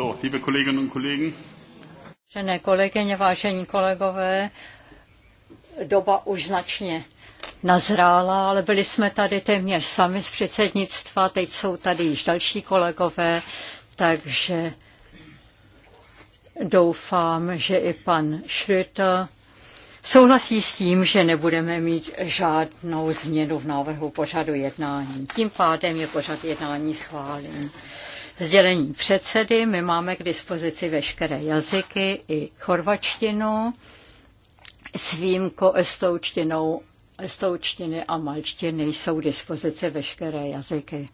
So, liebe Kolleginnen und Kollegen. Vážené kolegyně, vážení kolegové, doba už značně nazrála, ale byli jsme tady téměř sami z předsednictva, teď jsou tady již další kolegové, takže doufám, že i pan Schröter souhlasí s tím, že nebudeme mít žádnou změnu v návrhu pořadu jednání. Tím pádem je pořad jednání schválen sdělení předsedy. My máme k dispozici veškeré jazyky i chorvačtinu s výjimkou estoučtinou, estoučtiny a malčtiny jsou k dispozici veškeré jazyky.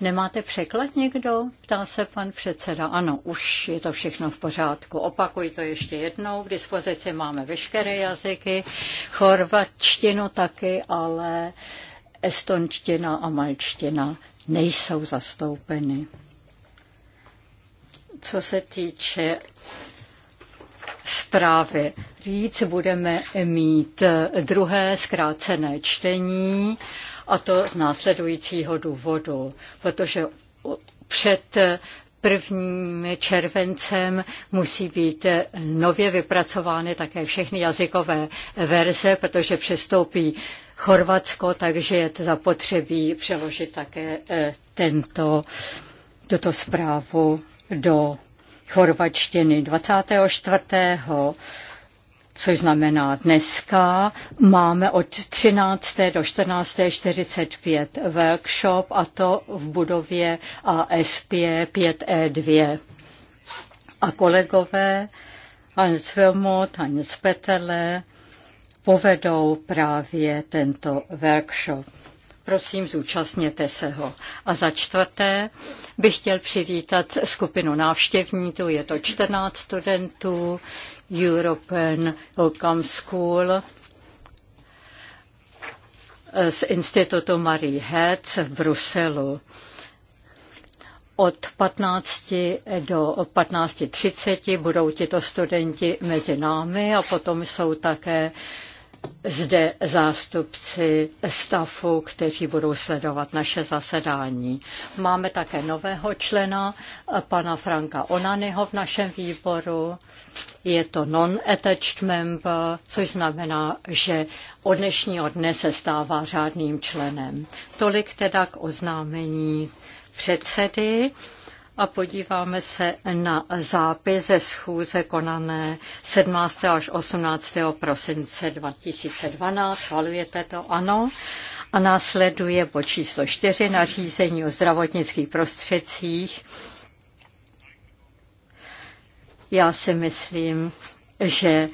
Nemáte překlad někdo? Ptá se pan předseda. Ano, už je to všechno v pořádku. Opakuji to ještě jednou. K dispozici máme veškeré jazyky, chorvačtinu taky, ale estončtina a malčtina nejsou zastoupeny co se týče zprávy Víc budeme mít druhé zkrácené čtení a to z následujícího důvodu, protože před prvním červencem musí být nově vypracovány také všechny jazykové verze, protože přestoupí Chorvatsko, takže je to zapotřebí přeložit také eh, tento, tuto zprávu do chorvačtiny 24. což znamená dneska. Máme od 13. do 14.45 workshop a to v budově ASP 5E2. A kolegové Hans Wilmot, Hans Petele povedou právě tento workshop. Prosím, zúčastněte se ho. A za čtvrté bych chtěl přivítat skupinu návštěvníků, je to 14 studentů European Welcome School z Institutu Marie Hertz v Bruselu od 15 do 15.30 budou tito studenti mezi námi a potom jsou také zde zástupci stafu, kteří budou sledovat naše zasedání. Máme také nového člena, pana Franka Onanyho v našem výboru. Je to non-attached member, což znamená, že od dnešního dne se stává řádným členem. Tolik teda k oznámení předsedy a podíváme se na zápis ze schůze konané 17. až 18. prosince 2012. Schvalujete to? Ano. A následuje bod číslo 4 řízení o zdravotnických prostředcích. Já si myslím, že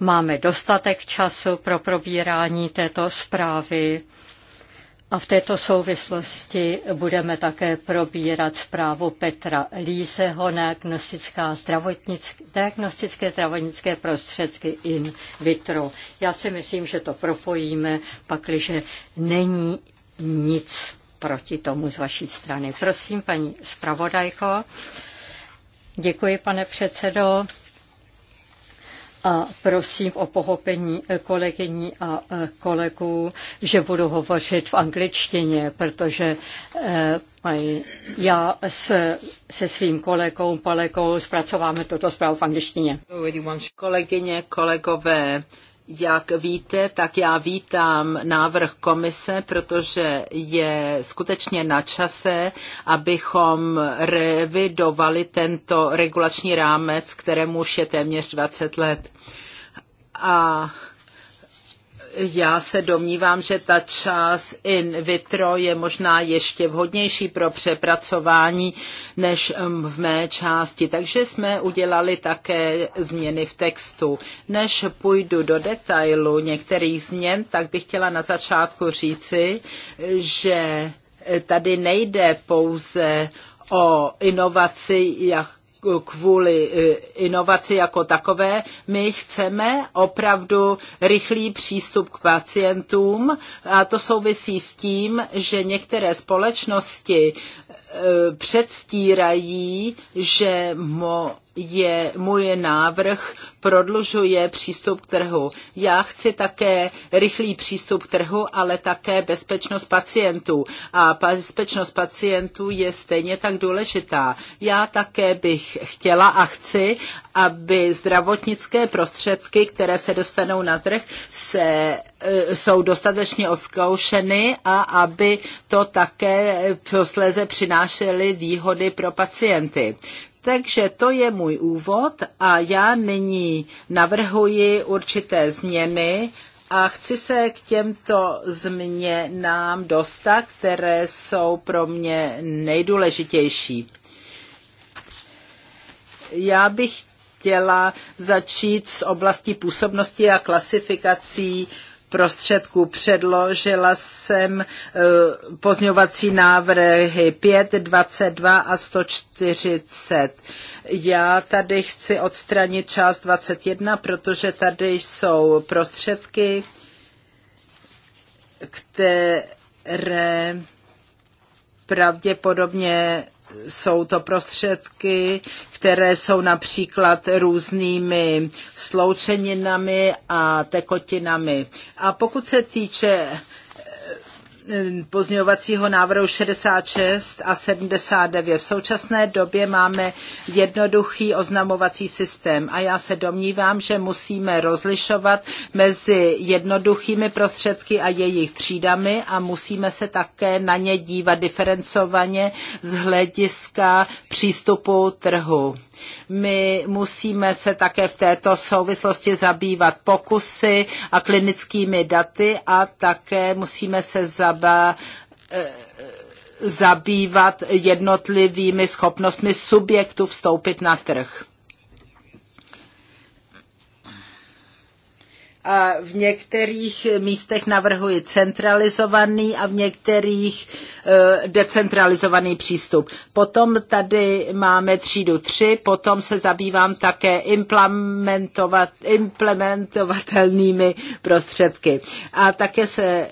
máme dostatek času pro probírání této zprávy. A v této souvislosti budeme také probírat zprávu Petra Líseho diagnostická diagnostické, diagnostické zdravotnické prostředky in vitro. Já si myslím, že to propojíme, pakliže není nic proti tomu z vaší strany. Prosím, paní zpravodajko. Děkuji, pane předsedo a prosím o pochopení eh, kolegyní a eh, kolegů, že budu hovořit v angličtině, protože eh, já se, se svým kolegou, palekou, zpracováme toto zprávu v angličtině. Kolegyně, kolegové, jak víte, tak já vítám návrh komise, protože je skutečně na čase, abychom revidovali tento regulační rámec, kterému už je téměř 20 let. A já se domnívám, že ta část in vitro je možná ještě vhodnější pro přepracování než v mé části. Takže jsme udělali také změny v textu. Než půjdu do detailu některých změn, tak bych chtěla na začátku říci, že tady nejde pouze o inovaci jak kvůli eh, inovaci jako takové. My chceme opravdu rychlý přístup k pacientům a to souvisí s tím, že některé společnosti eh, předstírají, že mo je můj návrh prodlužuje přístup k trhu. Já chci také rychlý přístup k trhu, ale také bezpečnost pacientů. A bezpečnost pacientů je stejně tak důležitá. Já také bych chtěla a chci, aby zdravotnické prostředky, které se dostanou na trh, se, e, jsou dostatečně oskoušeny a aby to také posléze přinášely výhody pro pacienty. Takže to je můj úvod a já nyní navrhuji určité změny a chci se k těmto změnám dostat, které jsou pro mě nejdůležitější. Já bych chtěla začít s oblastí působnosti a klasifikací uh, prostředků. Předložila jsem e, pozňovací návrhy 5, 22 a 140. Já tady chci odstranit část 21, protože tady jsou prostředky, které pravděpodobně jsou to prostředky, které jsou například různými sloučeninami a tekotinami. A pokud se týče Eh, pozměňovacího návrhu 66 a 79. V současné době máme jednoduchý oznamovací systém a já se domnívám, že musíme rozlišovat mezi jednoduchými prostředky a jejich třídami a musíme se také na ně dívat diferencovaně z hlediska přístupu trhu my musíme se také v této souvislosti zabývat pokusy a klinickými daty a také musíme se zabývat eh, zabývat jednotlivými schopnostmi subjektů vstoupit na trh. a v některých místech navrhuji centralizovaný a v některých eh, decentralizovaný přístup. Potom tady máme třídu 3, potom se zabývám také implementovat, implementovatelnými prostředky. A také se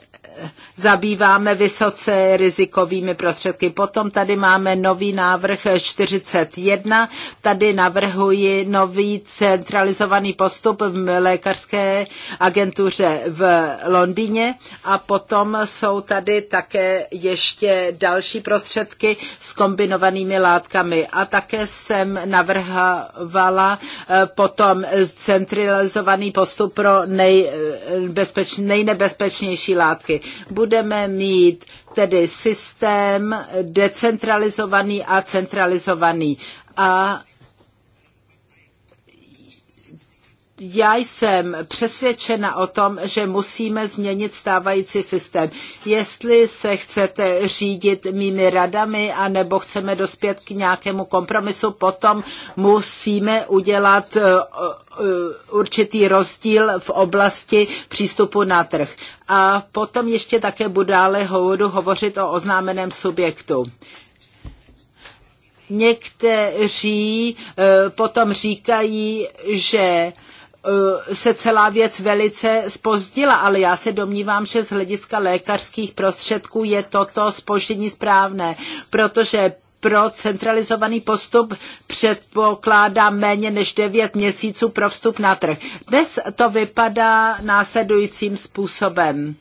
zabýváme vysoce rizikovými prostředky. Potom tady máme nový návrh 41. Tady navrhuji nový centralizovaný postup v lékařské agentuře v Londýně a potom jsou tady také ještě další prostředky s kombinovanými látkami. A také jsem navrhovala eh, potom centralizovaný postup pro nejbezpečnější eh, nejnebezpečnější látky budeme mít tedy systém decentralizovaný a centralizovaný. A já jsem přesvědčena o tom, že musíme změnit stávající systém. Jestli se chcete řídit mými radami, anebo chceme dospět k nějakému kompromisu, potom musíme udělat e, e, určitý rozdíl v oblasti přístupu na trh. A potom ještě také budu dále hovořit o oznámeném subjektu někteří e, potom říkají, že Eh, se celá věc velice spozdila, ale já se domnívám, že z hlediska lékařských prostředků je toto spoždění správné, protože pro centralizovaný postup předpokládá méně než 9 měsíců pro vstup na trh. Dnes to vypadá následujícím způsobem.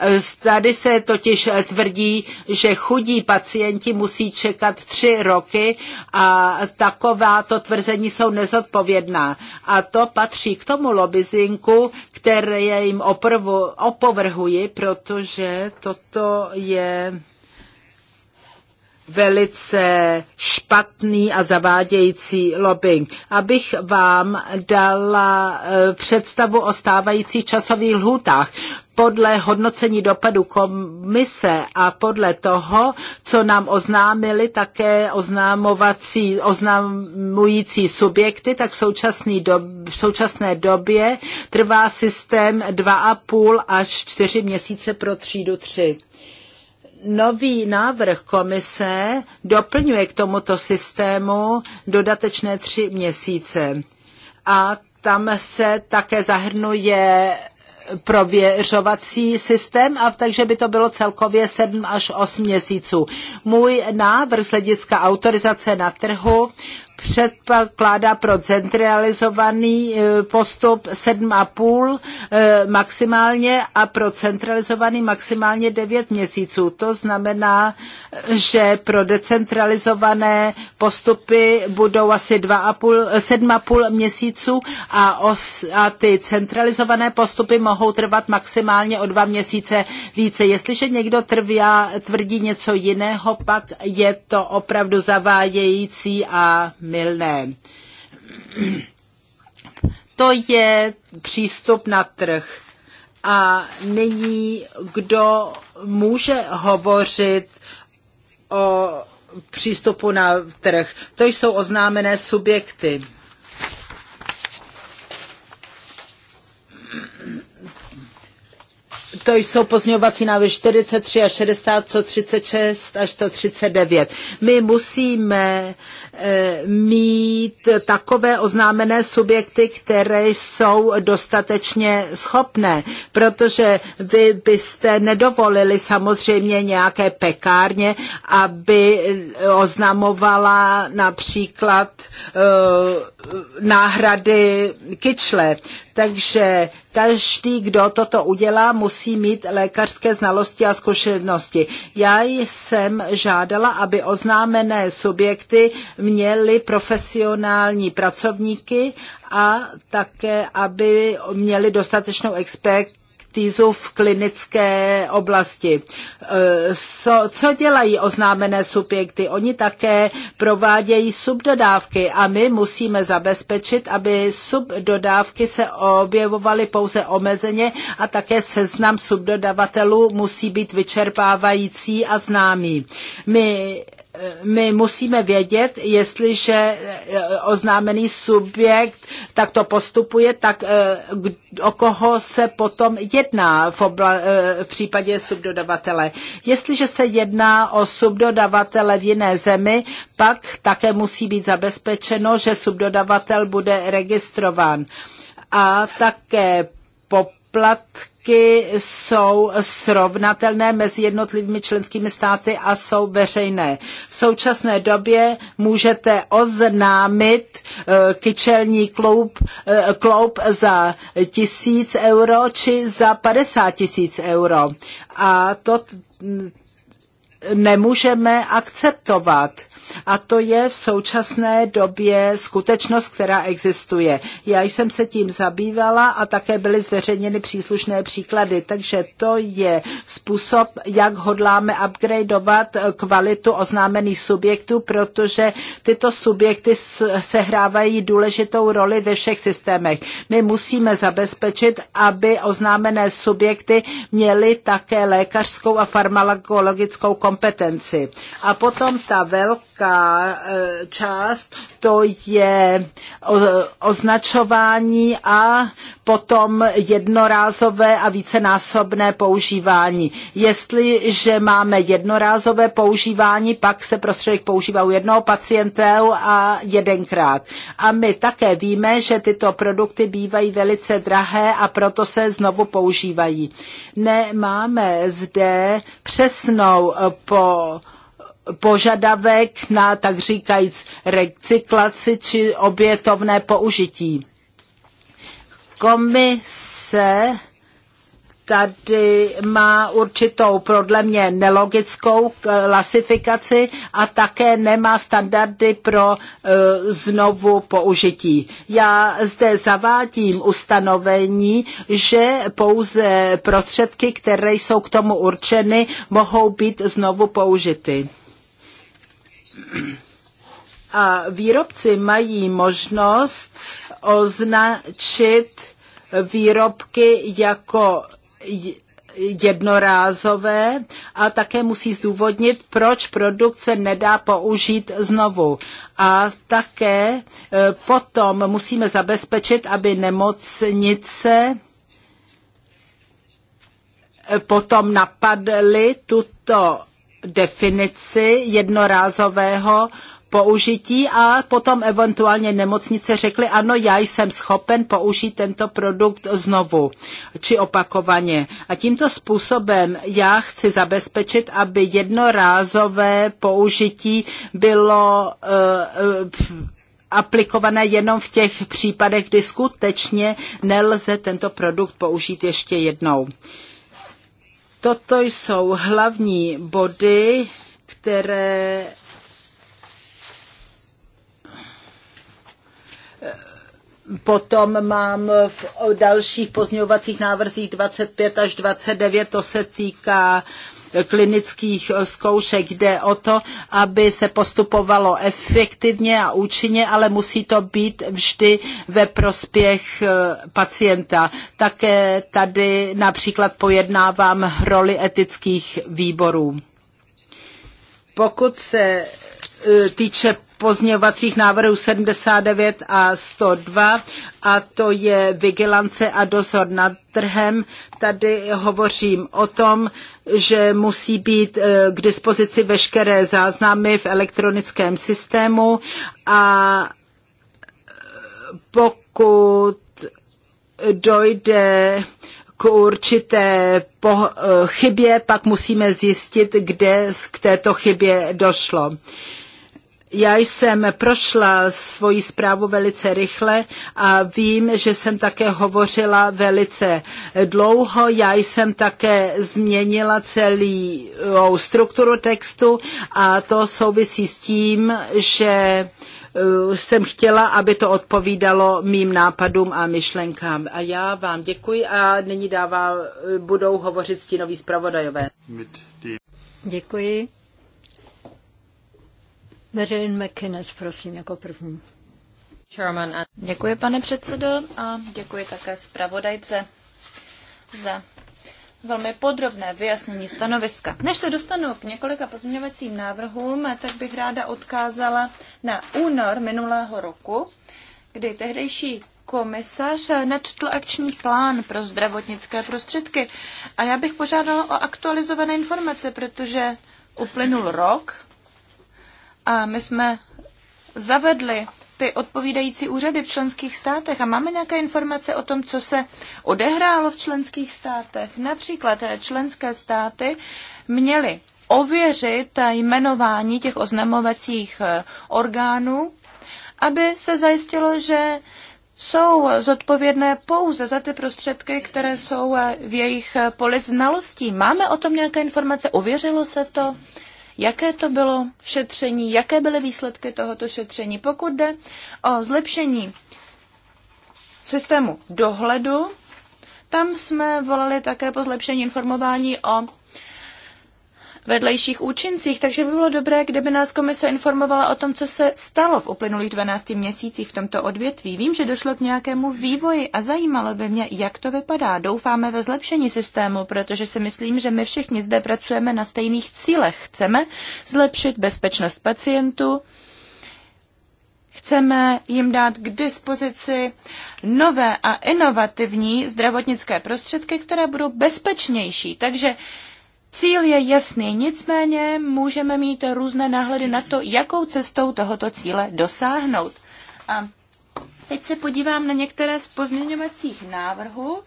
Eh, tady se totiž eh, tvrdí, že chudí pacienti musí čekat tři roky a taková to tvrzení jsou nezodpovědná. A to patří k tomu lobbyzinku, které jim opovrhuji, protože toto je velice špatný a zavádějící lobbying. Abych vám dala eh, představu o stávajících časových lhůtách podle hodnocení dopadu komise a podle toho, co nám oznámili také oznámovací, oznámující subjekty, tak v, současný dob, v současné době trvá systém 2,5 až 4 měsíce pro třídu 3 nový návrh komise doplňuje k tomuto systému dodatečné tři měsíce. A tam se také zahrnuje prověřovací systém, a takže by to bylo celkově 7 až 8 měsíců. Můj návrh z hlediska autorizace na trhu předpokládá pro centralizovaný e, postup 7,5 e, maximálně a pro centralizovaný maximálně 9 měsíců. To znamená, že pro decentralizované postupy budou asi 7,5 e, měsíců a, os, a ty centralizované postupy mohou trvat maximálně o dva měsíce více. Jestliže někdo trvá, tvrdí něco jiného, pak je to opravdu zavádějící a mylné. To je přístup na trh. A nyní, kdo může hovořit o přístupu na trh? To jsou oznámené subjekty. to jsou pozměňovací návrhy 43 a 60, 136 až 139. My musíme mít takové oznámené subjekty, které jsou dostatečně schopné, protože vy byste nedovolili samozřejmě nějaké pekárně, aby oznamovala například uh, náhrady kyčle. Takže každý, kdo toto udělá, musí mít lékařské znalosti a zkušenosti. Já jsem žádala, aby oznámené subjekty měli profesionální pracovníky a také, aby měli dostatečnou expert, v klinické oblasti. Co, e, co dělají oznámené subjekty? Oni také provádějí subdodávky a my musíme zabezpečit, aby subdodávky se objevovaly pouze omezeně a také seznam subdodavatelů musí být vyčerpávající a známý. My my musíme vědět, jestliže eh, oznámený subjekt takto postupuje, tak eh, o koho se potom jedná v, obla, eh, v případě subdodavatele. Jestliže se jedná o subdodavatele v jiné zemi, pak také musí být zabezpečeno, že subdodavatel bude registrován. A také poplatky podmínky jsou srovnatelné mezi jednotlivými členskými státy a jsou veřejné. V současné době můžete oznámit eh, kyčelní kloup, eh, kloup za tisíc euro či za 50 tisíc euro. A to nemůžeme akceptovat. A to je v současné době skutečnost, která existuje. Já jsem se tím zabývala a také byly zveřejněny příslušné příklady, takže to je způsob, jak hodláme upgradeovat kvalitu oznámených subjektů, protože tyto subjekty sehrávají důležitou roli ve všech systémech. My musíme zabezpečit, aby oznámené subjekty měly také lékařskou a farmakologickou kompetenci. A potom ta velká politická eh, část, to je označování a potom jednorázové a vícenásobné používání. Jestliže máme jednorázové používání, pak se prostředek používá u jednoho pacienta a jedenkrát. A my také víme, že tyto produkty bývají velice drahé a proto se znovu používají. Nemáme zde přesnou eh, po požadavek na, tak říkajíc, recyklaci či obětovné použití. Komise tady má určitou podle mě nelogickou klasifikaci a také nemá standardy pro e, znovu použití. Já zde zavádím ustanovení, že pouze prostředky, které jsou k tomu určeny, mohou být znovu použity. A výrobci mají možnost označit výrobky jako jednorázové a také musí zdůvodnit, proč produkt se nedá použít znovu. A také e, potom musíme zabezpečit, aby nemocnice e, potom napadly tuto definici jednorázového použití a potom eventuálně nemocnice řekly, ano, já jsem schopen použít tento produkt znovu či opakovaně. A tímto způsobem já chci zabezpečit, aby jednorázové použití bylo uh, aplikované jenom v těch případech, kdy skutečně nelze tento produkt použít ještě jednou. Uh, Toto jsou hlavní body, které eh, Potom mám v dalších pozměňovacích návrzích 25 až 29, to se týká uh, klinických eh, zkoušek. Jde o to, aby se postupovalo efektivně a účinně, ale musí to být vždy ve prospěch eh, pacienta. Také tady například pojednávám roli etických výborů. Pokud se eh, týče pozměňovacích návrhů 79 a 102 a to je vigilance a dozor nad trhem. Tady hovořím o tom, že musí být eh, k dispozici veškeré záznamy v elektronickém systému a eh, pokud dojde k určité eh, chybě, pak musíme zjistit, kde k této chybě došlo. Já jsem prošla svoji zprávu velice rychle a vím, že jsem také hovořila velice dlouho. Já jsem také změnila celý strukturu textu a to souvisí s tím, že e, jsem chtěla, aby to odpovídalo mým nápadům a myšlenkám. A já vám děkuji a nyní dává, e, budou hovořit stínoví zpravodajové. Děkuji. Marilyn McInnes, prosím, jako první. Uh, děkuji, pane předsedo, a děkuji také zpravodajce za velmi podrobné vyjasnění stanoviska. Než se dostanu k několika pozměňovacím návrhům, tak bych ráda odkázala na únor minulého roku, kdy tehdejší komisař načetl akční plán pro zdravotnické prostředky. A já bych požádala o aktualizované informace, protože uplynul rok a my jsme zavedli ty odpovídající úřady v členských státech a máme nějaké informace o tom, co se odehrálo v členských státech. Například eh, členské státy měly ověřit eh, jmenování těch oznamovacích eh, orgánů, aby se zajistilo, že jsou zodpovědné pouze za ty prostředky, které jsou v jejich poli znalostí. Máme o tom nějaké informace? Ověřilo se to? jaké to bylo šetření, jaké byly výsledky tohoto šetření. Pokud jde o zlepšení systému dohledu, tam jsme volali také po zlepšení informování o vedlejších účincích, takže by bylo dobré, kdyby nás komise informovala o tom, co se stalo v uplynulých 12 měsících v tomto odvětví. Vím, že došlo k nějakému vývoji a zajímalo by mě, jak to vypadá. Doufáme ve zlepšení systému, protože si myslím, že my všichni zde pracujeme na stejných cílech. Chceme zlepšit bezpečnost pacientů, chceme jim dát k dispozici nové a inovativní zdravotnické prostředky, které budou bezpečnější. Takže Cíl je jasný, nicméně můžeme mít různé náhledy na to, jakou cestou tohoto cíle dosáhnout. A teď se podívám na některé z pozměňovacích návrhů.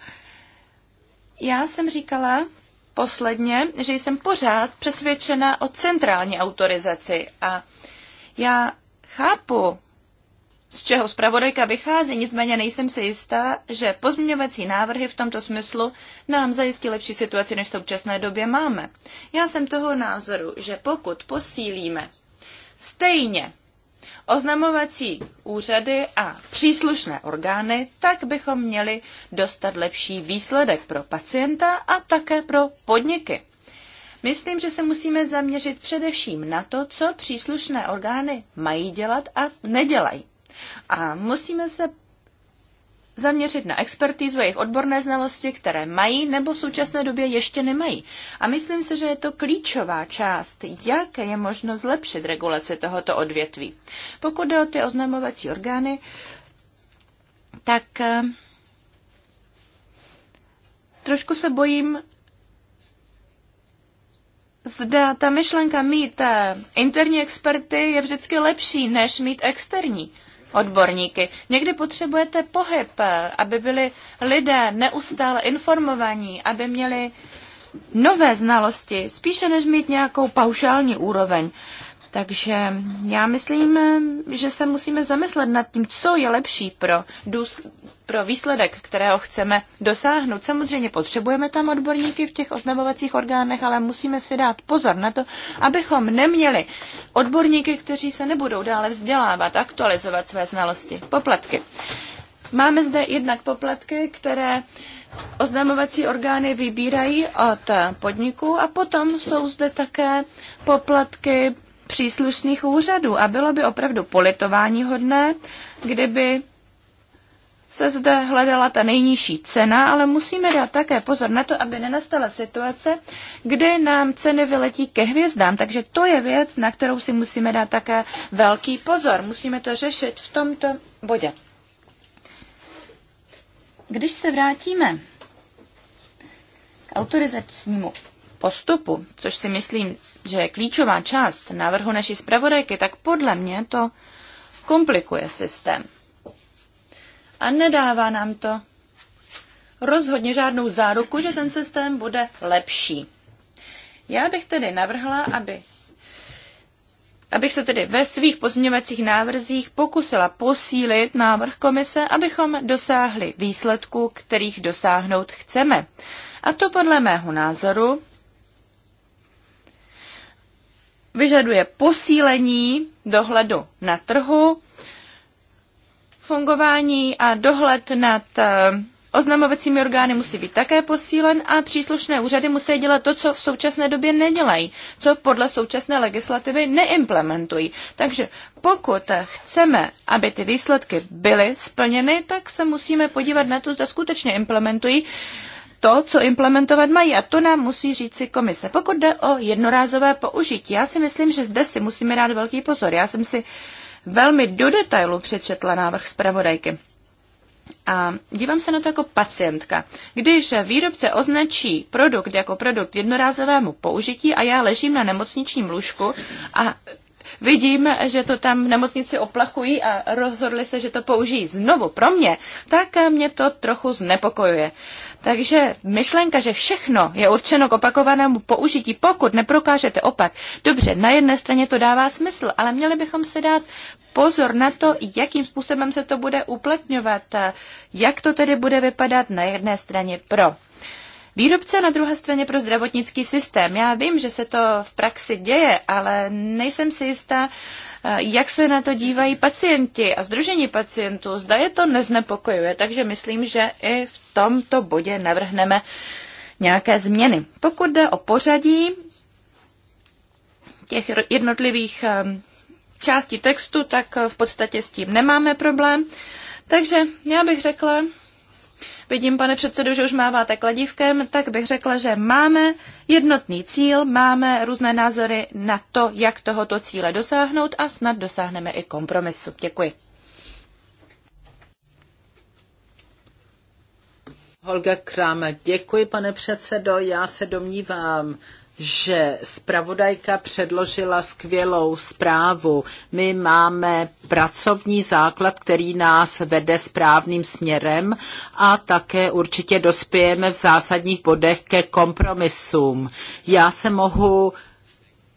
Já jsem říkala posledně, že jsem pořád přesvědčena o centrální autorizaci a já chápu z čeho zpravodajka vychází, nicméně nejsem si jistá, že pozměňovací návrhy v tomto smyslu nám zajistí lepší situaci, než v současné době máme. Já jsem toho názoru, že pokud posílíme stejně oznamovací úřady a příslušné orgány, tak bychom měli dostat lepší výsledek pro pacienta a také pro podniky. Myslím, že se musíme zaměřit především na to, co příslušné orgány mají dělat a nedělají. A musíme se zaměřit na expertízu jejich odborné znalosti, které mají nebo v současné době ještě nemají. A myslím si, že je to klíčová část, jak je možno zlepšit regulaci tohoto odvětví. Pokud jde o ty oznamovací orgány, tak eh, trošku se bojím, zda ta myšlenka mít eh, interní experty je vždycky lepší, než mít externí odborníky. Někdy potřebujete pohyb, eh, aby byli lidé neustále informovaní, aby měli nové znalosti, spíše než mít nějakou paušální úroveň. Takže já myslím, že se musíme zamyslet nad tím, co je lepší pro, důs- pro výsledek, kterého chceme dosáhnout. Samozřejmě potřebujeme tam odborníky v těch oznamovacích orgánech, ale musíme si dát pozor na to, abychom neměli odborníky, kteří se nebudou dále vzdělávat, aktualizovat své znalosti. Poplatky. Máme zde jednak poplatky, které oznamovací orgány vybírají od podniků a potom jsou zde také poplatky příslušných úřadů a bylo by opravdu politování hodné, kdyby se zde hledala ta nejnižší cena, ale musíme dát také pozor na to, aby nenastala situace, kdy nám ceny vyletí ke hvězdám. Takže to je věc, na kterou si musíme dát také velký pozor. Musíme to řešit v tomto bodě. Když se vrátíme k autorizačnímu postupu, což si myslím, že je klíčová část návrhu naší zpravodajky, tak podle mě to komplikuje systém. A nedává nám to rozhodně žádnou záruku, že ten systém bude lepší. Já bych tedy navrhla, aby abych se tedy ve svých pozměňovacích návrzích pokusila posílit návrh komise, abychom dosáhli výsledků, kterých dosáhnout chceme. A to podle mého názoru vyžaduje posílení dohledu na trhu, fungování a dohled nad eh, oznamovacími orgány musí být také posílen a příslušné úřady musí dělat to, co v současné době nedělají, co podle současné legislativy neimplementují. Takže pokud chceme, aby ty výsledky byly splněny, tak se musíme podívat na to, zda skutečně implementují uh, to, co implementovat mají. A to nám musí říct si komise. Pokud jde o jednorázové použití, já si myslím, že zde si musíme dát velký pozor. Já jsem si velmi do detailu přečetla návrh zpravodajky. A dívám se na to jako pacientka. Když výrobce označí produkt jako produkt jednorázovému použití a já ležím na nemocničním lůžku a vidím, že to tam nemocnici oplachují a rozhodli se, že to použijí znovu pro mě, tak mě to trochu znepokojuje. Takže myšlenka, že všechno je určeno k opakovanému použití, pokud neprokážete opak. Dobře, na jedné straně to dává smysl, ale měli bychom si dát pozor na to, jakým způsobem se to bude uplatňovat, jak to tedy bude vypadat na jedné straně pro výrobce na druhé straně pro zdravotnický systém. Já vím, že se to v praxi děje, ale nejsem si jistá, eh, jak se na to dívají pacienti a združení pacientů. Zda je to neznepokojuje, takže myslím, že i v tomto bodě navrhneme nějaké změny. Pokud jde o pořadí těch jednotlivých eh, částí textu, tak v podstatě s tím nemáme problém. Takže já bych řekla, Vidím, pane předsedo, že už máváte kladívkem, tak bych řekla, že máme jednotný cíl, máme různé názory na to, jak tohoto cíle dosáhnout a snad dosáhneme i kompromisu. Děkuji. Holger Kramer, děkuji, pane předsedo. Já se domnívám, že zpravodajka předložila skvělou zprávu. My máme pracovní základ, který nás vede správným směrem a také určitě dospějeme v zásadních bodech ke kompromisům. Já se mohu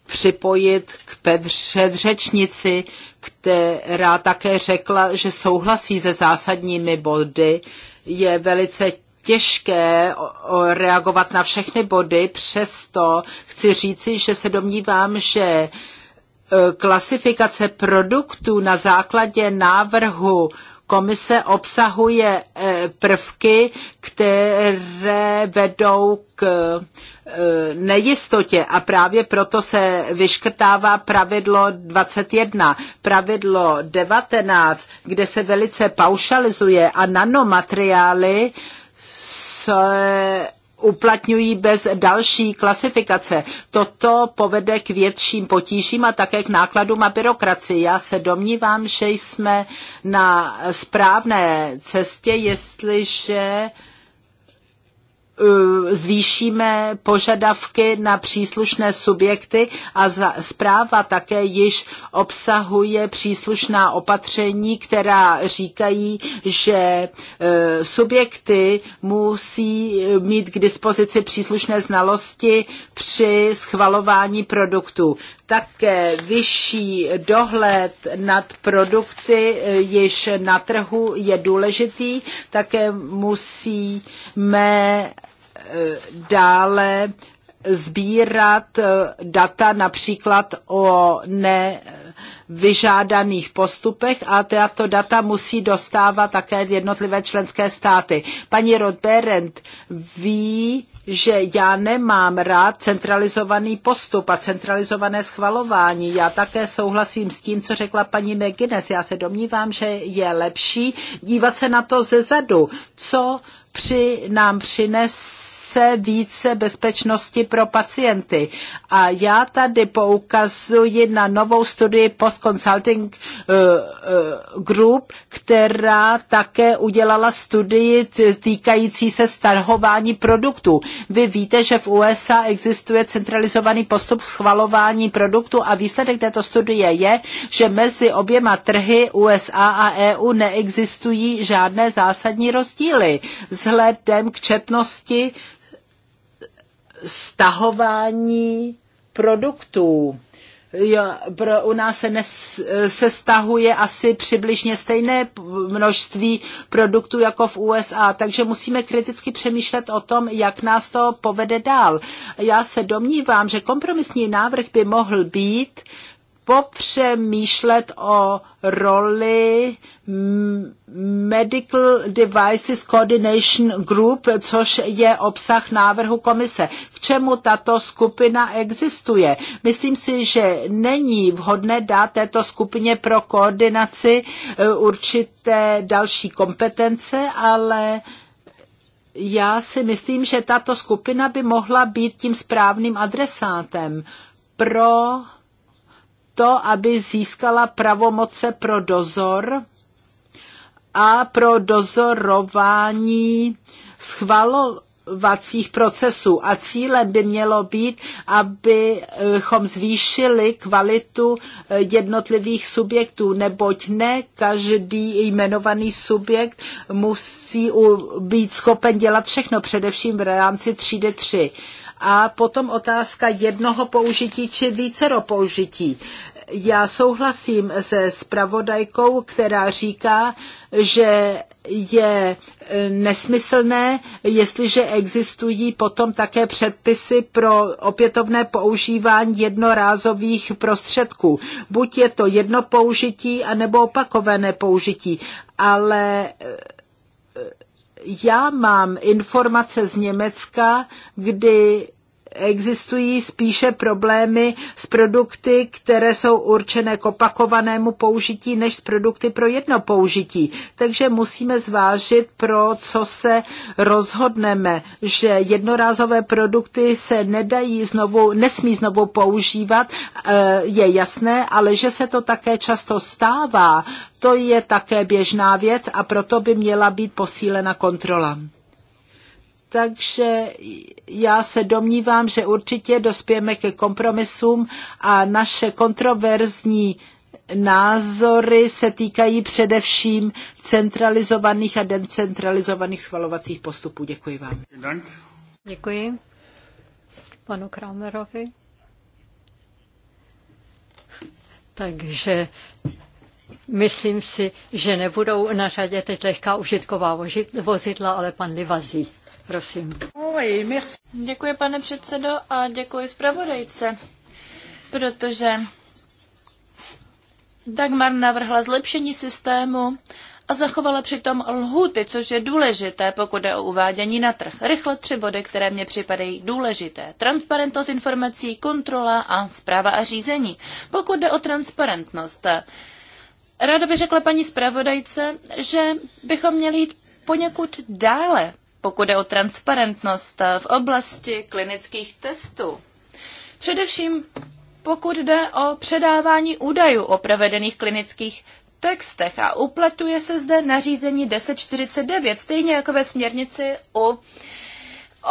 připojit k předřečnici, která také řekla, že souhlasí se zásadními body. Je velice těžké reagovat na všechny body, přesto chci říci, že se domnívám, že e, klasifikace produktů na základě návrhu komise obsahuje e, prvky, které vedou k e, nejistotě a právě proto se vyškrtává pravidlo 21. Pravidlo 19, kde se velice paušalizuje a nanomateriály, se uplatňují bez další klasifikace. Toto povede k větším potížím a také k nákladům a byrokracii. Já se domnívám, že jsme na správné cestě, jestliže uh, E, zvýšíme požadavky na příslušné subjekty a zpráva také již obsahuje příslušná opatření, která říkají, že e, subjekty musí mít k dispozici příslušné znalosti při schvalování produktů. Také vyšší dohled nad produkty e, již na trhu je důležitý, také musíme Eh, dále sbírat eh, data například o nevyžádaných postupech a tato data musí dostávat také jednotlivé členské státy. Paní Rodberend ví, že já nemám rád centralizovaný postup a centralizované schvalování. Já také souhlasím s tím, co řekla paní McGuinness. Já se domnívám, že je lepší dívat se na to zezadu, co při nám přines více, více bezpečnosti pro pacienty. A já tady poukazuji na novou studii Post Consulting eh, eh, Group, která také udělala studii týkající se stahování produktů. Vy víte, že v USA existuje centralizovaný postup schvalování produktů a výsledek této studie je, že mezi oběma trhy USA a EU neexistují žádné zásadní rozdíly vzhledem k četnosti stahování produktů. Jo, pro, u nás se, nes, se stahuje asi přibližně stejné množství produktů jako v USA, takže musíme kriticky přemýšlet o tom, jak nás to povede dál. Já se domnívám, že kompromisní návrh by mohl být popřemýšlet o roli Medical Devices Coordination Group, což je obsah návrhu komise. K čemu tato skupina existuje? Myslím si, že není vhodné dát této skupině pro koordinaci eh, určité další kompetence, ale já si myslím, že tato skupina by mohla být tím správným adresátem pro to, aby získala pravomoce pro dozor a pro dozorování schvalo, procesů a cílem by mělo být, abychom zvýšili kvalitu eh, jednotlivých subjektů, neboť ne každý jmenovaný subjekt musí být schopen dělat všechno, především v rámci d 3. A potom otázka jednoho použití či vícero použití já souhlasím se spravodajkou, která říká, že je e, nesmyslné, jestliže existují potom také předpisy pro opětovné používání jednorázových prostředků. Buď je to jedno použití, anebo opakované použití. Ale e, e, já mám informace z Německa, kdy existují spíše problémy s produkty, které jsou určené k opakovanému použití, než s produkty pro jedno použití. Takže musíme zvážit, pro co se rozhodneme, že jednorázové produkty se nedají znovu, nesmí znovu používat, eh, je jasné, ale že se to také často stává, to je také běžná věc a proto by měla být posílena kontrola. Takže já se domnívám, že určitě dospějeme ke kompromisům a naše kontroverzní názory se týkají především centralizovaných a decentralizovaných schvalovacích postupů. Děkuji vám. Děkuji panu Kramerovi. Takže myslím si, že nebudou na řadě teď lehká užitková vozidla, ale pan Livazí. Prosím. Děkuji, pane předsedo, a děkuji zpravodajce, protože Dagmar navrhla zlepšení systému a zachovala přitom lhuty, což je důležité, pokud jde o uvádění na trh. Rychle tři body, které mně připadají důležité. Transparentnost informací, kontrola a zpráva a řízení. Pokud jde o transparentnost, ráda bych řekla paní zpravodajce, že bychom měli jít poněkud dále pokud je o transparentnost eh, v oblasti klinických testů. Především pokud jde o předávání údajů o provedených klinických textech a uplatuje se zde nařízení 1049, stejně jako ve směrnici o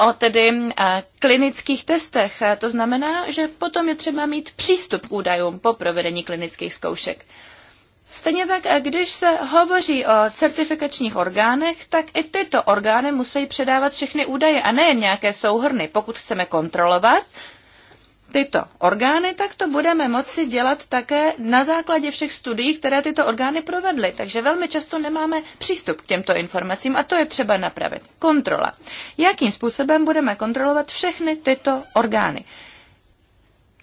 o tedy eh, klinických testech. Eh, to znamená, že potom je třeba mít přístup k údajům po provedení klinických zkoušek. Stejně tak, eh, když se hovoří o certifikačních orgánech, tak i tyto orgány musí předávat všechny údaje a nejen nějaké souhrny. Pokud chceme kontrolovat tyto orgány, tak to budeme moci dělat také na základě všech studií, které tyto orgány provedly. Takže velmi často nemáme přístup k těmto informacím a to je třeba napravit. Kontrola. Jakým způsobem budeme kontrolovat všechny tyto orgány?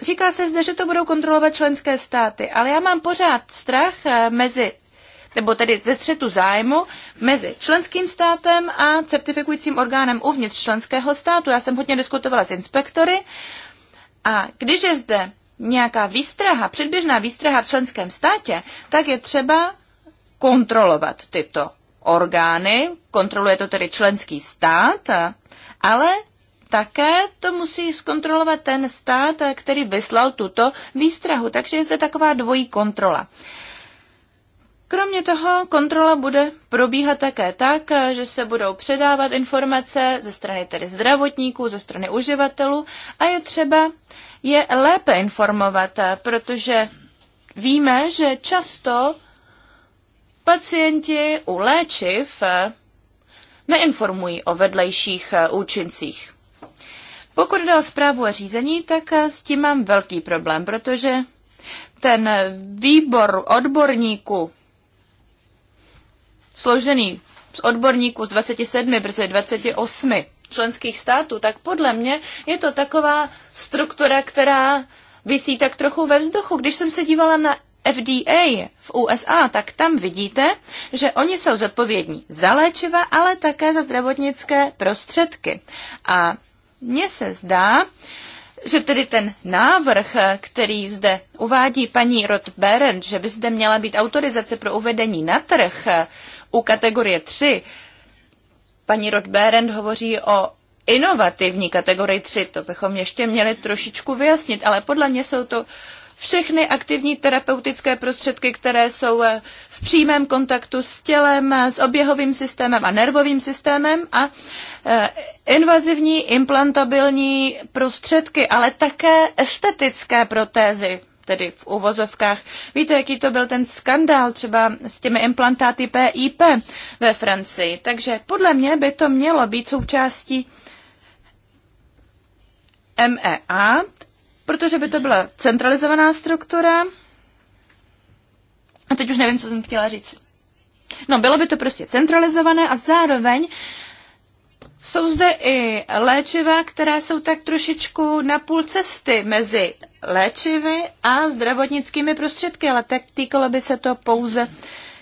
Říká se zde, že to budou kontrolovat členské státy, ale já mám pořád strach eh, mezi nebo tedy ze střetu zájmu mezi členským státem a certifikujícím orgánem uvnitř členského státu. Já jsem hodně diskutovala s inspektory a když je zde nějaká výstraha, předběžná výstraha v členském státě, tak je třeba kontrolovat tyto orgány. Kontroluje to tedy členský stát, ale také to musí zkontrolovat ten stát, který vyslal tuto výstrahu. Takže je zde taková dvojí kontrola. Kromě toho kontrola bude probíhat také tak, že se budou předávat informace ze strany tedy zdravotníků, ze strany uživatelů a je třeba je lépe informovat, protože víme, že často pacienti u léčiv neinformují o vedlejších účincích. Pokud jde o zprávu a řízení, tak eh, s tím mám velký problém, protože ten výbor odborníků, složený z odborníků z 27, brzy 28 členských států, tak podle mě je to taková struktura, která vysí tak trochu ve vzduchu. Když jsem se dívala na FDA v USA, tak tam vidíte, že oni jsou zodpovědní za léčiva, ale také za zdravotnické prostředky. A mně se zdá, že tedy ten návrh, který zde uvádí paní Rod Berend, že by zde měla být autorizace pro uvedení na trh u kategorie 3, paní Rod Berend hovoří o inovativní kategorii 3, to bychom ještě měli trošičku vyjasnit, ale podle mě jsou to všechny aktivní terapeutické prostředky, které jsou eh, v přímém kontaktu s tělem, eh, s oběhovým systémem a nervovým systémem a eh, invazivní implantabilní prostředky, ale také estetické protézy tedy v uvozovkách. Víte, jaký to byl ten skandál třeba s těmi implantáty PIP ve Francii. Takže podle mě by to mělo být součástí MEA, protože by to byla centralizovaná struktura. A teď už nevím, co jsem chtěla říct. No, bylo by to prostě centralizované a zároveň jsou zde i léčiva, která jsou tak trošičku na půl cesty mezi léčivy a zdravotnickými prostředky, ale tak týkalo by se to pouze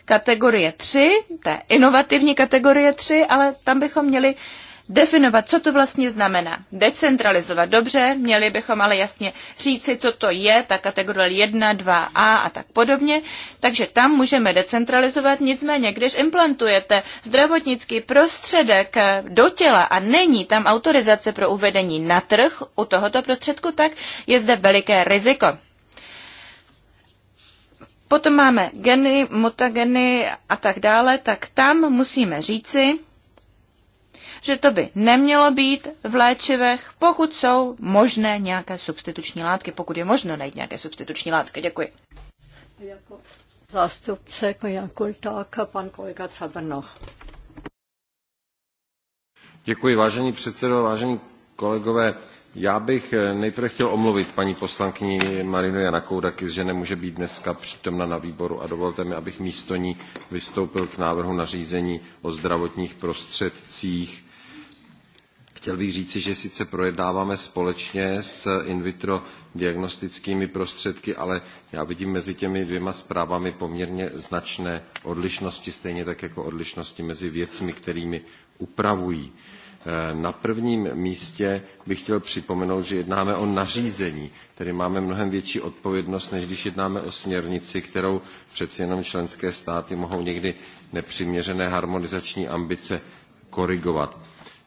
kategorie 3, té inovativní kategorie 3, ale tam bychom měli uh, definovat, co to vlastně znamená. Decentralizovat dobře, měli bychom ale jasně říci, co to je, ta kategorie 1, 2a a tak podobně. Takže tam můžeme decentralizovat, nicméně, když implantujete zdravotnický prostředek do těla a není tam autorizace pro uvedení na trh u tohoto prostředku, tak je zde veliké riziko. Potom máme geny, mutageny a tak dále, tak tam musíme říci, že to by nemělo být v léčivech, pokud jsou možné nějaké substituční látky, pokud je možno najít nějaké substituční látky. Děkuji. Jako zástupce Kojankultáka, pan kolega Cabrnoch. Děkuji, vážení předsedo, vážení kolegové. Já bych eh, nejprve chtěl omluvit paní poslankyni Marinu Janakoudaky, že nemůže být dneska přítomna na výboru a dovolte mi, abych místo ní vystoupil k návrhu nařízení o zdravotních prostředcích Chtěl bych říci, že sice projednáváme společně s in vitro diagnostickými prostředky, ale já vidím mezi těmi dvěma zprávami poměrně značné odlišnosti, stejně tak jako odlišnosti mezi věcmi, kterými upravují. Eh, na prvním místě bych chtěl připomenout, že jednáme o nařízení, tedy máme mnohem větší odpovědnost, než když jednáme o směrnici, kterou přeci jenom členské státy mohou někdy nepřiměřené harmonizační ambice korigovat.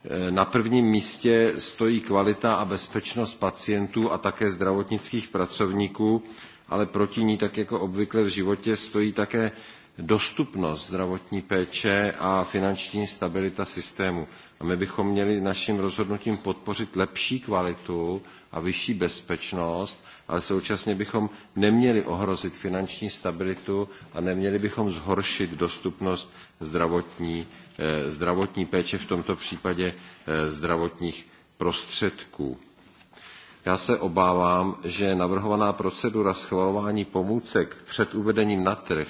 Eh, na prvním místě stojí kvalita a bezpečnost pacientů a také zdravotnických pracovníků, ale proti ní, tak jako obvykle v životě, stojí také dostupnost zdravotní péče a finanční stabilita systému. A my bychom měli naším rozhodnutím podpořit lepší kvalitu a vyšší bezpečnost, ale současně bychom neměli ohrozit finanční stabilitu a neměli bychom zhoršit dostupnost zdravotní, eh, zdravotní péče, v tomto případě eh, zdravotních prostředků. Já se obávám, že navrhovaná procedura schvalování pomůcek před uvedením na trh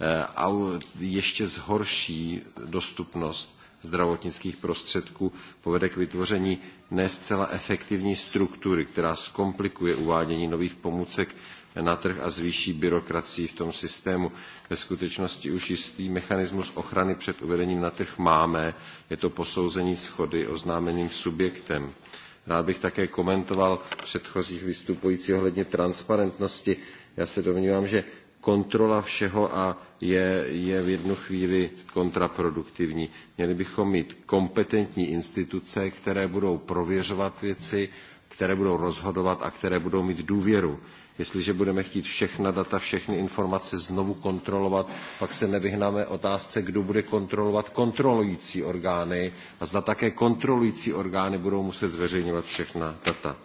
eh, ještě zhorší dostupnost zdravotnických prostředků povede k vytvoření ne zcela efektivní struktury, která zkomplikuje uvádění nových pomůcek na trh a zvýší byrokracii v tom systému. Ve skutečnosti už jistý mechanismus ochrany před uvedením na trh máme, je to posouzení schody oznámeným subjektem. Rád bych také komentoval předchozích vystupující ohledně transparentnosti. Já se domnívám, že kontrola všeho a je, je v jednu chvíli kontraproduktivní. Měli bychom mít kompetentní instituce, které budou prověřovat věci, které budou rozhodovat a které budou mít důvěru. Jestliže budeme chtít všechna data, všechny informace znovu kontrolovat, pak se nevyhnáme otázce, kdo bude kontrolovat kontrolující orgány a zda také kontrolující orgány budou muset zveřejňovat všechna data.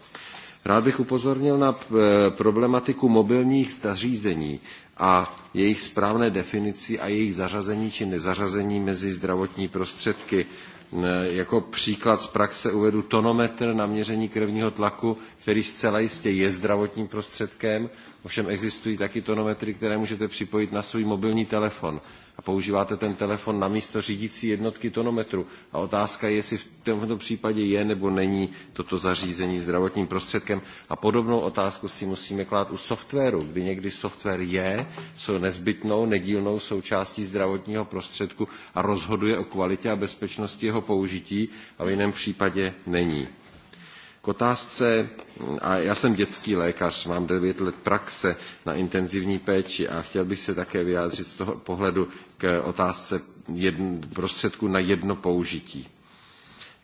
Rád bych upozornil na eh, problematiku mobilních zařízení a jejich správné definici a jejich zařazení či nezařazení mezi zdravotní prostředky. Jako příklad z praxe uvedu tonometr na měření krevního tlaku, který zcela jistě je zdravotním prostředkem, ovšem existují taky tonometry, které můžete připojit na svůj mobilní telefon a používáte ten telefon na místo řídící jednotky tonometru. A otázka je, jestli v tomto případě je nebo není toto zařízení zdravotním prostředkem. A podobnou otázku si musíme klát u softwaru, kdy někdy software je, jsou nezbytnou, nedílnou součástí zdravotního prostředku a rozhoduje o kvalitě a bezpečnosti jeho použití a v jiném případě není. K otázce, a já jsem dětský lékař, mám 9 let praxe na intenzivní péči a chtěl bych se také vyjádřit z toho pohledu k otázce jedn, prostředku na jedno použití.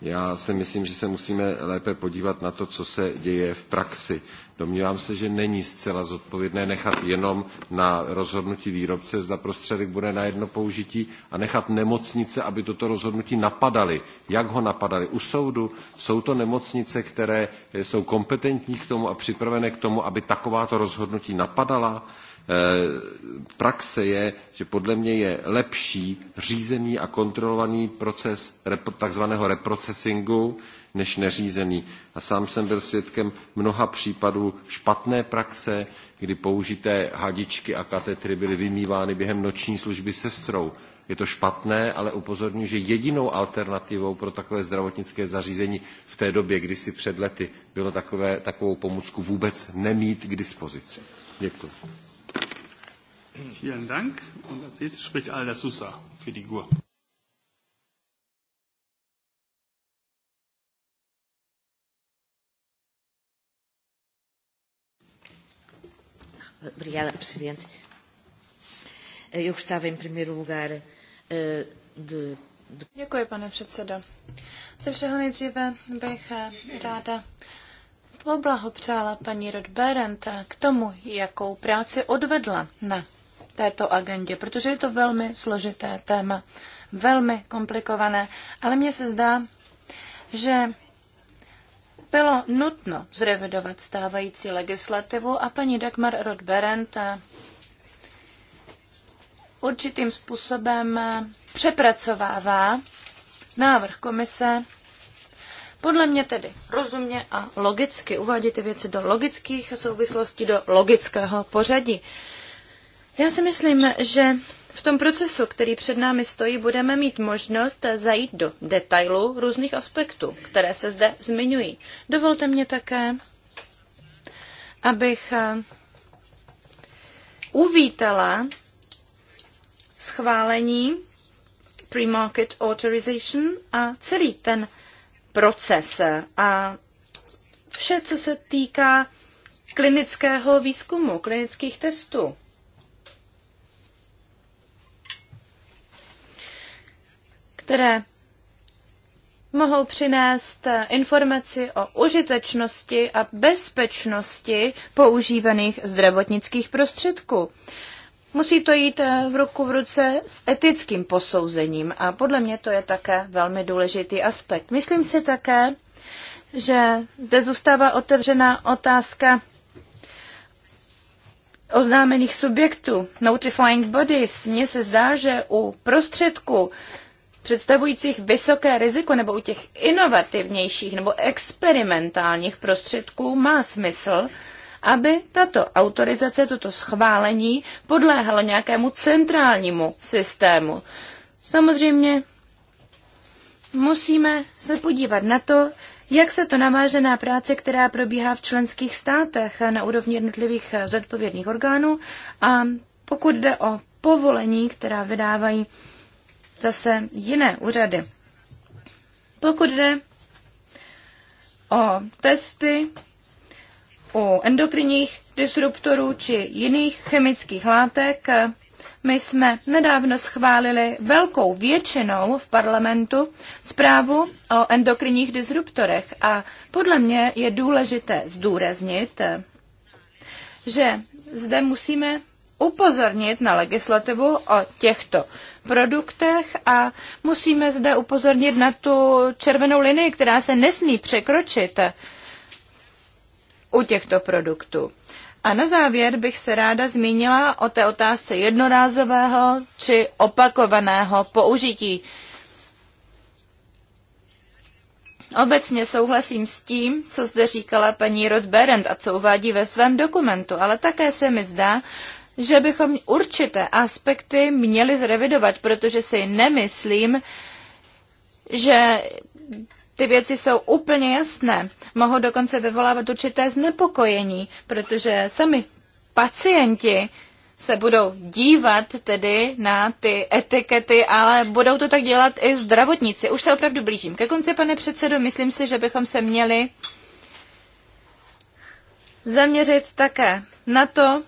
Já si myslím, že se musíme lépe podívat na to, co se děje v praxi Domnívám se, že není zcela zodpovědné nechat jenom na rozhodnutí výrobce, zda prostředek bude na jedno použití a nechat nemocnice, aby toto rozhodnutí napadaly. Jak ho napadaly? U soudu jsou to nemocnice, které jsou kompetentní k tomu a připravené k tomu, aby takováto rozhodnutí napadala? Eh, praxe je, že podle mě je lepší řízený a kontrolovaný proces takzvaného reprocesingu než neřízený. A sám jsem byl svědkem mnoha případů špatné praxe, kdy použité hadičky a katetry byly vymývány během noční služby sestrou. Je to špatné, ale upozorňuji, že jedinou alternativou pro takové zdravotnické zařízení v té době, kdy si před lety bylo takové, takovou pomůcku vůbec nemít k dispozici. Děkuji. Vielen Dank. Und als nächstes spricht Alda Susa für die GUR. Obrigada, Presidente. Eh, eu gostava, em primeiro lugar, eh, de... Děkuji, pane předsedo. Ze všeho nejdříve bych eh, ráda poblahopřála paní Rodberent k tomu, jakou práci odvedla na této agendě, protože je to velmi složité téma, velmi komplikované, ale mně se zdá, že bylo nutno zrevidovat stávající legislativu a paní Dagmar Rodberent eh, určitým způsobem eh, přepracovává návrh komise. Podle mě tedy rozumně a logicky uvádí ty věci do logických souvislostí, do logického pořadí. Já si myslím, že v tom procesu, který před námi stojí, budeme mít možnost zajít do detailu různých aspektů, které se zde zmiňují. Dovolte mě také, abych eh, uvítala schválení pre-market authorization a celý ten proces a vše, co se týká klinického výzkumu, klinických testů. které mohou přinést informaci o užitečnosti a bezpečnosti používaných zdravotnických prostředků. Musí to jít eh, v ruku v ruce s etickým posouzením a podle mě to je také velmi důležitý aspekt. Myslím si také, že zde zůstává otevřená otázka oznámených subjektů, notifying bodies. Mně se zdá, že u prostředku, představujících vysoké riziko nebo u těch inovativnějších nebo experimentálních prostředků má smysl, aby tato autorizace, toto schválení podléhalo nějakému centrálnímu systému. Samozřejmě musíme se podívat na to, jak se to naváže na práci, která probíhá v členských státech na úrovni jednotlivých zodpovědných orgánů a pokud jde o povolení, která vydávají zase jiné úřady. Pokud jde o testy u endokrinních disruptorů či jiných chemických látek, my jsme nedávno schválili velkou většinou v parlamentu zprávu o endokrinních disruptorech a podle mě je důležité zdůraznit, že zde musíme upozornit na legislativu o těchto produktech a musíme zde upozornit na tu červenou linii, která se nesmí překročit u těchto produktů. A na závěr bych se ráda zmínila o té otázce jednorázového či opakovaného použití. Obecně souhlasím s tím, co zde říkala paní Rod Berend a co uvádí ve svém dokumentu, ale také se mi zdá, že bychom určité aspekty měli zrevidovat, protože si nemyslím, že ty věci jsou úplně jasné. Mohou dokonce vyvolávat určité znepokojení, protože sami pacienti se budou dívat tedy na ty etikety, ale budou to tak dělat i zdravotníci. Už se opravdu blížím. Ke konci, pane předsedo, myslím si, že bychom se měli zaměřit také na to,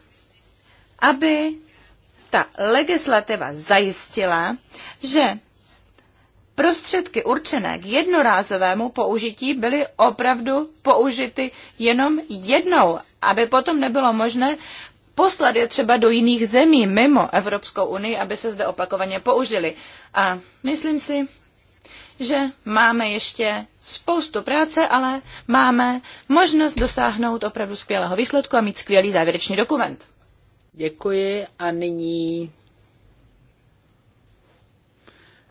aby ta legislativa zajistila, že prostředky určené k jednorázovému použití byly opravdu použity jenom jednou, aby potom nebylo možné poslat je třeba do jiných zemí mimo Evropskou unii, aby se zde opakovaně použili. A myslím si, že máme ještě spoustu práce, ale máme možnost dosáhnout opravdu skvělého výsledku a mít skvělý závěrečný dokument. Děkuji a nyní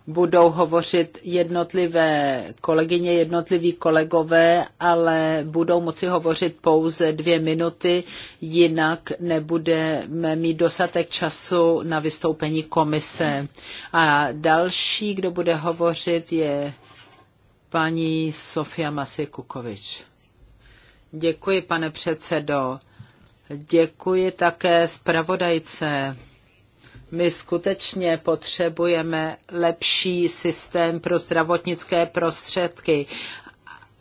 budou hovořit jednotlivé kolegyně, jednotliví kolegové, ale budou moci hovořit pouze dvě minuty, jinak nebudeme mít dostatek času na vystoupení komise. A další, kdo bude hovořit, je paní Sofia Masikukovič. Děkuji, pane předsedo. Děkuji také zpravodajce. My skutečně potřebujeme lepší systém pro zdravotnické prostředky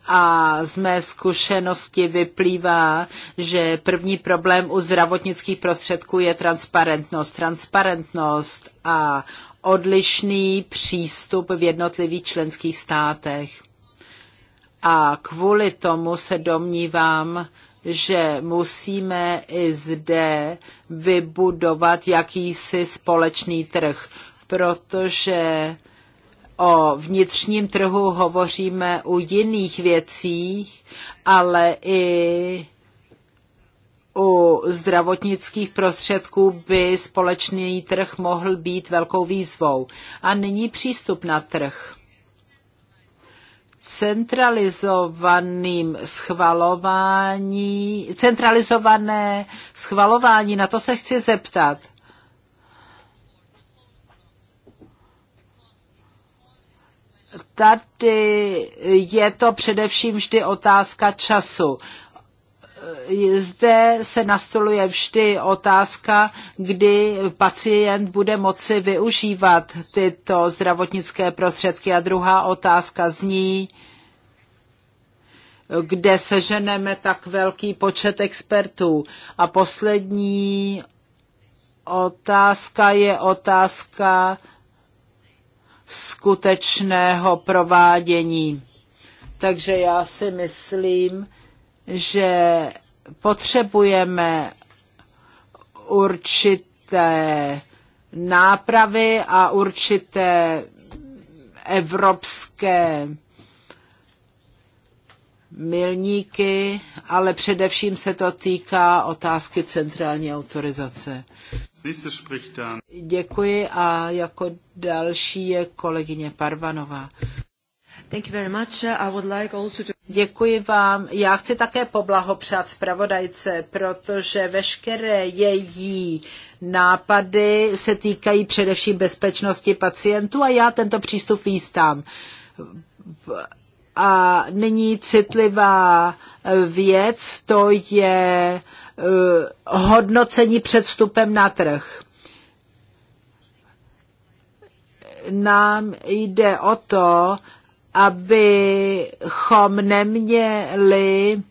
a z mé zkušenosti vyplývá, že první problém u zdravotnických prostředků je transparentnost. Transparentnost a odlišný přístup v jednotlivých členských státech. A kvůli tomu se domnívám, že musíme i zde vybudovat jakýsi společný trh, protože o vnitřním trhu hovoříme u jiných věcí, ale i u zdravotnických prostředků by společný trh mohl být velkou výzvou. A nyní přístup na trh centralizovaným schvalování, centralizované schvalování, na to se chci zeptat. Tady je to především vždy otázka času Eh, zde se nastoluje vždy otázka, kdy pacient bude moci využívat tyto zdravotnické prostředky. A druhá otázka zní, kde seženeme tak velký počet expertů. A poslední otázka je otázka skutečného provádění. Takže já si myslím, že potřebujeme určité nápravy a určité evropské milníky, ale především se to týká otázky centrální autorizace. Děkuji a jako další je kolegyně Parvanová. Thank you very much. I would like also to... Děkuji vám. Já chci také poblahopřát zpravodajce, protože veškeré její nápady se týkají především bezpečnosti pacientů a já tento přístup vítám. A nyní citlivá věc, to je eh, hodnocení před vstupem na trh. Nám jde o to, abychom neměli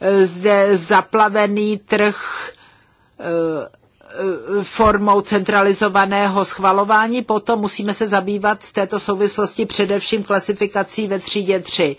eh, zde zaplavený trh eh, eh, formou centralizovaného schvalování. Potom musíme se zabývat v této souvislosti především klasifikací ve třídě 3.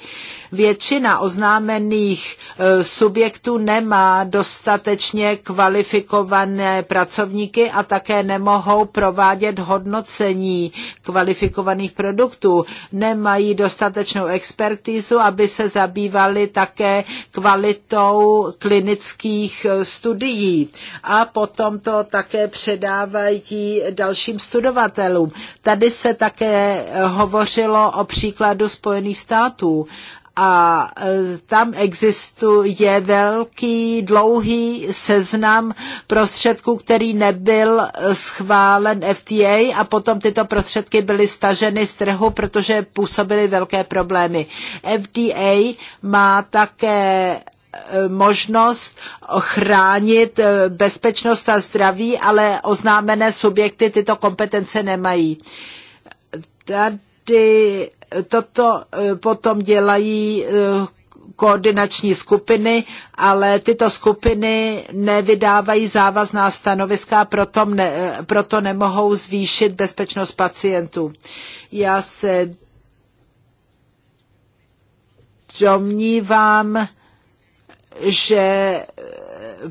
Většina oznámených e, subjektů nemá dostatečně kvalifikované pracovníky a také nemohou provádět hodnocení kvalifikovaných produktů. Nemají dostatečnou expertízu, aby se zabývali také kvalitou klinických e, studií. A potom to také předávají dalším studovatelům. Tady se také hovořilo o příkladu Spojených států a e, tam existuje velký, dlouhý seznam prostředků, který nebyl schválen FTA a potom tyto prostředky byly staženy z trhu, protože působily velké problémy. FDA má také e, možnost chránit e, bezpečnost a zdraví, ale oznámené subjekty tyto kompetence nemají. Tady Toto e, potom dělají e, koordinační skupiny, ale tyto skupiny nevydávají závazná stanoviska, proto, ne, e, proto nemohou zvýšit bezpečnost pacientů. Já se domnívám, že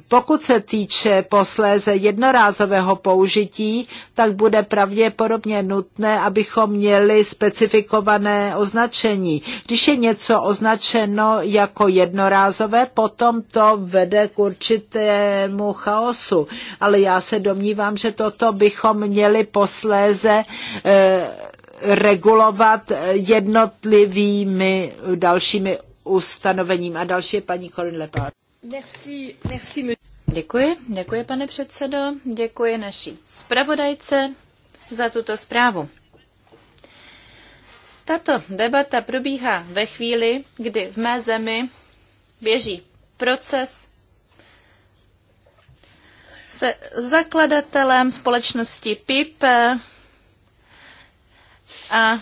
pokud se týče posléze jednorázového použití, tak bude pravděpodobně nutné, abychom měli specifikované označení. Když je něco označeno jako jednorázové, potom to vede k určitému chaosu. Ale já se domnívám, že toto bychom měli posléze e, regulovat jednotlivými dalšími ustanovením. A další je paní Corinne Lepard. Děkuji, děkuji pane předsedo, děkuji naší zpravodajce za tuto zprávu. Tato debata probíhá ve chvíli, kdy v mé zemi běží proces se zakladatelem společnosti PIP e a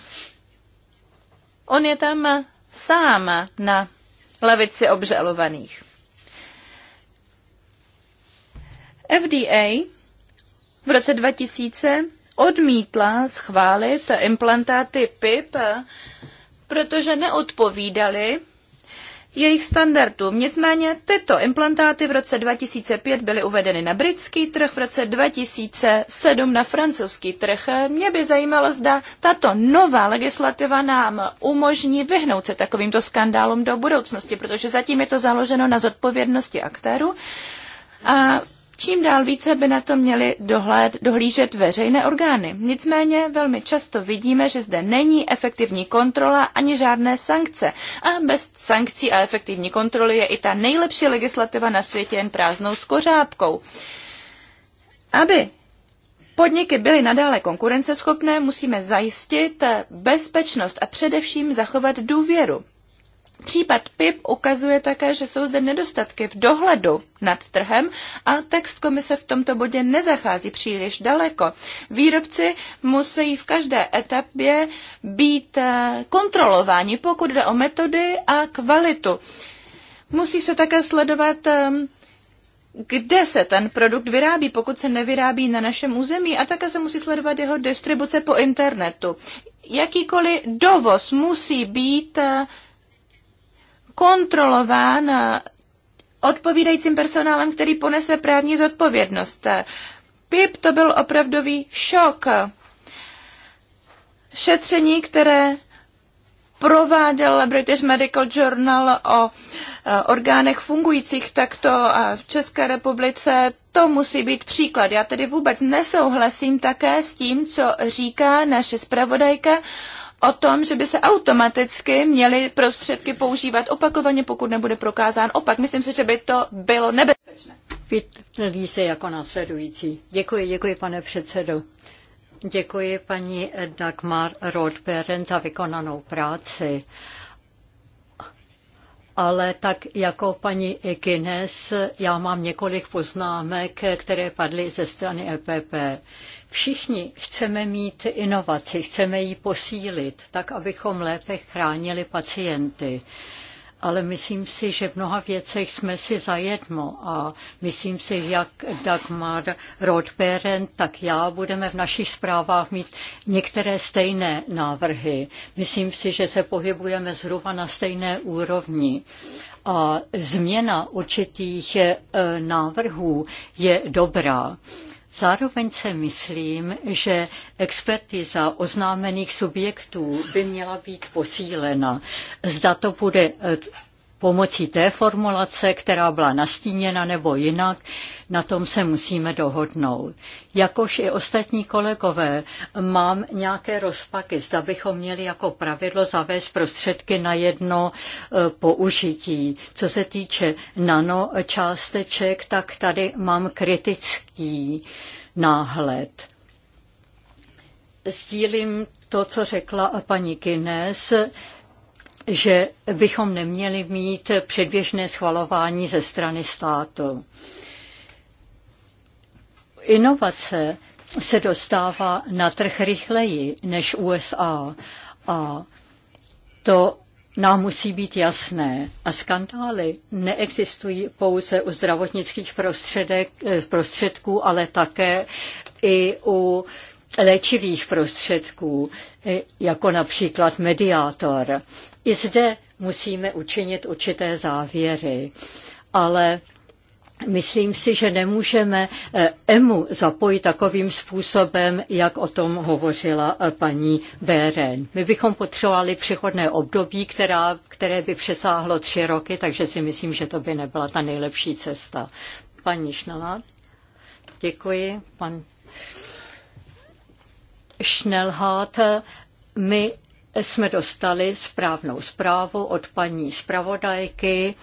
on je tam sám na levici obžalovaných. FDA v roce 2000 odmítla schválit implantáty PIP, protože neodpovídaly jejich standardům. Nicméně tyto implantáty v roce 2005 byly uvedeny na britský trh, v roce 2007 na francouzský trh. Mě by zajímalo, zda tato nová legislativa nám umožní vyhnout se takovýmto skandálům do budoucnosti, protože zatím je to založeno na zodpovědnosti aktéru A Čím dál více by na to měly dohled, dohlížet veřejné orgány. Nicméně velmi často vidíme, že zde není efektivní kontrola ani žádné sankce. A bez sankcí a efektivní kontroly je i ta nejlepší legislativa na světě jen prázdnou skořápkou. Aby podniky byly nadále konkurenceschopné, musíme zajistit bezpečnost a především zachovat důvěru. Případ PIP ukazuje také, že jsou zde nedostatky v dohledu nad trhem a text komise v tomto bodě nezachází příliš daleko. Výrobci musí v každé etapě být eh, kontrolováni, pokud jde o metody a kvalitu. Musí se také sledovat ehm, kde se ten produkt vyrábí, pokud se nevyrábí na našem území a také se musí sledovat jeho distribuce po internetu. Jakýkoliv dovoz musí být eh, kontrolován odpovídajícím personálem, který ponese právní zodpovědnost. PIP to byl opravdový šok. Šetření, které prováděl British Medical Journal o eh, orgánech fungujících takto v České republice, to musí být příklad. Já tedy vůbec nesouhlasím také s tím, co říká naše zpravodajka o tom, že by se automaticky měly prostředky používat opakovaně, pokud nebude prokázán opak. Myslím si, že by to bylo nebezpečné. Vytvrdí se jako následující. Děkuji, děkuji, pane předsedo. Děkuji paní Dagmar Rothberen za vykonanou práci. Ale tak jako paní Ekines, já mám několik poznámek, které padly ze strany EPP. Všichni chceme mít inovaci, chceme ji posílit, tak abychom lépe chránili pacienty. Ale myslím si, že v mnoha věcech jsme si zajedno a myslím si, že jak Dagmar Rodberen, tak já budeme v našich zprávách mít některé stejné návrhy. Myslím si, že se pohybujeme zhruba na stejné úrovni. A změna určitých eh, návrhů je dobrá. Zároveň se myslím, že expertiza oznámených subjektů by měla být posílena. Zda to bude eh, pomocí té formulace, která byla nastíněna nebo jinak, na tom se musíme dohodnout. Jakož i ostatní kolegové, mám nějaké rozpaky, zda bychom měli jako pravidlo zavést prostředky na jedno eh, použití. Co se týče nanočásteček, tak tady mám kritický náhled. Sdílím to, co řekla paní Kines, že bychom neměli mít předběžné schvalování ze strany státu. Inovace se dostává na trh rychleji než USA a to nám musí být jasné. A skandály neexistují pouze u zdravotnických prostředků, ale také i u léčivých prostředků, jako například mediátor. I zde musíme učinit určité závěry, ale Myslím si, že nemůžeme eh, EMU zapojit takovým způsobem, jak o tom hovořila eh, paní Beren. My bychom potřebovali přechodné období, která, které by přesáhlo tři roky, takže si myslím, že to by nebyla ta nejlepší cesta. Paní Šnelá, děkuji. Pan Šnelhát, my jsme dostali správnou zprávu od paní zpravodajky.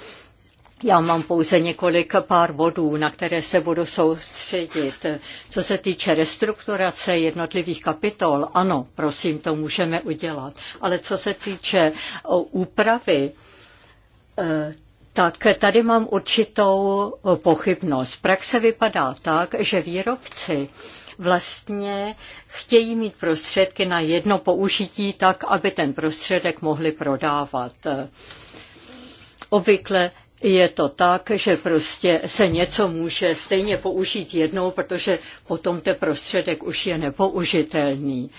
Já mám pouze několik pár bodů, na které se budu soustředit. Co se týče restrukturace jednotlivých kapitol, ano, prosím, to můžeme udělat. Ale co se týče úpravy, e, tak tady mám určitou e, pochybnost. Praxe vypadá tak, že výrobci vlastně chtějí mít prostředky na jedno použití tak, aby ten prostředek mohli prodávat. Obvykle je to tak, že prostě se něco může stejně použít jednou, protože potom ten prostředek už je nepoužitelný. Uh,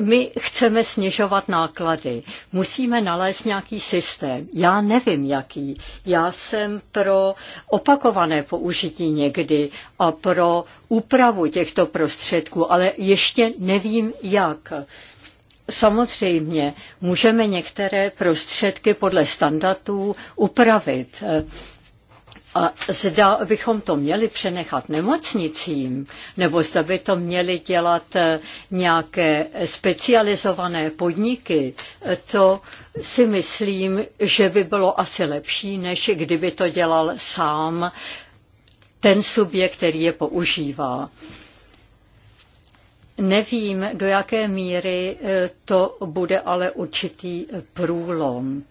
my chceme snižovat náklady. Musíme nalézt nějaký systém. Já nevím, jaký. Já jsem pro opakované použití někdy a pro úpravu těchto prostředků, ale ještě nevím, jak. Samozřejmě můžeme některé prostředky podle standardů upravit. A zda bychom to měli přenechat nemocnicím, nebo zda by to měli dělat eh, nějaké specializované podniky, eh, to si myslím, že by bylo asi lepší, než kdyby to dělal sám ten subjekt, který je používá. Nevím, do jaké míry eh, to bude ale určitý průlom.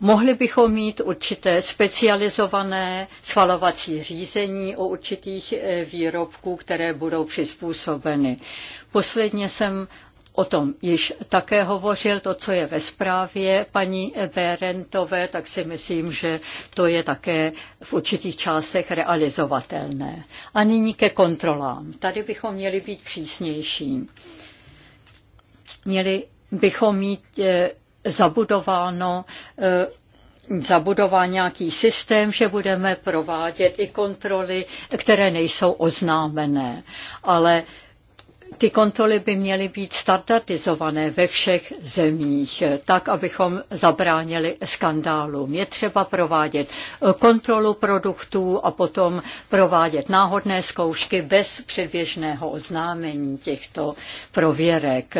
Mohli bychom mít určité specializované svalovací řízení o určitých eh, výrobků, které budou přizpůsobeny. Posledně jsem O tom již také hovořil, to, co je ve zprávě paní Berentové, tak si myslím, že to je také v určitých částech realizovatelné. A nyní ke kontrolám. Tady bychom měli být přísnější. Měli bychom mít eh, zabudováno eh, zabudován nějaký systém, že budeme provádět i kontroly, které nejsou oznámené. Ale ty kontroly by měly být standardizované ve všech zemích, eh, tak, abychom zabránili skandálům. Je třeba provádět eh, kontrolu produktů a potom provádět náhodné zkoušky bez předběžného oznámení těchto prověrek.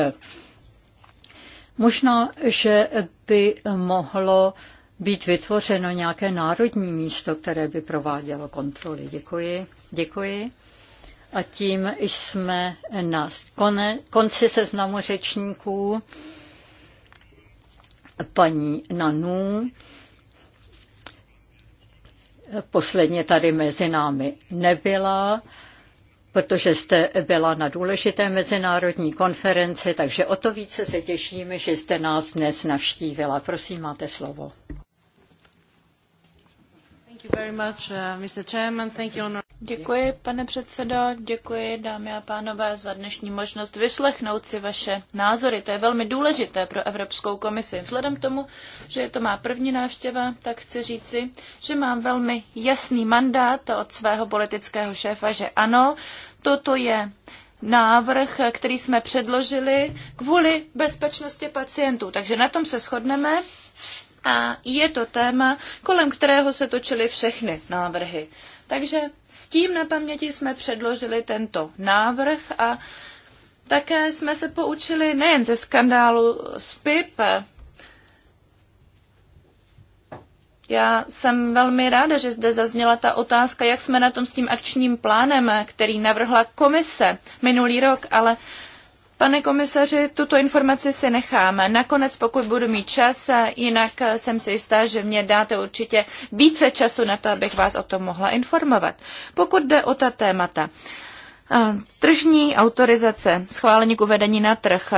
Možná, že by mohlo být vytvořeno nějaké národní místo, které by provádělo kontroly. Děkuji. Děkuji. A tím jsme na konci seznamu řečníků. Paní Nanů, posledně tady mezi námi nebyla protože jste byla na důležité mezinárodní konferenci, takže o to více se těšíme, že jste nás dnes navštívila. Prosím, máte slovo. Uh, děkuji, pane předsedo, děkuji, dámy a pánové, za dnešní možnost vyslechnout si vaše názory. To je velmi důležité pro Evropskou komisi. Vzhledem k tomu, že je to má první návštěva, tak chci říci, že mám velmi jasný mandát od svého politického šéfa, že ano, Toto je návrh, který jsme předložili kvůli bezpečnosti pacientů. Takže na tom se shodneme a je to téma, kolem kterého se točily všechny návrhy. Takže s tím na paměti jsme předložili tento návrh a také jsme se poučili nejen ze skandálu s PIP, Já jsem velmi ráda, že zde zazněla ta otázka, jak jsme na tom s tím akčním plánem, který navrhla komise minulý rok, ale pane komisaři, tuto informaci si necháme. Nakonec, pokud budu mít čas, jinak jsem si jistá, že mě dáte určitě více času na to, abych vás o tom mohla informovat. Pokud jde o ta témata, tržní autorizace, schválení k uvedení na trh,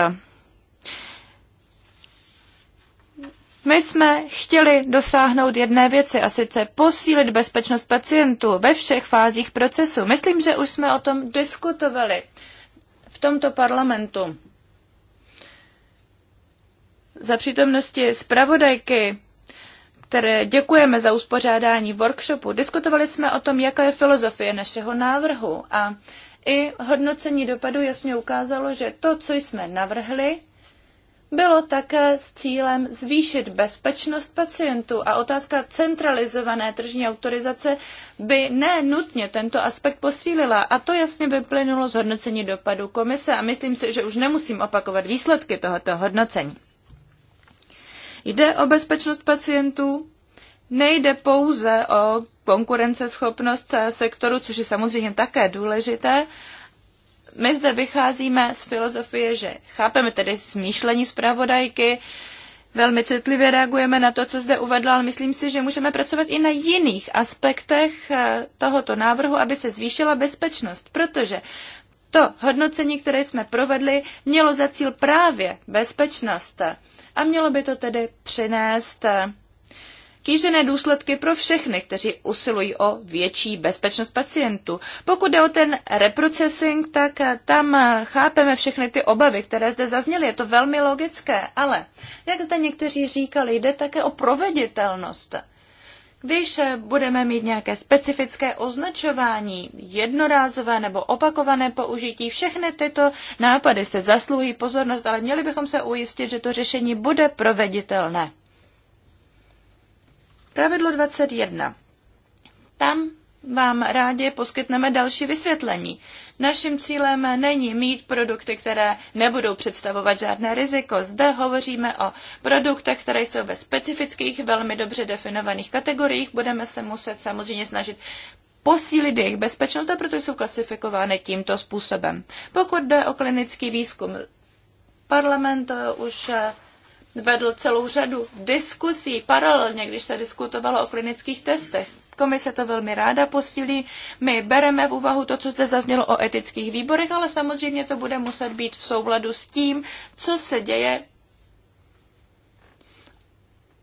My jsme chtěli dosáhnout jedné věci a sice posílit bezpečnost pacientů ve všech fázích procesu. Myslím, že už jsme o tom diskutovali v tomto parlamentu. Za přítomnosti zpravodajky, které děkujeme za uspořádání workshopu, diskutovali jsme o tom, jaká je filozofie našeho návrhu a i hodnocení dopadu jasně ukázalo, že to, co jsme navrhli, bylo také s cílem zvýšit bezpečnost pacientů a otázka centralizované tržní autorizace by ne nutně tento aspekt posílila a to jasně vyplynulo z hodnocení dopadu komise a myslím si, že už nemusím opakovat výsledky tohoto hodnocení. Jde o bezpečnost pacientů, nejde pouze o konkurenceschopnost sektoru, což je samozřejmě také důležité, my zde vycházíme z filozofie, že chápeme tedy smýšlení zpravodajky, velmi citlivě reagujeme na to, co zde uvedla, ale myslím si, že můžeme pracovat i na jiných aspektech eh, tohoto návrhu, aby se zvýšila bezpečnost, protože to hodnocení, které jsme provedli, mělo za cíl právě bezpečnost a mělo by to tedy přinést eh, kýžené důsledky pro všechny, kteří usilují o větší bezpečnost pacientů. Pokud jde o ten reprocessing, tak tam chápeme všechny ty obavy, které zde zazněly. Je to velmi logické, ale jak zde někteří říkali, jde také o proveditelnost. Když budeme mít nějaké specifické označování, jednorázové nebo opakované použití, všechny tyto nápady se zasluhují pozornost, ale měli bychom se ujistit, že to řešení bude proveditelné. Pravidlo 21. Tam vám rádi poskytneme další vysvětlení. Naším cílem není mít produkty, které nebudou představovat žádné riziko. Zde hovoříme o produktech, které jsou ve specifických, velmi dobře definovaných kategoriích. Budeme se muset samozřejmě snažit posílit jejich bezpečnost, protože jsou klasifikovány tímto způsobem. Pokud jde o klinický výzkum, parlament už vedl celou řadu diskusí paralelně, když se diskutovalo o klinických testech. Komise to velmi ráda posílí. My bereme v úvahu to, co zde zaznělo o etických výborech, ale samozřejmě to bude muset být v souladu s tím, co se děje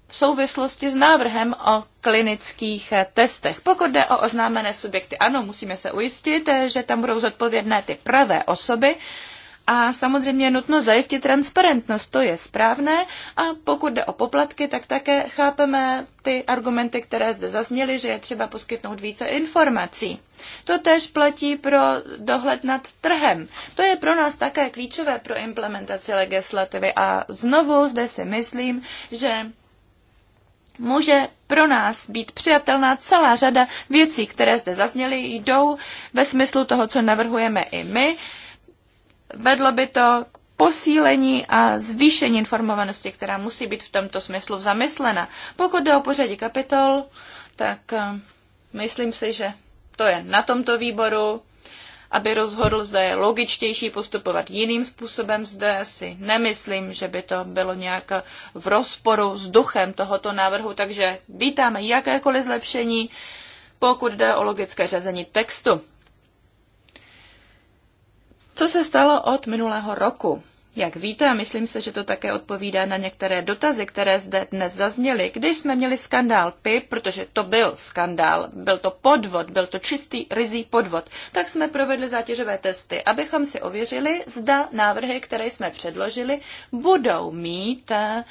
v souvislosti s návrhem o klinických testech. Pokud jde o oznámené subjekty, ano, musíme se ujistit, že tam budou zodpovědné ty pravé osoby, a samozřejmě je nutno zajistit transparentnost, to je správné. A pokud jde o poplatky, tak také chápeme ty argumenty, které zde zazněly, že je třeba poskytnout více informací. To tež platí pro dohled nad trhem. To je pro nás také klíčové pro implementaci legislativy. A znovu zde si myslím, že může pro nás být přijatelná celá řada věcí, které zde zazněly, jdou ve smyslu toho, co navrhujeme i my vedlo by to k posílení a zvýšení informovanosti, která musí být v tomto smyslu zamyslena. Pokud jde o pořadí kapitol, tak eh, myslím si, že to je na tomto výboru, aby rozhodl, zda je logičtější postupovat jiným způsobem. Zde si nemyslím, že by to bylo nějak v rozporu s duchem tohoto návrhu, takže vítáme jakékoliv zlepšení, pokud jde o logické řazení textu. Co se stalo od minulého roku? Jak víte, a myslím se, že to také odpovídá na některé dotazy, které zde dnes zazněly, když jsme měli skandál PIP, protože to byl skandál, byl to podvod, byl to čistý rizí podvod, tak jsme provedli zátěžové testy, abychom si ověřili, zda návrhy, které jsme předložili, budou mít eh,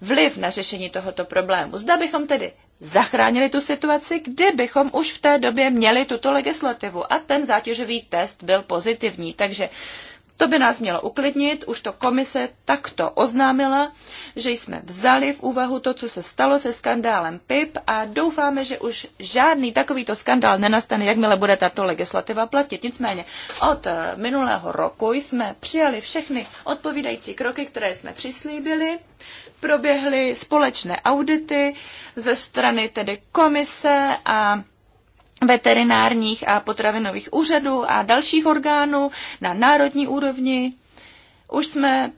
vliv na řešení tohoto problému. Zda bychom tedy zachránili tu situaci, kdybychom už v té době měli tuto legislativu. A ten zátěžový test byl pozitivní. Takže to by nás mělo uklidnit, už to komise takto oznámila, že jsme vzali v úvahu to, co se stalo se skandálem PIP a doufáme, že už žádný takovýto skandál nenastane, jakmile bude tato legislativa platit. Nicméně od eh, minulého roku jsme přijali všechny odpovídající kroky, které jsme přislíbili proběhly společné audity ze strany tedy komise a veterinárních a potravinových úřadů a dalších orgánů na národní úrovni. Už jsme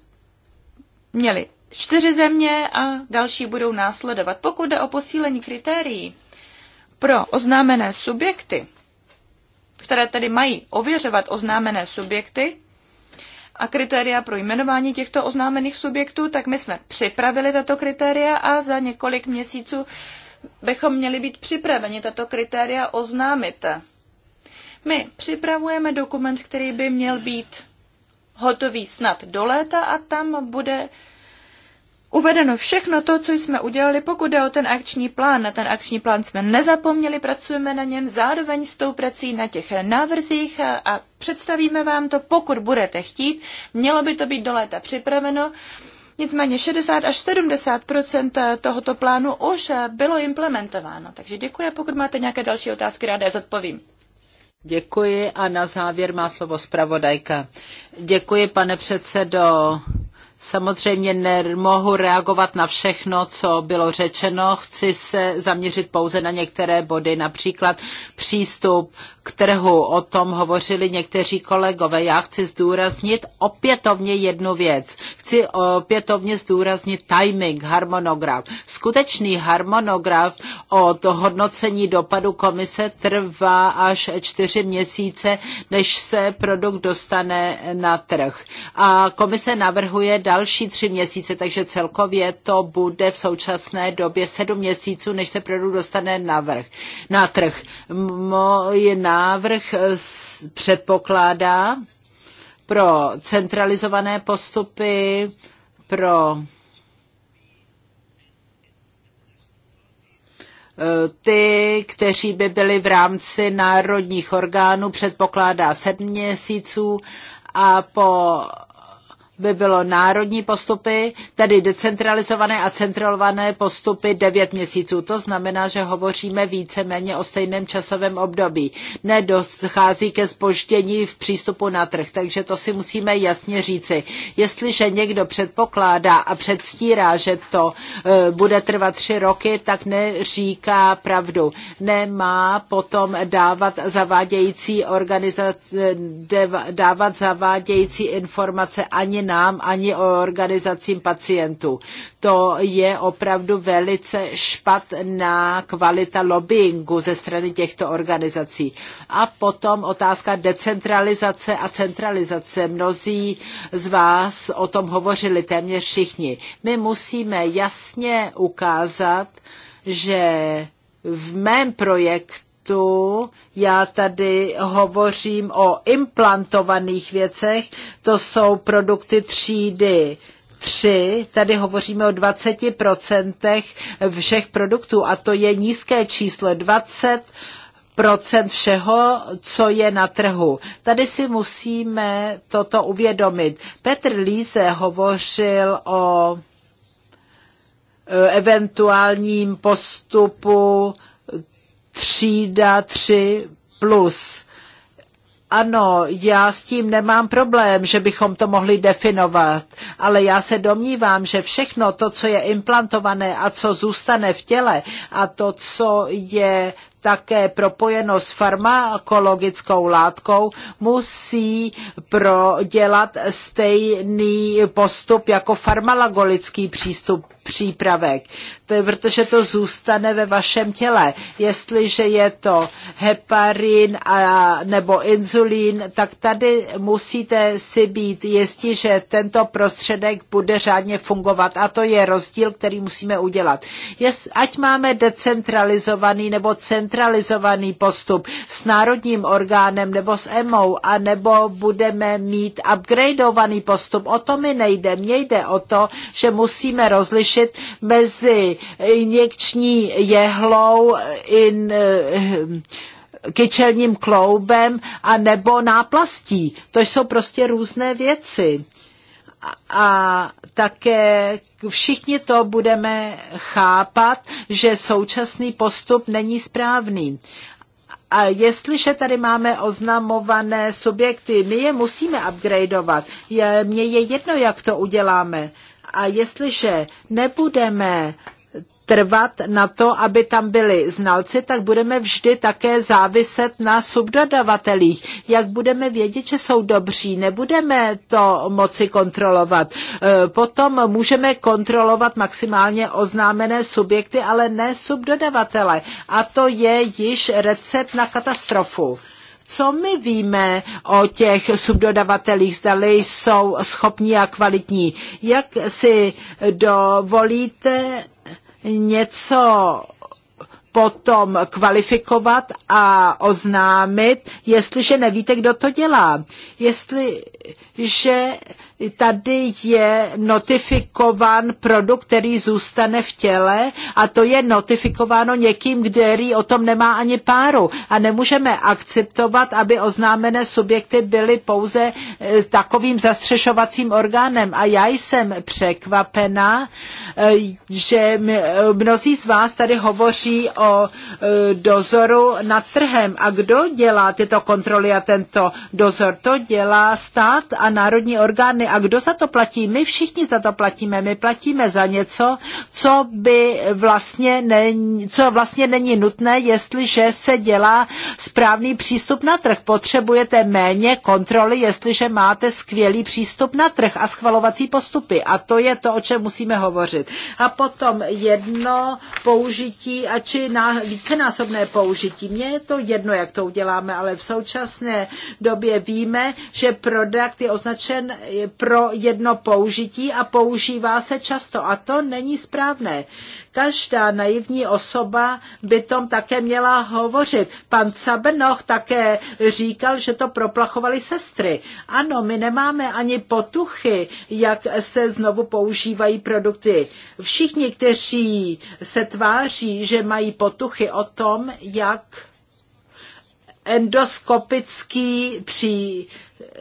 měli čtyři země a další budou následovat. Pokud jde o posílení kritérií pro oznámené subjekty, které tedy mají ověřovat oznámené subjekty, a kritéria pro jmenování těchto oznámených subjektů, tak my jsme připravili tato kritéria a za několik měsíců bychom měli být připraveni tato kritéria oznámit. My připravujeme dokument, který by měl být hotový snad do léta a tam bude uvedeno všechno to, co jsme udělali, pokud jde o ten akční plán. Na ten akční plán jsme nezapomněli, pracujeme na něm zároveň s tou prací na těch návrzích a, představíme vám to, pokud budete chtít. Mělo by to být do léta připraveno. Nicméně 60 až 70 tohoto plánu už bylo implementováno. Takže děkuji a pokud máte nějaké další otázky, ráda je zodpovím. Děkuji a na závěr má slovo zpravodajka. Děkuji, pane předsedo. Samozřejmě nemohu reagovat na všechno, co bylo řečeno. Chci se zaměřit pouze na některé body, například přístup k trhu. O tom hovořili někteří kolegové. Já chci zdůraznit opětovně jednu věc. Chci opětovně zdůraznit timing, harmonograf. Skutečný harmonograf od hodnocení dopadu komise trvá až čtyři měsíce, než se produkt dostane na trh. A komise navrhuje další tři měsíce, takže celkově to bude v současné době sedm měsíců, než se produkt dostane na, vrch, na trh. Moje návrh eh, předpokládá pro centralizované postupy, pro eh, ty, kteří by byli v rámci národních orgánů, předpokládá sedm měsíců a po by bylo národní postupy, tedy decentralizované a centralované postupy 9 měsíců. To znamená, že hovoříme víceméně o stejném časovém období. Nedochází ke spoždění v přístupu na trh, takže to si musíme jasně říci. Jestliže někdo předpokládá a předstírá, že to e, bude trvat tři roky, tak neříká pravdu. Nemá potom dávat zavádějící organizace, dávat zavádějící informace ani nám ani o organizacím pacientů. To je opravdu velice špatná kvalita lobbyingu ze strany těchto organizací. A potom otázka decentralizace a centralizace. Mnozí z vás o tom hovořili téměř všichni. My musíme jasně ukázat, že v mém projektu tu já tady hovořím o implantovaných věcech, to jsou produkty třídy 3, tady hovoříme o 20% všech produktů a to je nízké číslo, 20 procent všeho, co je na trhu. Tady si musíme toto uvědomit. Petr Líze hovořil o e, eventuálním postupu třída tři plus. Ano, já s tím nemám problém, že bychom to mohli definovat, ale já se domnívám, že všechno to, co je implantované a co zůstane v těle a to, co je také propojeno s farmakologickou látkou, musí prodělat stejný postup jako farmakologický přístup přípravek, protože to zůstane ve vašem těle. Jestliže je to heparin a, nebo inzulín, tak tady musíte si být jistí, že tento prostředek bude řádně fungovat a to je rozdíl, který musíme udělat. Jest, ať máme decentralizovaný nebo centralizovaný postup s národním orgánem nebo s EMO a nebo budeme mít upgradeovaný postup, o to mi nejde. Mně jde o to, že musíme rozlišit rozlišit mezi injekční jehlou in, eh, kyčelním kloubem a nebo náplastí. To jsou prostě různé věci. A také všichni to budeme chápat, že současný postup není správný. A jestliže tady máme oznamované subjekty, my je musíme upgradeovat. Je, mně je jedno, jak to uděláme a jestliže nebudeme trvat na to, aby tam byli znalci, tak budeme vždy také záviset na subdodavatelích. Jak budeme vědět, že jsou dobří, nebudeme to moci kontrolovat. E, potom můžeme kontrolovat maximálně oznámené subjekty, ale ne subdodavatele. A to je již recept na katastrofu. Co my víme o těch subdodavatelích, zdali jsou schopní a kvalitní? Jak si dovolíte něco potom kvalifikovat a oznámit, jestliže nevíte, kdo to dělá. Jestliže tady je notifikován produkt, který zůstane v těle a to je notifikováno někým, který o tom nemá ani páru. A nemůžeme akceptovat, aby oznámené subjekty byly pouze e, takovým zastřešovacím orgánem. A já jsem překvapena, e, že e, mnozí z vás tady hovoří o dozoru nad trhem. A kdo dělá tyto kontroly a tento dozor? To dělá stát a národní orgány a kdo za to platí? My všichni za to platíme. My platíme za něco, co by vlastně, ne, co vlastně není nutné, jestliže se dělá správný přístup na trh. Potřebujete méně kontroly, jestliže máte skvělý přístup na trh a schvalovací postupy. A to je to, o čem musíme hovořit. A potom jedno použití a či na, vícenásobné použití. Mně je to jedno, jak to uděláme, ale v současné době víme, že produkt je označen pro jedno použití a používá se často a to není správné. Každá naivní osoba by tom také měla hovořit. Pan Cabrnoch také říkal, že to proplachovali sestry. Ano, my nemáme ani potuchy, jak se znovu používají produkty. Všichni, kteří se tváří, že mají potuchy o tom, jak endoskopický při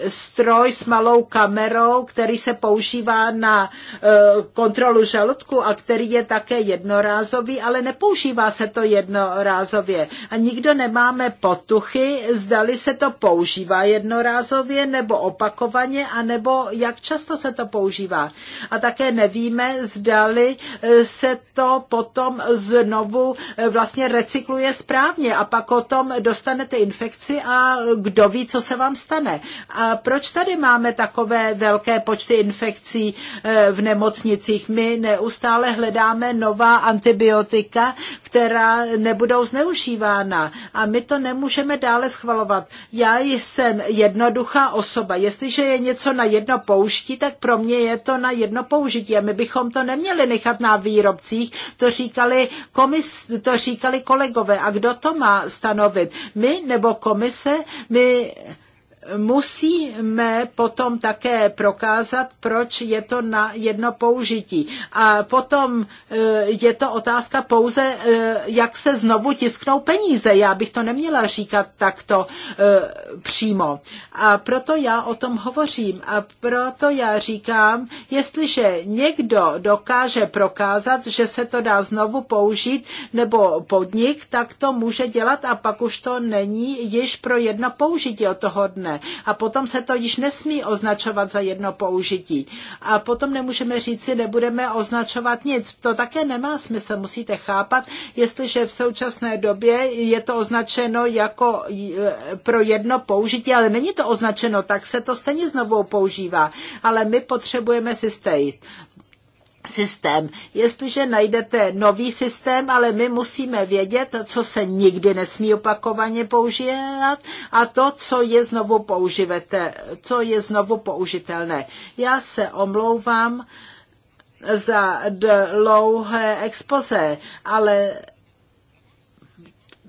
stroj s malou kamerou, který se používá na eh, kontrolu žaludku a který je také jednorázový, ale nepoužívá se to jednorázově. A nikdo nemáme potuchy, zdali se to používá jednorázově nebo opakovaně, anebo jak často se to používá. A také nevíme, zdali eh, se to potom znovu eh, vlastně recykluje správně a pak o tom dostanete infekci a kdo ví, co se vám stane. A proč tady máme takové velké počty infekcí eh, v nemocnicích? My neustále hledáme nová antibiotika, která nebudou zneužívána. A my to nemůžeme dále schvalovat. Já jsem jednoduchá osoba. Jestliže je něco na jedno použití, tak pro mě je to na jedno použití. A my bychom to neměli nechat na výrobcích. To říkali, komis, to říkali kolegové. A kdo to má stanovit? My nebo komise? My musíme potom také prokázat, proč je to na jedno použití. A potom eh, je to otázka pouze, eh, jak se znovu tisknou peníze. Já bych to neměla říkat takto eh, přímo. A proto já o tom hovořím. A proto já říkám, jestliže někdo dokáže prokázat, že se to dá znovu použít, nebo podnik, tak to může dělat a pak už to není již pro jedno použití od toho dne. A potom se to již nesmí označovat za jedno použití. A potom nemůžeme říci, nebudeme označovat nic. To také nemá smysl, musíte chápat, jestliže v současné době je to označeno jako e, pro jedno použití, ale není to označeno, tak se to stejně znovu používá. Ale my potřebujeme stejit systém. Jestliže najdete nový systém, ale my musíme vědět, co se nikdy nesmí opakovaně používat a to, co je znovu, použivete, co je znovu použitelné. Já se omlouvám za dlouhé expoze, ale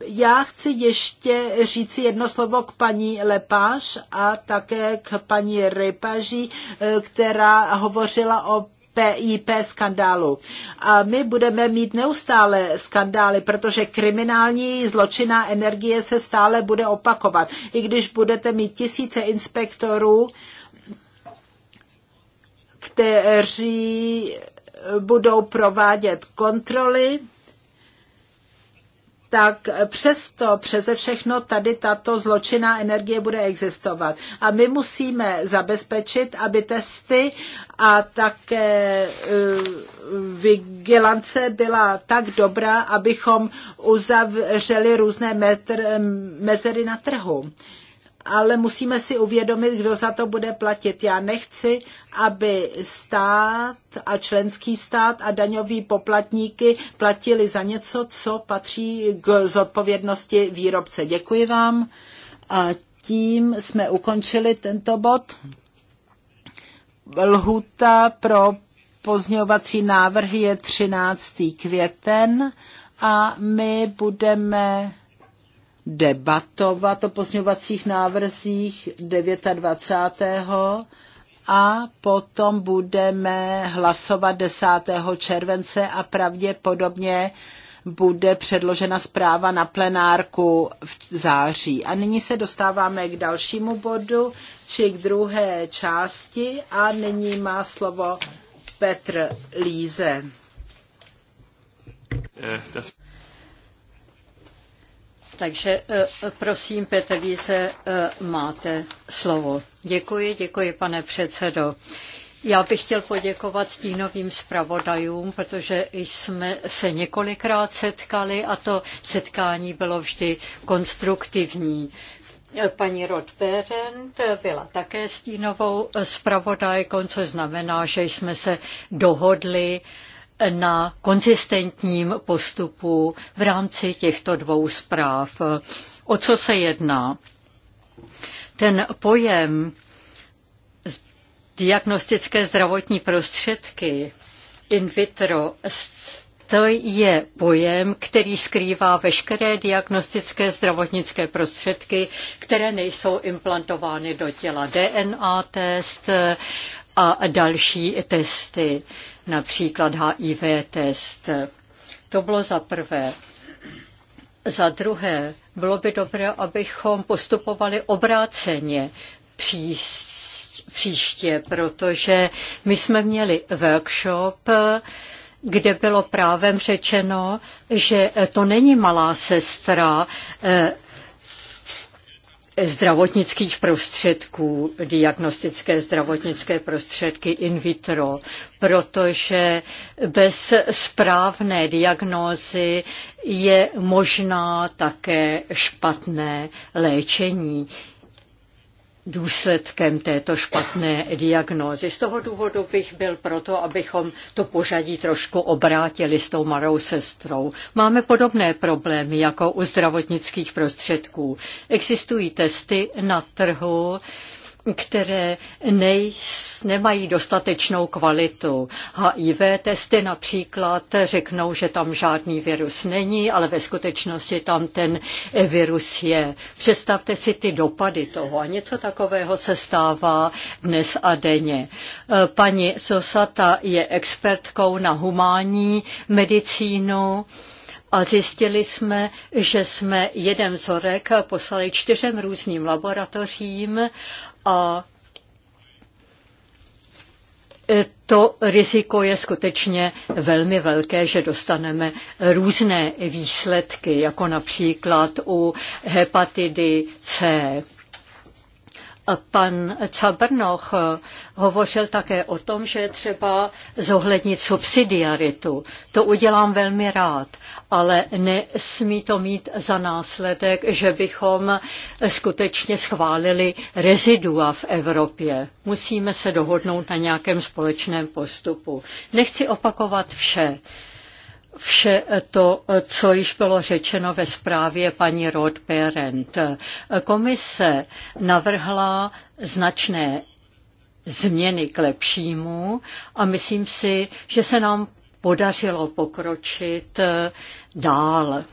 já chci ještě říci jedno slovo k paní Lepáš a také k paní Rypaží, eh, která hovořila o PIP skandálu. A my budeme mít neustále skandály, protože kriminální zločinná energie se stále bude opakovat. I když budete mít tisíce inspektorů, kteří budou provádět kontroly, tak přesto přeze všechno tady tato zločinná energie bude existovat. A my musíme zabezpečit, aby testy a také eh, vigilance byla tak dobrá, abychom uzavřeli různé metr, mezery na trhu ale musíme si uvědomit, kdo za to bude platit. Já nechci, aby stát a členský stát a daňoví poplatníky platili za něco, co patří k zodpovědnosti výrobce. Děkuji vám a tím jsme ukončili tento bod. Lhuta pro pozňovací návrhy je 13. květen a my budeme debatovat o pozňovacích návrzích 29. a potom budeme hlasovat 10. července a pravděpodobně bude předložena zpráva na plenárku v září. A nyní se dostáváme k dalšímu bodu, či k druhé části a nyní má slovo Petr Líze. Eh, takže eh, prosím, Petr Líze, eh, máte slovo. Děkuji, děkuji, pane předsedo. Já bych chtěl poděkovat stínovým zpravodajům, protože jsme se několikrát setkali a to setkání bylo vždy konstruktivní. Paní Berend byla také stínovou zpravodajkou, což znamená, že jsme se dohodli na konzistentním postupu v rámci těchto dvou zpráv. O co se jedná? Ten pojem diagnostické zdravotní prostředky in vitro to je pojem, který skrývá veškeré diagnostické zdravotnické prostředky, které nejsou implantovány do těla. DNA test a další testy například HIV test. To bylo za prvé. Za druhé, bylo by dobré, abychom postupovali obráceně příště, protože my jsme měli workshop, kde bylo právem řečeno, že to není malá sestra eh, zdravotnických prostředků, diagnostické zdravotnické prostředky in vitro, protože bez správné diagnózy je možná také špatné léčení důsledkem této špatné diagnózy. Z toho důvodu bych byl proto, abychom to pořadí trošku obrátili s tou marou sestrou. Máme podobné problémy jako u zdravotnických prostředků. Existují testy na trhu, které nej, nemají dostatečnou kvalitu. HIV testy například řeknou, že tam žádný virus není, ale ve skutečnosti tam ten virus je. Představte si ty dopady toho a něco takového se stává dnes a denně. Paní Sosata je expertkou na humánní medicínu a zjistili jsme, že jsme jeden vzorek poslali čtyřem různým laboratořím a e, to riziko je skutečně velmi velké, že dostaneme různé výsledky, jako například u hepatidy C. Pan Cabrnoch hovořil také o tom, že je třeba zohlednit subsidiaritu. To udělám velmi rád, ale nesmí to mít za následek, že bychom skutečně schválili rezidua v Evropě. Musíme se dohodnout na nějakém společném postupu. Nechci opakovat vše vše to, co již bylo řečeno ve zprávě paní Roth-Berendt. Komise navrhla značné změny k lepšímu a myslím si, že se nám podařilo pokročit eh, dál.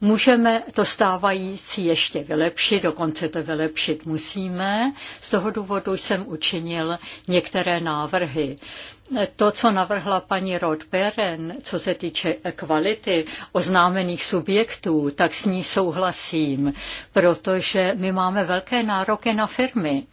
Můžeme to stávající ještě vylepšit, dokonce to vylepšit musíme. Z toho důvodu jsem učinil některé návrhy to, co navrhla paní Rodberen, co se týče kvality oznámených subjektů, tak s ní souhlasím, protože my máme velké nároky na firmy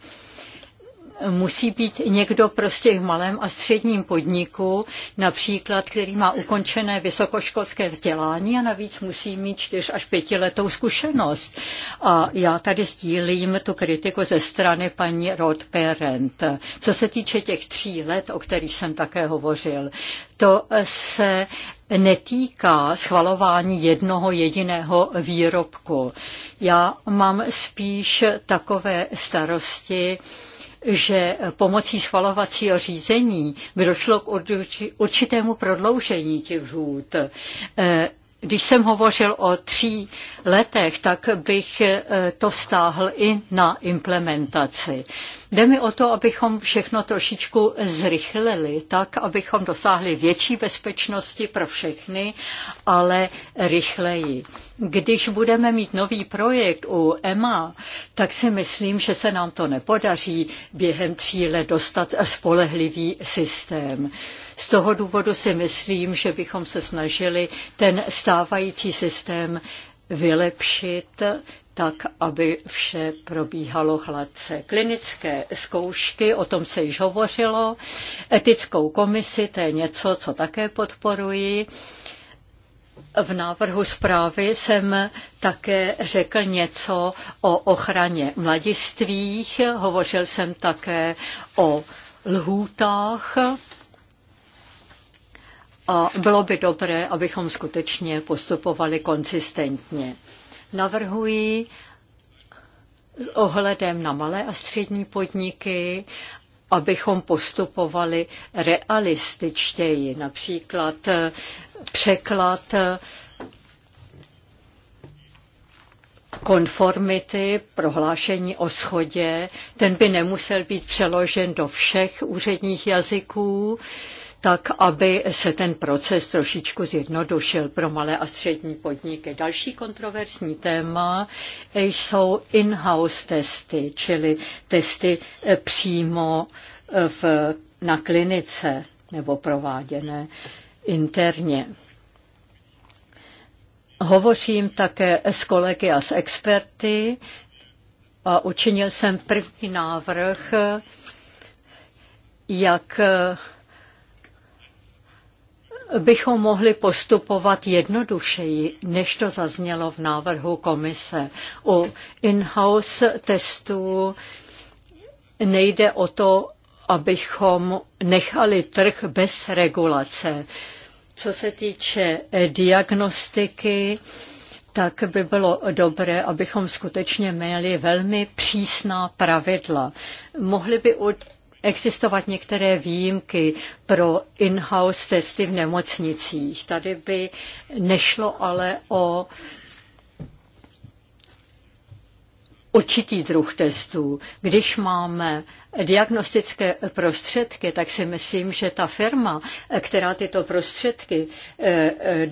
musí být někdo prostě v malém a středním podniku, například, který má ukončené vysokoškolské vzdělání a navíc musí mít čtyř až pětiletou zkušenost. A já tady sdílím tu kritiku ze strany paní Rod Parent. Co se týče těch tří let, o kterých jsem také hovořil, to se netýká schvalování jednoho jediného výrobku. Já mám spíš takové starosti, že pomocí schvalovacího řízení by došlo k určitému prodloužení těch hůd. Eh, když jsem hovořil o tří letech, tak bych eh, to stáhl i na implementaci. Jde mi o to, abychom všechno trošičku zrychlili, tak, abychom dosáhli větší bezpečnosti pro všechny, ale rychleji. Když budeme mít nový projekt u EMA, tak si myslím, že se nám to nepodaří během tří let dostat spolehlivý systém. Z toho důvodu si myslím, že bychom se snažili ten stávající systém vylepšit tak, aby vše probíhalo hladce. Klinické zkoušky, o tom se již hovořilo, etickou komisi, to je něco, co také podporuji. V návrhu zprávy jsem také řekl něco o ochraně mladistvých, hovořil jsem také o lhůtách a bylo by dobré, abychom skutečně postupovali konsistentně. Navrhuji s ohledem na malé a střední podniky, abychom postupovali realističtěji. Například eh, překlad eh, konformity, prohlášení o schodě, ten by nemusel být přeložen do všech úředních jazyků tak aby se ten proces trošičku zjednodušil pro malé a střední podniky. Další kontroverzní téma jsou in-house testy, čili testy eh, přímo eh, v, na klinice nebo prováděné interně. Hovořím také s kolegy a s experty a učinil jsem první návrh, jak eh, bychom mohli postupovat jednodušeji, než to zaznělo v návrhu komise. U in-house testů nejde o to, abychom nechali trh bez regulace. Co se týče eh, diagnostiky, tak by bylo dobré, abychom skutečně měli velmi přísná pravidla. Mohli by existovat některé výjimky pro in-house testy v nemocnicích. Tady by nešlo ale o určitý druh testů. Když máme diagnostické prostředky, tak si myslím, že ta firma, která tyto prostředky eh, eh,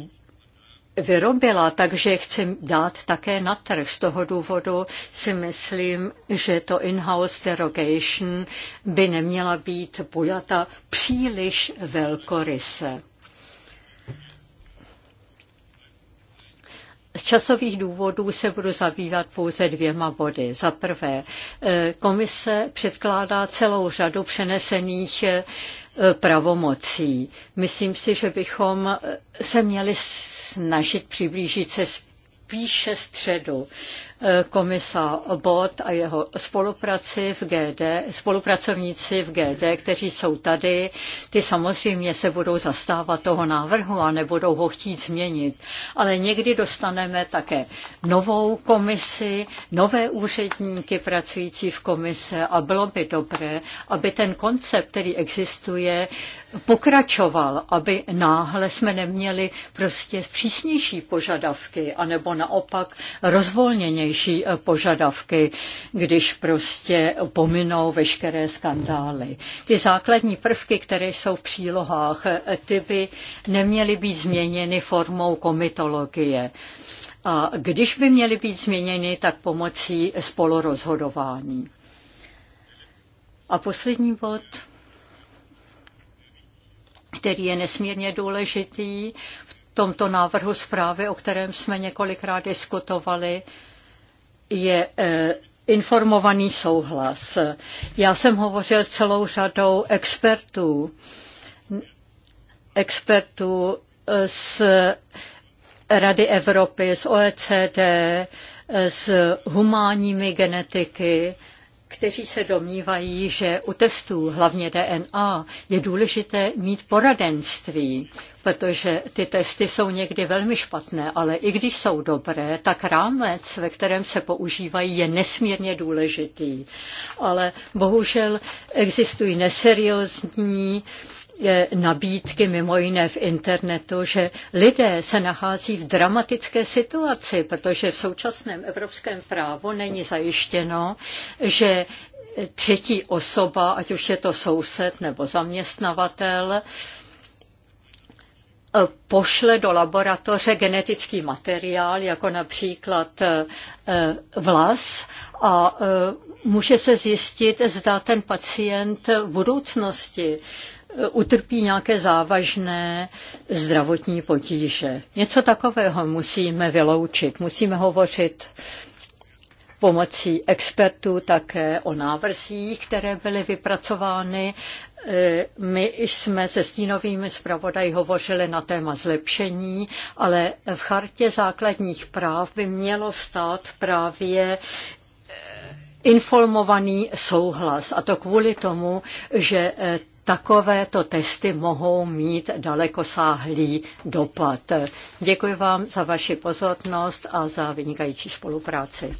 vyrobila, takže chci dát také na trh. Z toho důvodu si myslím, že to in-house derogation by neměla být pojata příliš velkoryse. z časových důvodů se budu zabývat pouze dvěma body. Za prvé, eh, komise předkládá celou řadu přenesených eh, pravomocí. Myslím si, že bychom eh, se měli snažit přiblížit se spíše středu. Eh, komisa Bot a jeho spolupraci v GD, spolupracovníci v GD, kteří jsou tady, ty samozřejmě se budou zastávat toho návrhu a nebudou ho chtít změnit. Ale někdy dostaneme také novou komisi, nové úředníky pracující v komise a bylo by dobré, aby ten koncept, který existuje, pokračoval, aby náhle jsme neměli prostě přísnější požadavky, anebo naopak rozvolněně nejrůznější eh, požadavky, když prostě pominou veškeré skandály. Ty základní prvky, které jsou v přílohách, eh, ty by neměly být změněny formou komitologie. A když by měly být změněny, tak pomocí spolorozhodování. A poslední bod, který je nesmírně důležitý v tomto návrhu zprávy, o kterém jsme několikrát diskutovali, je eh, informovaný souhlas. Já jsem hovořil s celou řadou expertů, expertů eh, z Rady Evropy, z OECD, eh, z humánními genetiky kteří se domnívají, že u testů, hlavně DNA, je důležité mít poradenství, protože ty testy jsou někdy velmi špatné, ale i když jsou dobré, tak rámec, ve kterém se používají, je nesmírně důležitý. Ale bohužel existují neseriózní, uh, nabídky, mimo jiné v internetu, že lidé se nachází v dramatické situaci, protože v současném evropském právu není zajištěno, že třetí osoba, ať už je to soused nebo zaměstnavatel, pošle do laboratoře genetický materiál, jako například e, vlas, a e, může se zjistit, zda ten pacient v budoucnosti utrpí nějaké závažné zdravotní potíže. Něco takového musíme vyloučit. Musíme hovořit pomocí expertů také o návrzích, které byly vypracovány. E, my jsme se stínovými zpravodaji hovořili na téma zlepšení, ale v chartě základních práv by mělo stát právě e, informovaný souhlas. A to kvůli tomu, že e, takovéto testy mohou mít dalekosáhlý dopad. Děkuji vám za vaši pozornost a za vynikající spolupráci.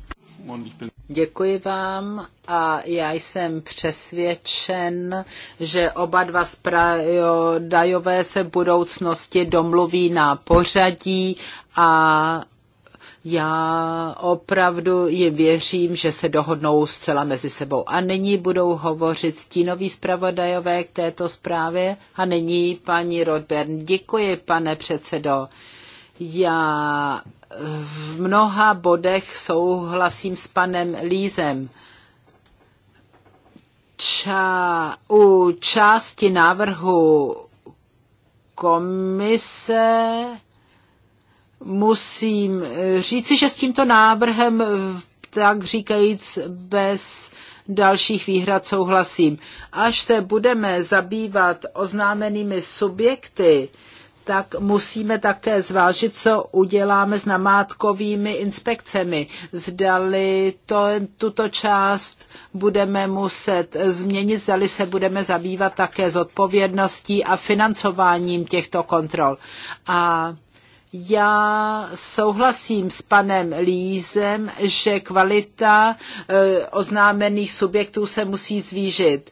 Děkuji vám a já jsem přesvědčen, že oba dva zpravodajové se budoucnosti domluví na pořadí a já opravdu je věřím, že se dohodnou zcela mezi sebou. A nyní budou hovořit stínoví zpravodajové k této zprávě. A nyní paní Rodbern. Děkuji, pane předsedo. Já v mnoha bodech souhlasím s panem Lízem. Ča, u části návrhu komise musím říci, že s tímto návrhem tak říkajíc bez dalších výhrad souhlasím. Až se budeme zabývat oznámenými subjekty, tak musíme také zvážit, co uděláme s namátkovými inspekcemi. Zdali to, tuto část budeme muset změnit, zdali se budeme zabývat také s odpovědností a financováním těchto kontrol. A já souhlasím s panem Lízem, že kvalita eh, oznámených subjektů se musí zvýšit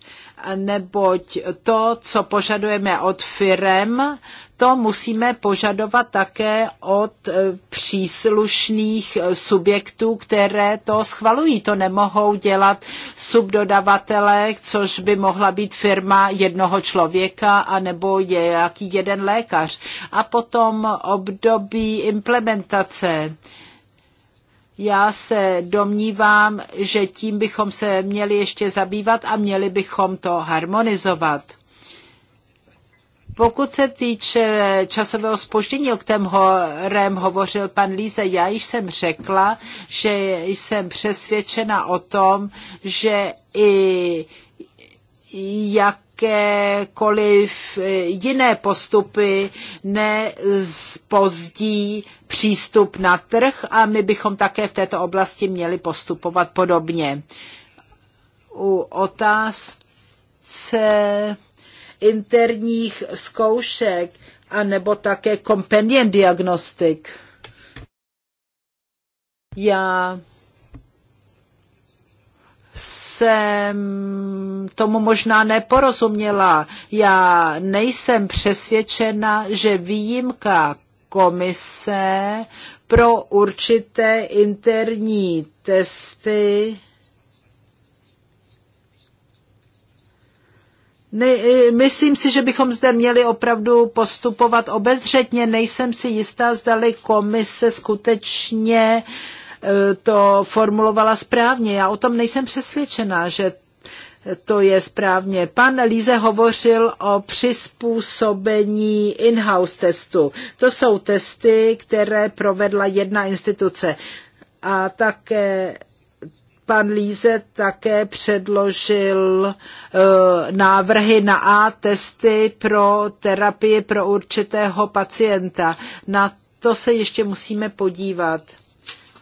neboť to, co požadujeme od firem, to musíme požadovat také od eh, příslušných eh, subjektů, které to schvalují. To nemohou dělat subdodavatele, což by mohla být firma jednoho člověka anebo nějaký jeden lékař. A potom období implementace. Já se domnívám, že tím bychom se měli ještě zabývat a měli bychom to harmonizovat. Pokud se týče časového spoždění, o kterém hovořil pan Líze, já již jsem řekla, že jsem přesvědčena o tom, že i jak jakékoliv eh, jiné postupy nezpozdí přístup na trh a my bychom také v této oblasti měli postupovat podobně. U otázce interních zkoušek a nebo také companion diagnostik. Já jsem tomu možná neporozuměla. Já nejsem přesvědčena, že výjimka komise pro určité interní testy Ne, e, myslím si, že bychom zde měli opravdu postupovat obezřetně. Nejsem si jistá, zdali komise skutečně uh, Eh, to formulovala správně. Já o tom nejsem přesvědčená, že to je správně. Pan Líze hovořil o přizpůsobení in-house testu. To jsou testy, které provedla jedna instituce. A také pan Líze také předložil uh, návrhy na A testy pro terapii pro určitého pacienta. Na to se ještě musíme podívat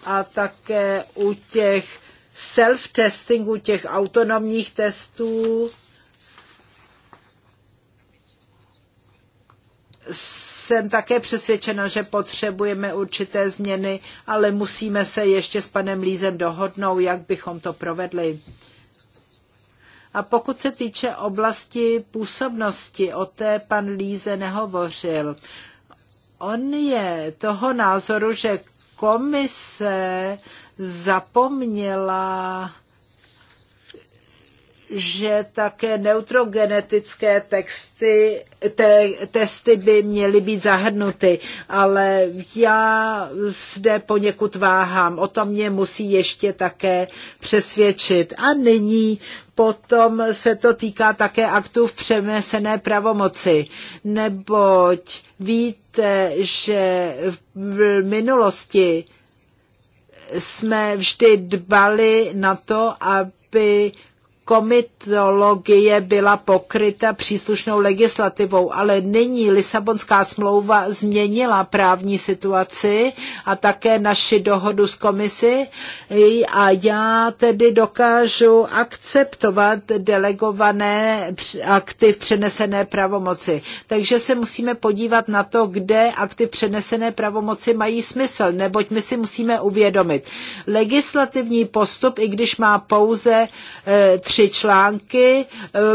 a také u těch self-testingu, těch autonomních testů, jsem také přesvědčena, že potřebujeme určité změny, ale musíme se ještě s panem Lízem dohodnout, jak bychom to provedli. A pokud se týče oblasti působnosti, o té pan Líze nehovořil. On je toho názoru, že komise zapomněla že také neutrogenetické texty, te, testy by měly být zahrnuty, ale já zde poněkud váhám. O tom mě musí ještě také přesvědčit. A nyní potom se to týká také aktů v přenesené pravomoci, neboť víte, že v minulosti jsme vždy dbali na to, aby komitologie byla pokryta příslušnou legislativou, ale nyní Lisabonská smlouva změnila právní situaci a také naši dohodu s komisi a já tedy dokážu akceptovat delegované akty v přenesené pravomoci. Takže se musíme podívat na to, kde akty přenesené pravomoci mají smysl, neboť my si musíme uvědomit. Legislativní postup, i když má pouze tři eh, tři články, e,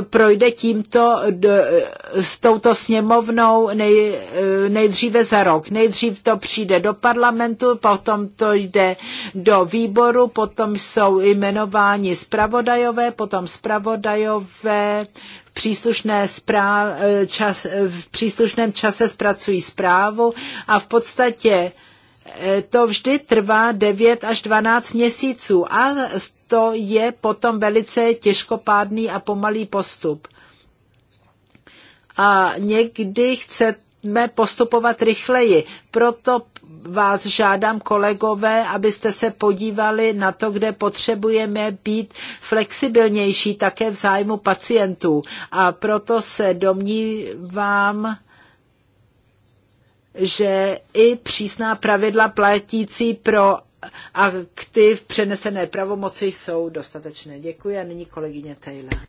projde tímto s touto sněmovnou nej, e, nejdříve za rok. Nejdřív to přijde do parlamentu, potom to jde do výboru, potom jsou jmenováni zpravodajové, potom zpravodajové příslušné zprá, e, čas, v příslušném čase zpracují zprávu a v podstatě to vždy trvá 9 až 12 měsíců a to je potom velice těžkopádný a pomalý postup. A někdy chceme postupovat rychleji. Proto vás žádám, kolegové, abyste se podívali na to, kde potřebujeme být flexibilnější také v zájmu pacientů. A proto se domnívám, že i přísná pravidla platící pro aktiv přenesené pravomoci jsou dostatečné. Děkuji a nyní kolegyně Taylor.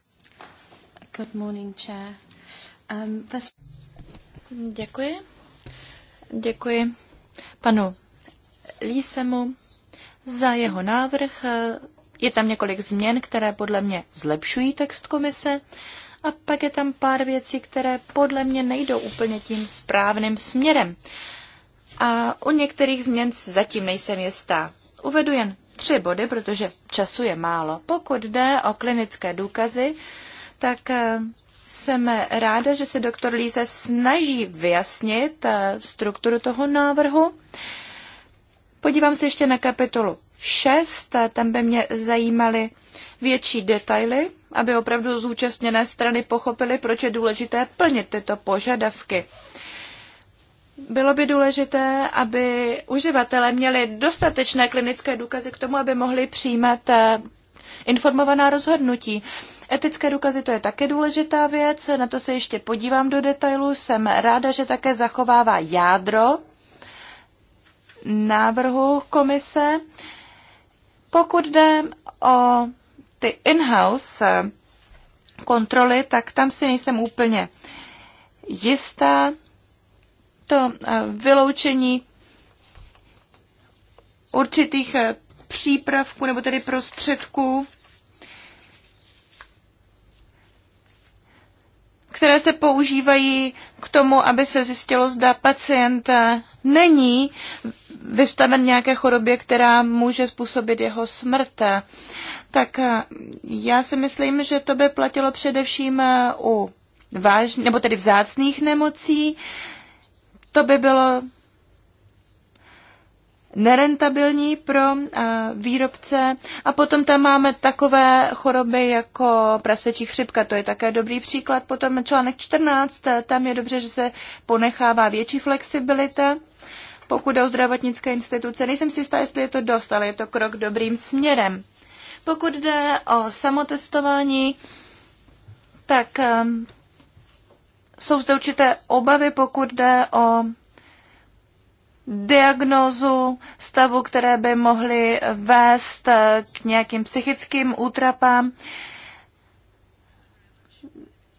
Good morning, chair. Um, Děkuji. Děkuji panu Lísemu za jeho návrh. Je tam několik změn, které podle mě zlepšují text komise a pak je tam pár věcí, které podle mě nejdou úplně tím správným směrem. Uh, a u některých změn zatím nejsem jistá. Uvedu jen tři body, protože času je málo. Pokud jde o klinické důkazy, tak eh, jsem ráda, že se doktor Líze snaží vyjasnit eh, strukturu toho návrhu. Podívám se ještě na kapitolu 6, eh, tam by mě zajímaly větší detaily, aby opravdu zúčastněné strany pochopily, proč je důležité plnit tyto požadavky. Bylo by důležité, aby uživatelé měli dostatečné klinické důkazy k tomu, aby mohli přijímat eh, informovaná rozhodnutí. Etické důkazy to je také důležitá věc, na to se ještě podívám do detailu. Jsem ráda, že také zachovává jádro návrhu komise. Pokud jde o ty in-house eh, kontroly, tak tam si nejsem úplně jistá to eh, vyloučení určitých eh, přípravků nebo tedy prostředků, které se používají k tomu, aby se zjistilo, zda pacient eh, není vystaven nějaké chorobě, která může způsobit jeho smrt. Tak já si myslím, že to by platilo především u vážných, nebo tedy vzácných nemocí, to by bylo nerentabilní pro eh, výrobce. A potom tam máme takové choroby jako prasečí chřipka, to je také dobrý příklad. Potom článek 14, eh, tam je dobře, že se ponechává větší flexibilita. Pokud jde o zdravotnické instituce, nejsem si jistá, jestli je to dost, ale je to krok dobrým směrem. Pokud jde o samotestování, tak eh, jsou zde určité obavy, pokud jde o diagnózu stavu, které by mohly vést k nějakým psychickým útrapám.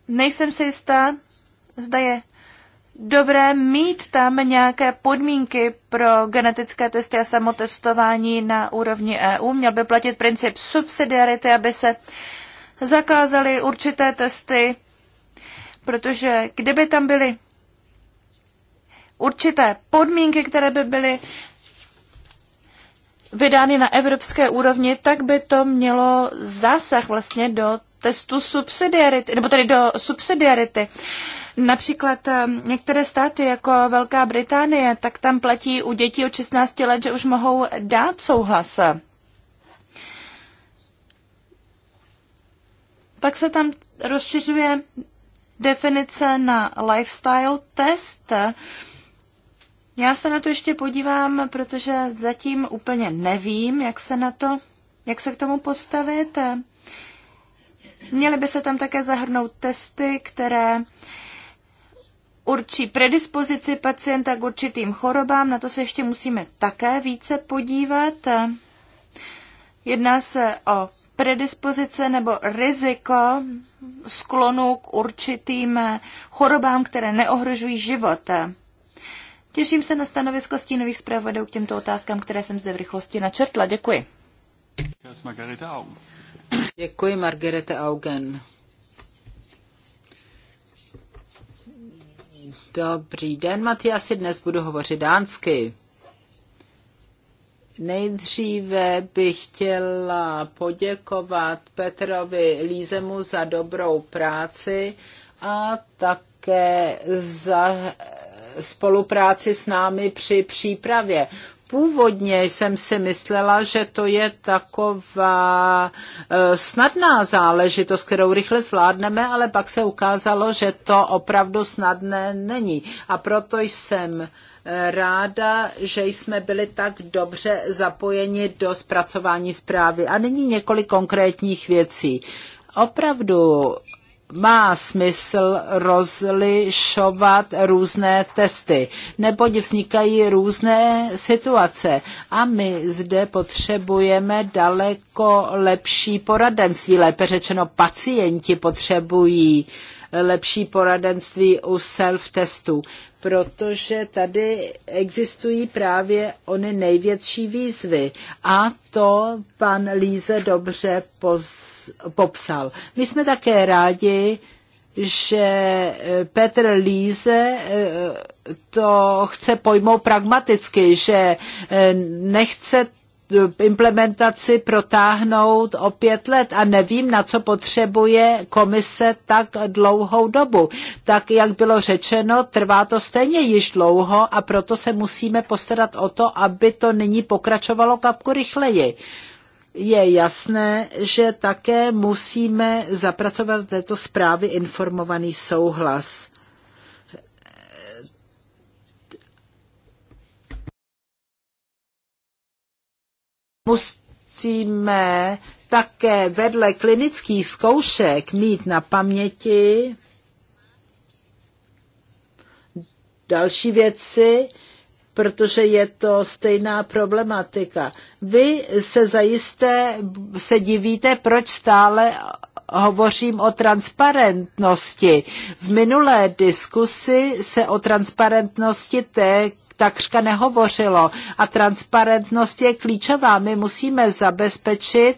Nejsem si jistá, zda je dobré mít tam nějaké podmínky pro genetické testy a samotestování na úrovni EU. Měl by platit princip subsidiarity, aby se zakázaly určité testy protože kdyby tam byly určité podmínky, které by byly vydány na evropské úrovni, tak by to mělo zásah vlastně do testu subsidiarity, nebo tedy do subsidiarity. Například ehm, některé státy, jako Velká Británie, tak tam platí u dětí od 16 let, že už mohou dát souhlas. Pak se tam rozšiřuje definice na lifestyle test. Já se na to ještě podívám, protože zatím úplně nevím, jak se na to, jak se k tomu postavit. Měly by se tam také zahrnout testy, které určí predispozici pacienta k určitým chorobám. Na to se ještě musíme také více podívat. Jedná se o predispozice nebo riziko sklonu k určitým eh, chorobám, které neohrožují život. Těším se na stanovisko stínových zpravodajů k těmto otázkám, které jsem zde v rychlosti načrtla. Děkuji. Děkuji, Margarete Augen. Dobrý den, Matiasi, dnes budu hovořit dánsky. Nejdříve bych chtěla poděkovat Petrovi Lízemu za dobrou práci a také za spolupráci s námi při přípravě. Původně jsem si myslela, že to je taková e, snadná záležitost, kterou rychle zvládneme, ale pak se ukázalo, že to opravdu snadné není. A proto jsem e, ráda, že jsme byli tak dobře zapojeni do zpracování zprávy. A nyní několik konkrétních věcí. Opravdu má smysl rozlišovat různé testy, neboť vznikají různé situace a my zde potřebujeme daleko lepší poradenství, lépe řečeno pacienti potřebují lepší poradenství u self-testů, protože tady existují právě ony největší výzvy a to pan Líze dobře pozná popsal. My jsme také rádi, že eh, Petr Líze eh, to chce pojmout pragmaticky, že eh, nechce implementaci protáhnout o pět let a nevím, na co potřebuje komise tak dlouhou dobu. Tak, jak bylo řečeno, trvá to stejně již dlouho a proto se musíme postarat o to, aby to nyní pokračovalo kapku rychleji je jasné, že také musíme zapracovat do této zprávy informovaný souhlas. Musíme také vedle klinických zkoušek mít na paměti další věci, protože je to stejná problematika. Vy se zajisté se divíte, proč stále hovořím o transparentnosti. V minulé diskusi se o transparentnosti té takřka nehovořilo. A transparentnost je klíčová. My musíme zabezpečit,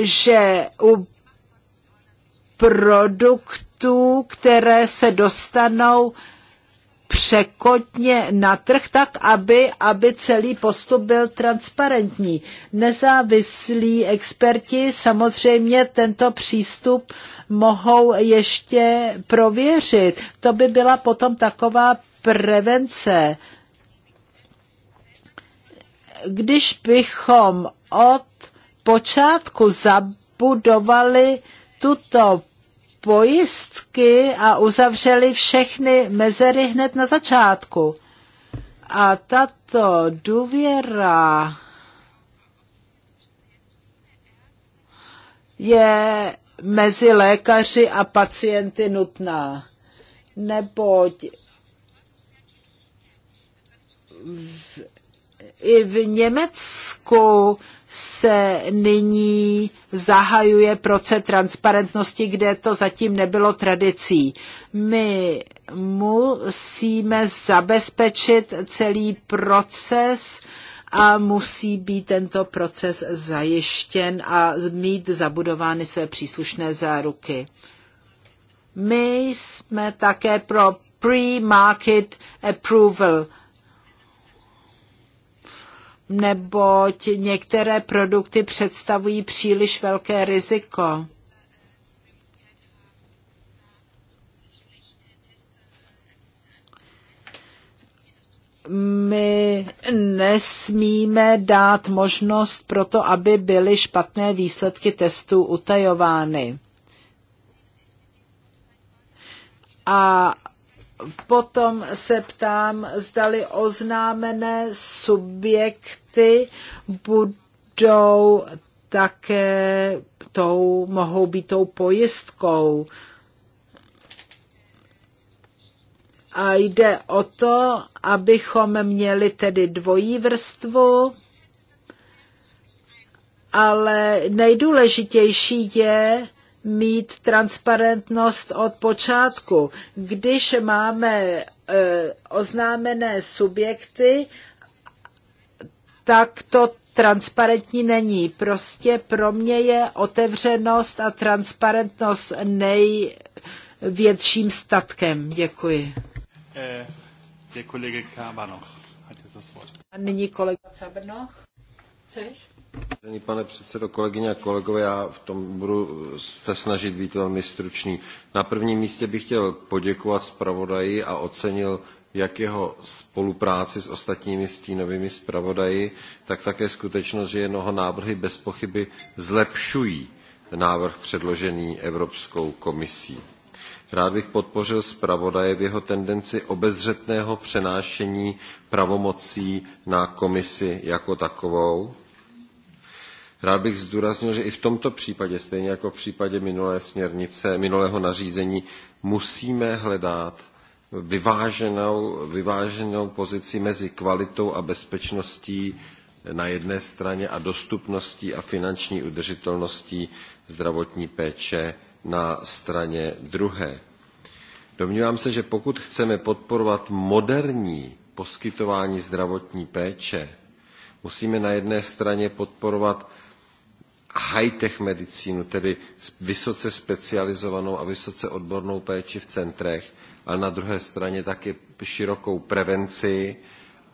že u produktů, které se dostanou překotně na trh, tak aby, aby celý postup byl transparentní. Nezávislí experti samozřejmě tento přístup mohou ještě prověřit. To by byla potom taková prevence. Když bychom od počátku zabudovali tuto pojistky a uzavřeli všechny mezery hned na začátku. A tato důvěra je mezi lékaři a pacienty nutná, neboť v, i v Německu se nyní zahajuje proces transparentnosti, kde to zatím nebylo tradicí. My musíme zabezpečit celý proces a musí být tento proces zajištěn a mít zabudovány své příslušné záruky. My jsme také pro pre-market approval neboť některé produkty představují příliš velké riziko. my nesmíme dát možnost pro to, aby byly špatné výsledky testů utajovány. A potom se ptám, zdali oznámené subjekt ty budou také tou, mohou být tou pojistkou. A jde o to, abychom měli tedy dvojí vrstvu, ale nejdůležitější je, mít transparentnost od počátku. Když máme e, oznámené subjekty tak to transparentní není. Prostě pro mě je otevřenost a transparentnost největším statkem. Děkuji. Eh, A nyní kolega Cabrnoch. Chceš? Vážený pane předsedo, kolegyně a kolegové, já v tom budu se snažit být velmi stručný. Na prvním místě bych chtěl poděkovat zpravodaji a ocenil jak jeho spolupráci s ostatními stínovými zpravodaji, tak také skutečnost, že jeho návrhy bez pochyby zlepšují návrh předložený Evropskou komisí. Rád bych podpořil zpravodaje v jeho tendenci obezřetného přenášení pravomocí na komisi jako takovou. Rád bych zdůraznil, že i v tomto případě, stejně jako v případě minulé směrnice, minulého nařízení, musíme hledat vyváženou, vyváženou pozici mezi kvalitou a bezpečností na jedné straně a dostupností a finanční udržitelností zdravotní péče na straně druhé. Domnívám se, že pokud chceme podporovat moderní poskytování zdravotní péče, musíme na jedné straně podporovat high-tech medicínu, tedy vysoce specializovanou a vysoce odbornou péči v centrech, ale na druhé straně také širokou prevenci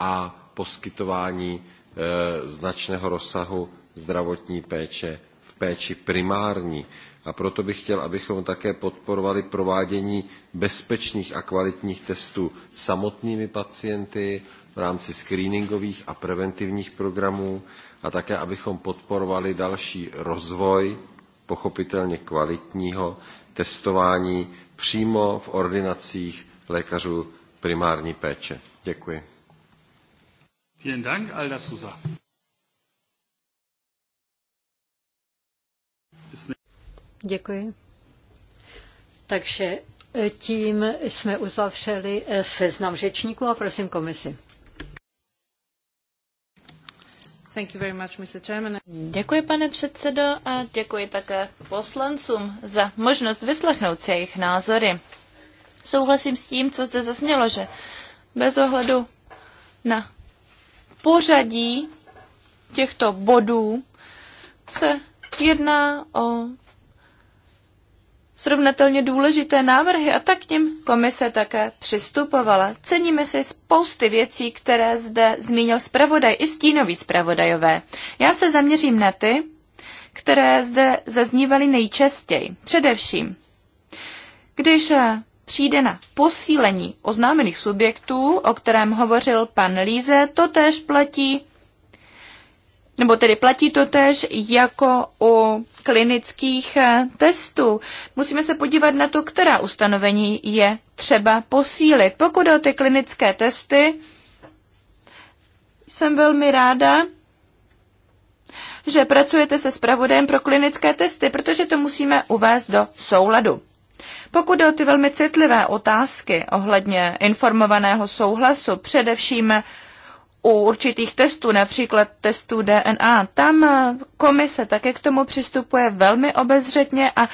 a poskytování e, značného rozsahu zdravotní péče v péči primární. A proto bych chtěl, abychom také podporovali provádění bezpečných a kvalitních testů samotnými pacienty v rámci screeningových a preventivních programů a také, abychom podporovali další rozvoj, pochopitelně kvalitního, testování přímo v ordinacích lékařů primární péče. Děkuji. Vielen Dank, Alda Susa. Děkuji. Takže eh, tím jsme uzavřeli eh, seznam řečníků a prosím komisi. Thank you very much, Mr. Chairman. Děkuji, pane předsedo, a děkuji také poslancům za možnost vyslechnout si jejich názory. Souhlasím s tím, co zde zaznělo, že bez ohledu na pořadí těchto bodů se jedná o srovnatelně důležité návrhy a tak k nim komise také přistupovala. Ceníme si spousty věcí, které zde zmínil zpravodaj i stínový zpravodajové. Já se zaměřím na ty, které zde zaznívaly nejčastěji. Především, když přijde na posílení oznámených subjektů, o kterém hovořil pan Líze, to též platí, nebo tedy platí to též jako o klinických eh, testů. Musíme se podívat na to, která ustanovení je třeba posílit. Pokud o ty klinické testy, jsem velmi ráda, že pracujete se zpravodajem pro klinické testy, protože to musíme uvést do souladu. Pokud o ty velmi citlivé otázky ohledně informovaného souhlasu, především u určitých testů, například testů DNA, tam komise také k tomu přistupuje velmi obezřetně a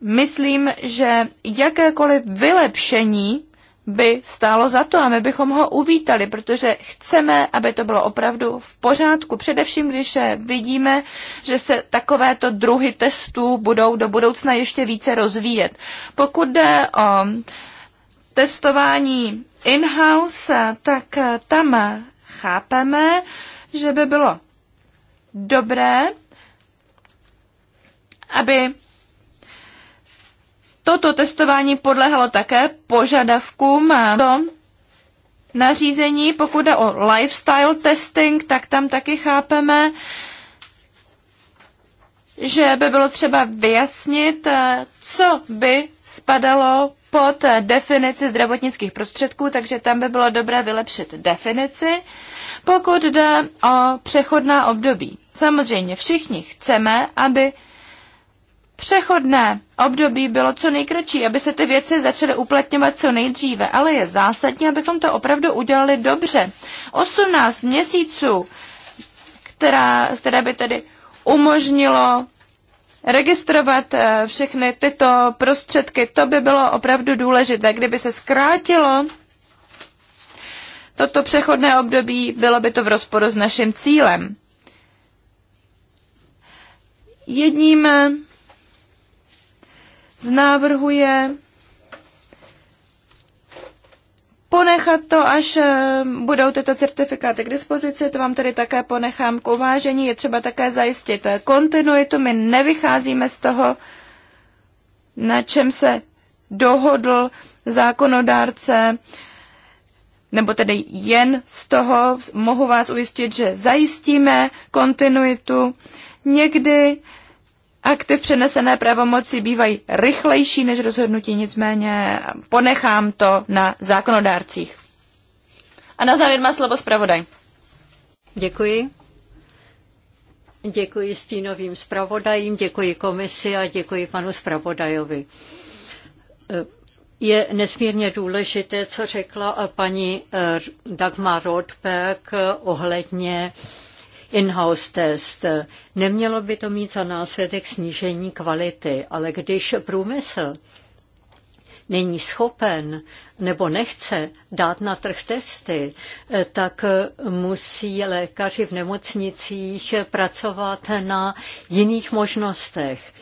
myslím, že jakékoliv vylepšení by stálo za to a my bychom ho uvítali, protože chceme, aby to bylo opravdu v pořádku. Především, když vidíme, že se takovéto druhy testů budou do budoucna ještě více rozvíjet. Pokud jde o testování in-house, tak tam chápeme, že by bylo dobré, aby toto testování podlehalo také požadavkům do nařízení. Pokud jde o lifestyle testing, tak tam taky chápeme, že by bylo třeba vyjasnit, co by spadalo pod definici zdravotnických prostředků, takže tam by bylo dobré vylepšit definici, pokud jde o přechodná období. Samozřejmě všichni chceme, aby přechodné období bylo co nejkratší, aby se ty věci začaly uplatňovat co nejdříve, ale je zásadní, abychom to opravdu udělali dobře. 18 měsíců, která, které by tedy umožnilo registrovat eh, všechny tyto prostředky, to by bylo opravdu důležité. Kdyby se zkrátilo toto přechodné období, bylo by to v rozporu s naším cílem. Jedním z návrhů je ponechat to, až eh, budou tyto certifikáty k dispozici. To vám tedy také ponechám k uvážení. Je třeba také zajistit eh, kontinuitu. My nevycházíme z toho, na čem se dohodl zákonodárce, nebo tedy jen z toho mohu vás ujistit, že zajistíme kontinuitu. Někdy v přenesené pravomoci bývají rychlejší než rozhodnutí, nicméně ponechám to na zákonodárcích. A na závěr má slovo zpravodaj. Děkuji. Děkuji stínovým zpravodajím, děkuji komisi a děkuji panu zpravodajovi. Je nesmírně důležité, co řekla paní Dagmar Rodberg ohledně in-house test. Nemělo by to mít za následek snížení kvality, ale když průmysl není schopen nebo nechce dát na trh testy, tak musí lékaři v nemocnicích pracovat na jiných možnostech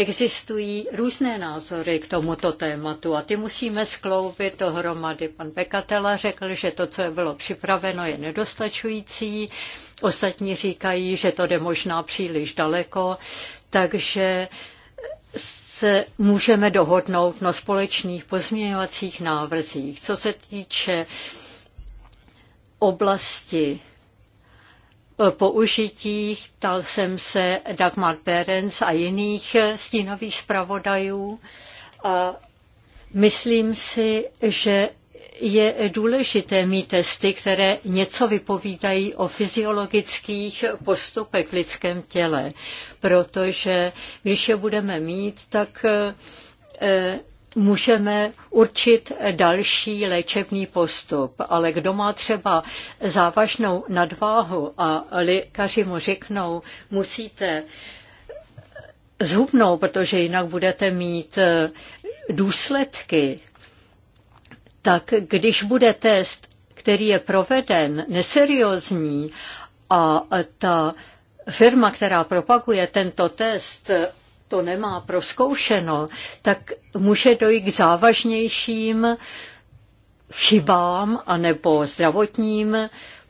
existují různé názory k tomuto tématu a ty musíme skloubit dohromady. Pan Pekatela řekl, že to, co je bylo připraveno, je nedostačující. Ostatní říkají, že to jde možná příliš daleko, takže se můžeme dohodnout na společných pozměňovacích návrzích. Co se týče oblasti použití. Ptal jsem se Dagmar Berens a jiných stínových zpravodajů. A myslím si, že je důležité mít testy, které něco vypovídají o fyziologických postupech v lidském těle, protože když je budeme mít, tak eh, můžeme určit další léčebný postup, ale kdo má třeba závažnou nadváhu a lékaři mu řeknou, musíte zhubnou, protože jinak budete mít eh, důsledky, tak když bude test, který je proveden, neseriózní a ta firma, která propaguje tento test, to nemá proskoušeno, tak může dojít k závažnějším chybám anebo zdravotním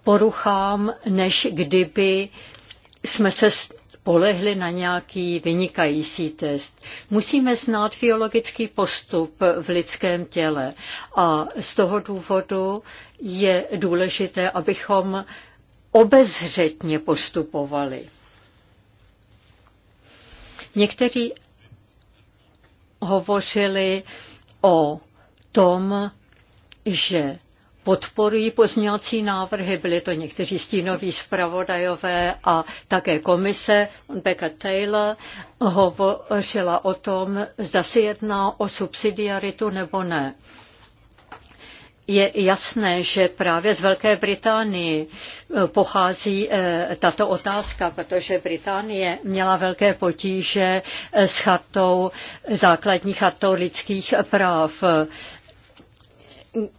poruchám, než kdyby jsme se polehli na nějaký vynikající test. Musíme znát biologický postup v lidském těle a z toho důvodu je důležité, abychom obezřetně postupovali. Někteří hovořili o tom, že podporují pozměňovací návrhy, byli to někteří stínoví zpravodajové a také komise. Becca Taylor hovořila o tom, zda se jedná o subsidiaritu nebo ne je jasné, že právě z Velké Británie eh, pochází eh, tato otázka, protože Británie měla velké potíže eh, s chartou, základní chartou lidských práv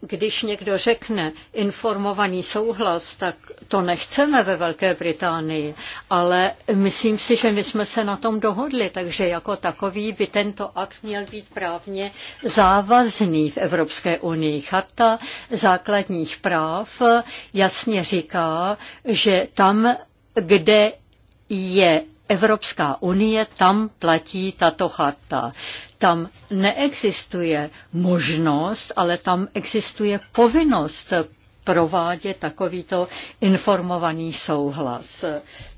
když někdo řekne informovaný souhlas, tak to nechceme ve Velké Británii, ale myslím si, že my jsme se na tom dohodli, takže jako takový by tento akt měl být právně závazný v Evropské unii. Charta základních práv jasně říká, že tam, kde je Evropská unie, tam platí tato charta. Tam neexistuje možnost, ale tam existuje povinnost provádět takovýto informovaný souhlas.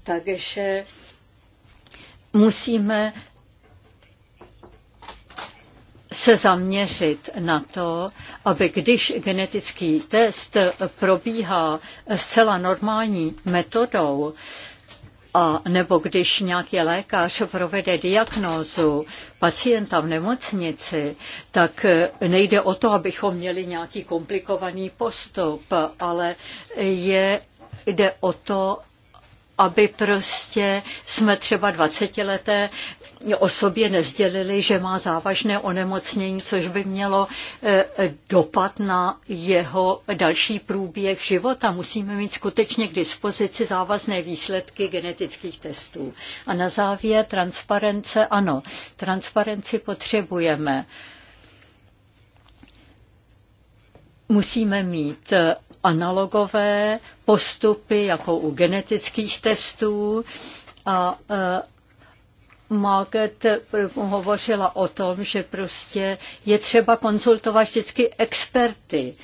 Takže musíme se zaměřit na to, aby když genetický test probíhá zcela normální metodou, a nebo když nějaký lékař provede diagnózu pacienta v nemocnici, tak e, nejde o to, abychom měli nějaký komplikovaný postup, ale je, jde o to, aby prostě jsme třeba 20 leté osobě nezdělili, že má závažné onemocnění, což by mělo e, e, dopad na jeho další průběh života. Musíme mít skutečně k dispozici závazné výsledky genetických testů. A na závěr transparence, ano, transparenci potřebujeme musíme mít e, analogové postupy, jako u genetických testů. A e, Market e, hovořila o tom, že prostě je třeba konzultovat vždycky experty,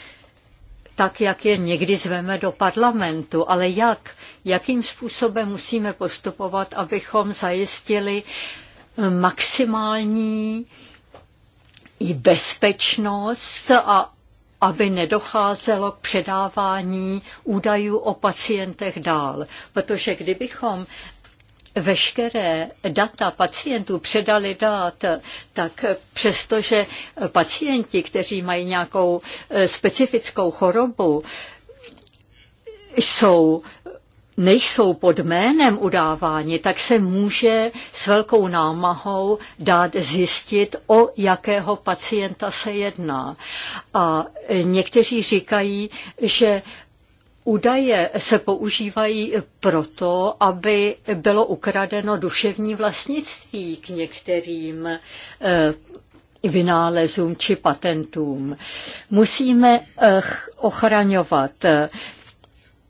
tak jak je někdy zveme do parlamentu, ale jak, jakým způsobem musíme postupovat, abychom zajistili e, maximální i bezpečnost a aby nedocházelo k předávání údajů o pacientech dál. Protože kdybychom veškeré data pacientů předali dát, tak přestože pacienti, kteří mají nějakou eh, specifickou chorobu, jsou nejsou pod jménem udáváni, tak se může s velkou námahou dát zjistit, o jakého pacienta se jedná. A někteří říkají, že Údaje se používají proto, aby bylo ukradeno duševní vlastnictví k některým eh, vynálezům či patentům. Musíme eh, ochraňovat eh,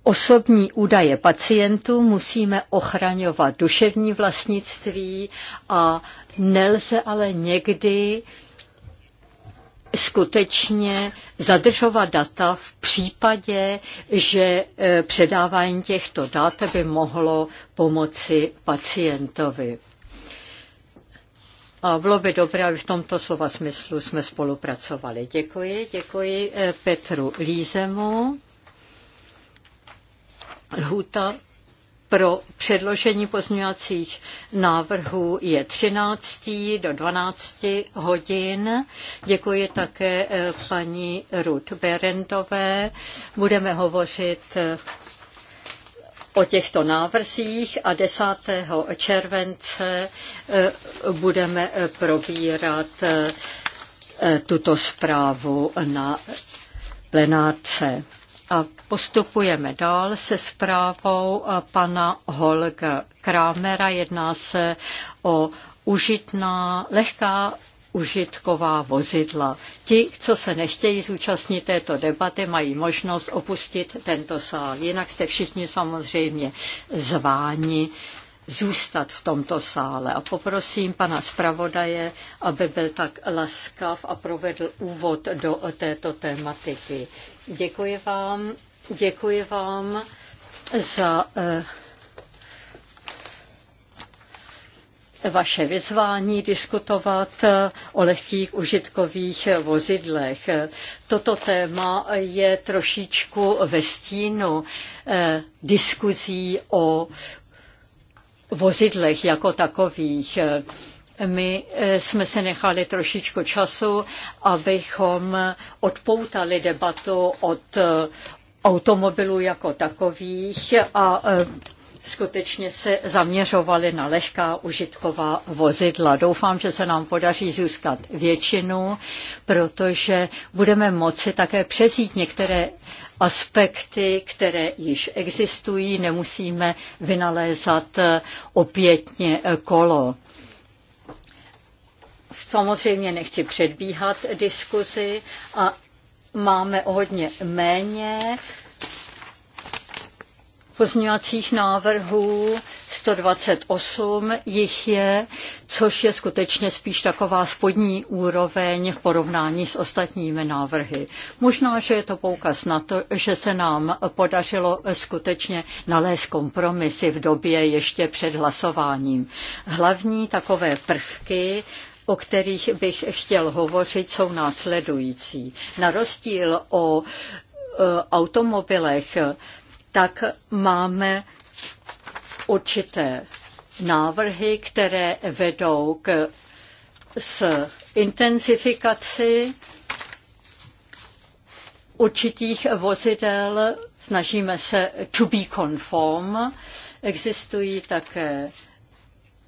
osobní údaje pacientů, musíme ochraňovat duševní vlastnictví a nelze ale někdy skutečně zadržovat data v případě, že e, předávání těchto dat by mohlo pomoci pacientovi. A bylo by dobré, aby v tomto slova smyslu jsme spolupracovali. Děkuji, děkuji e, Petru Lízemu. Lhuta pro předložení pozměňovacích návrhů je 13. do 12 hodin. Děkuji také eh, paní Ruth Berendové. Budeme hovořit eh, o těchto návrzích a 10. července eh, budeme probírat tuto zprávu na plenárce. Postupujeme dál se zprávou eh, pana Holga Krámera. Jedná se o užitná, lehká užitková vozidla. Ti, co se nechtějí zúčastnit této debaty, mají možnost opustit tento sál. Jinak jste všichni samozřejmě zváni zůstat v tomto sále. A poprosím pana zpravodaje, aby byl tak laskav a provedl úvod do této tématiky. Děkuji vám, děkuji vám za eh, vaše vyzvání diskutovat eh, o lehkých užitkových vozidlech. Toto téma je trošičku ve stínu eh, diskuzí o vozidlech jako takových. My e, jsme se nechali trošičku času, abychom odpoutali debatu od e, automobilů jako takových a e, skutečně se zaměřovali na lehká užitková vozidla. Doufám, že se nám podaří získat většinu, protože budeme moci také přezít některé aspekty, které již existují, nemusíme vynalézat opětně kolo. Samozřejmě nechci předbíhat diskuzi a máme o hodně méně pozměňovacích návrhů, 128 jich je, což je skutečně spíš taková spodní úroveň v porovnání s ostatními návrhy. Možná, že je to poukaz na to, že se nám podařilo skutečně nalézt kompromisy v době ještě před hlasováním. Hlavní takové prvky o kterých bych chtěl hovořit, jsou následující. Na rozdíl o e, automobilech, tak máme určité návrhy, které vedou k s intenzifikaci určitých vozidel, snažíme se to be conform, existují také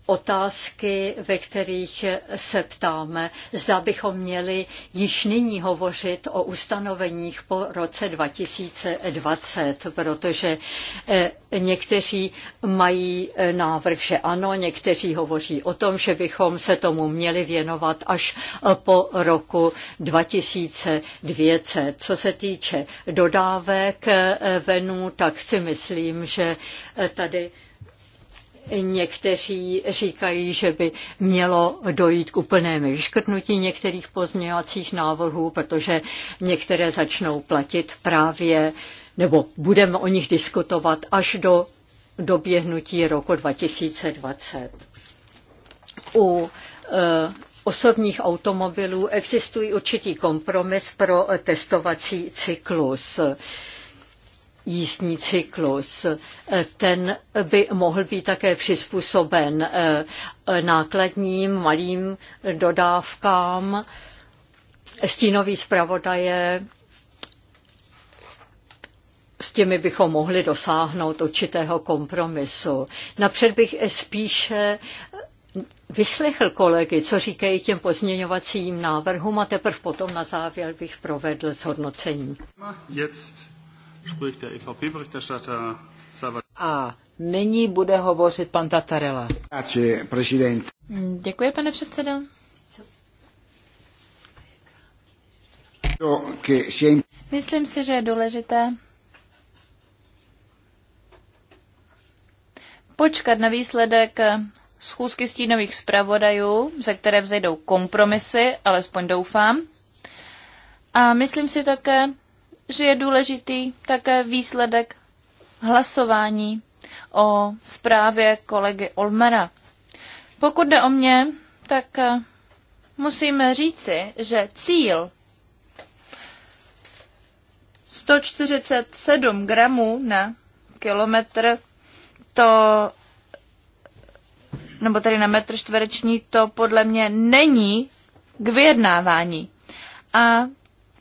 otázky, ve kterých se ptáme, zda bychom měli již nyní hovořit o ustanoveních po roce 2020, protože eh, někteří mají eh, návrh, že ano, někteří hovoří o tom, že bychom se tomu měli věnovat až eh, po roku 2200. Co se týče dodávek venů, tak si myslím, že tady Někteří říkají, že by mělo dojít k úplnému vyškrtnutí některých pozměňovacích návrhů, protože některé začnou platit právě, nebo budeme o nich diskutovat až do doběhnutí roku 2020. U e, osobních automobilů existují určitý kompromis pro testovací cyklus jízdní cyklus. Ten by mohl být také přizpůsoben eh, nákladním malým dodávkám. Stínový zpravodaje s těmi bychom mohli dosáhnout určitého kompromisu. Napřed bych spíše vyslechl kolegy, co říkají těm pozměňovacím návrhům a teprve potom na závěr bych provedl zhodnocení. Jetzt E A nyní bude hovořit pan Tatarela. Děkuji, pane předsedo. Myslím si, že je důležité počkat na výsledek schůzky stínových zpravodajů, ze které vzejdou kompromisy, alespoň doufám. A myslím si také, že je důležitý také výsledek hlasování o zprávě kolegy Olmera. Pokud jde o mě, tak eh, musíme říci, že cíl 147 gramů na kilometr to nebo tedy na metr čtvereční, to podle mě není k vyjednávání. A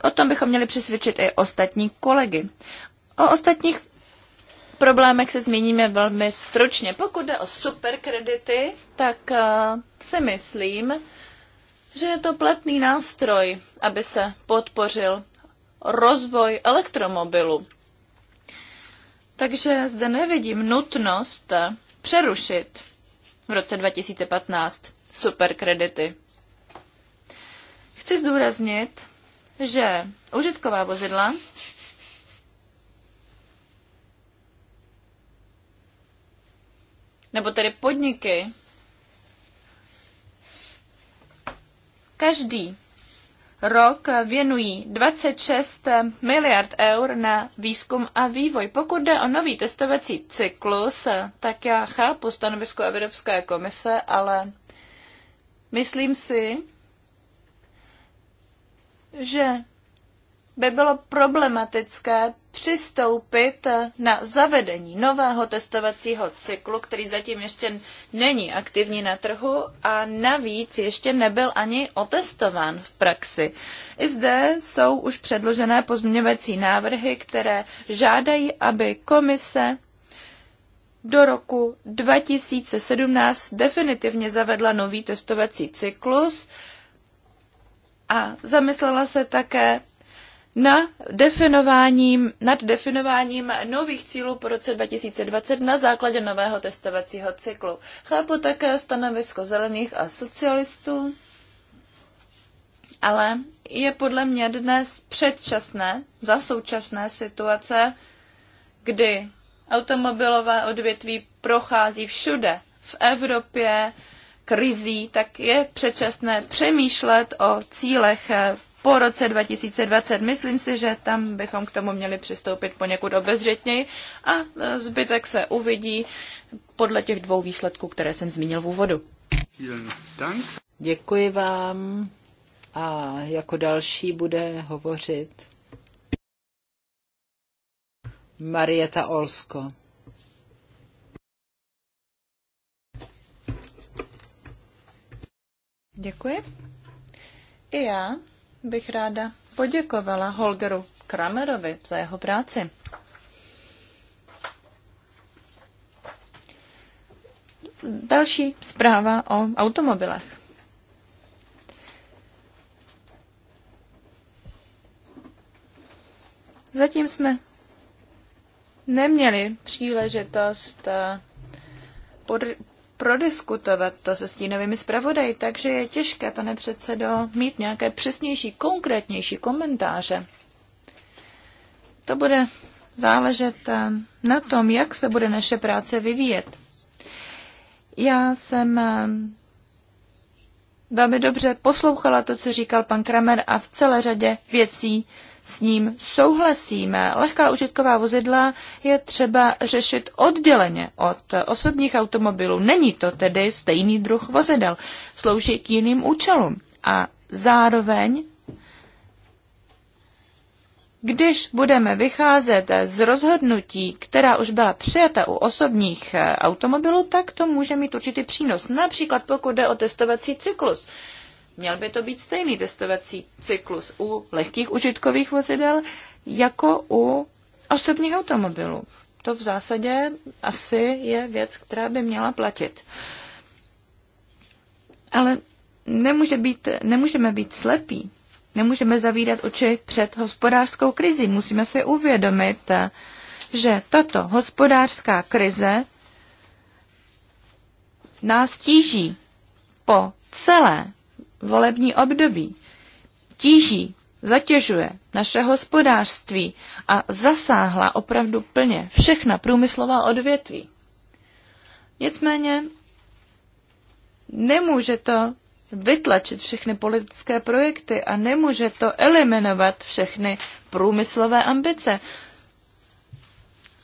o tom bychom měli přesvědčit i ostatní kolegy. O ostatních problémech se zmíníme velmi stručně. Pokud jde o superkredity, tak eh, si myslím, že je to platný nástroj, aby se podpořil rozvoj elektromobilů. Takže zde nevidím nutnost přerušit v roce 2015 superkredity. Chci zdůraznit, že užitková vozidla nebo tedy podniky, každý rok věnují 26 miliard eur na výzkum a vývoj. Pokud jde o nový testovací cyklus, tak já chápu stanovisko Evropské komise, ale myslím si, že by bylo problematické přistoupit na zavedení nového testovacího cyklu, který zatím ještě není aktivní na trhu a navíc ještě nebyl ani otestován v praxi. I zde jsou už předložené pozměňovací návrhy, které žádají, aby komise do roku 2017 definitivně zavedla nový testovací cyklus, a zamyslela se také na definováním, nad definováním nových cílů po roce 2020 na základě nového testovacího cyklu. Chápu také stanovisko zelených a socialistů, ale je podle mě dnes předčasné, za současné situace, kdy automobilové odvětví prochází všude, v Evropě, krizí, tak je předčasné přemýšlet o cílech eh, po roce 2020. Myslím si, že tam bychom k tomu měli přistoupit poněkud obezřetněji a eh, zbytek se uvidí podle těch dvou výsledků, které jsem zmínil v úvodu. Děkuji vám a jako další bude hovořit Marieta Olsko. Děkuji. I já bych ráda poděkovala Holgeru Kramerovi za jeho práci. Další zpráva o automobilech. Zatím jsme neměli příležitost eh, prodiskutovat to se stínovými zpravodaji, takže je těžké, pane předsedo, mít nějaké přesnější, konkrétnější komentáře. To bude záležet eh, na tom, jak se bude naše práce vyvíjet. Já jsem eh, velmi dobře poslouchala to, co říkal pan Kramer a v celé řadě věcí s ním souhlasíme. Lehká užitková vozidla je třeba řešit odděleně od osobních automobilů. Není to tedy stejný druh vozidel. Slouží k jiným účelům. A zároveň když budeme vycházet z rozhodnutí, která už byla přijata u osobních eh, automobilů, tak to může mít určitý přínos. Například pokud jde o testovací cyklus. Měl by to být stejný testovací cyklus u lehkých užitkových vozidel jako u osobních automobilů. To v zásadě asi je věc, která by měla platit. Ale nemůže být, nemůžeme být slepí Nemůžeme zavírat oči před hospodářskou krizí. Musíme si uvědomit, že tato hospodářská krize nás tíží po celé volební období. Tíží, zatěžuje naše hospodářství a zasáhla opravdu plně všechna průmyslová odvětví. Nicméně nemůže to vytlačit všechny politické projekty a nemůže to eliminovat všechny průmyslové ambice.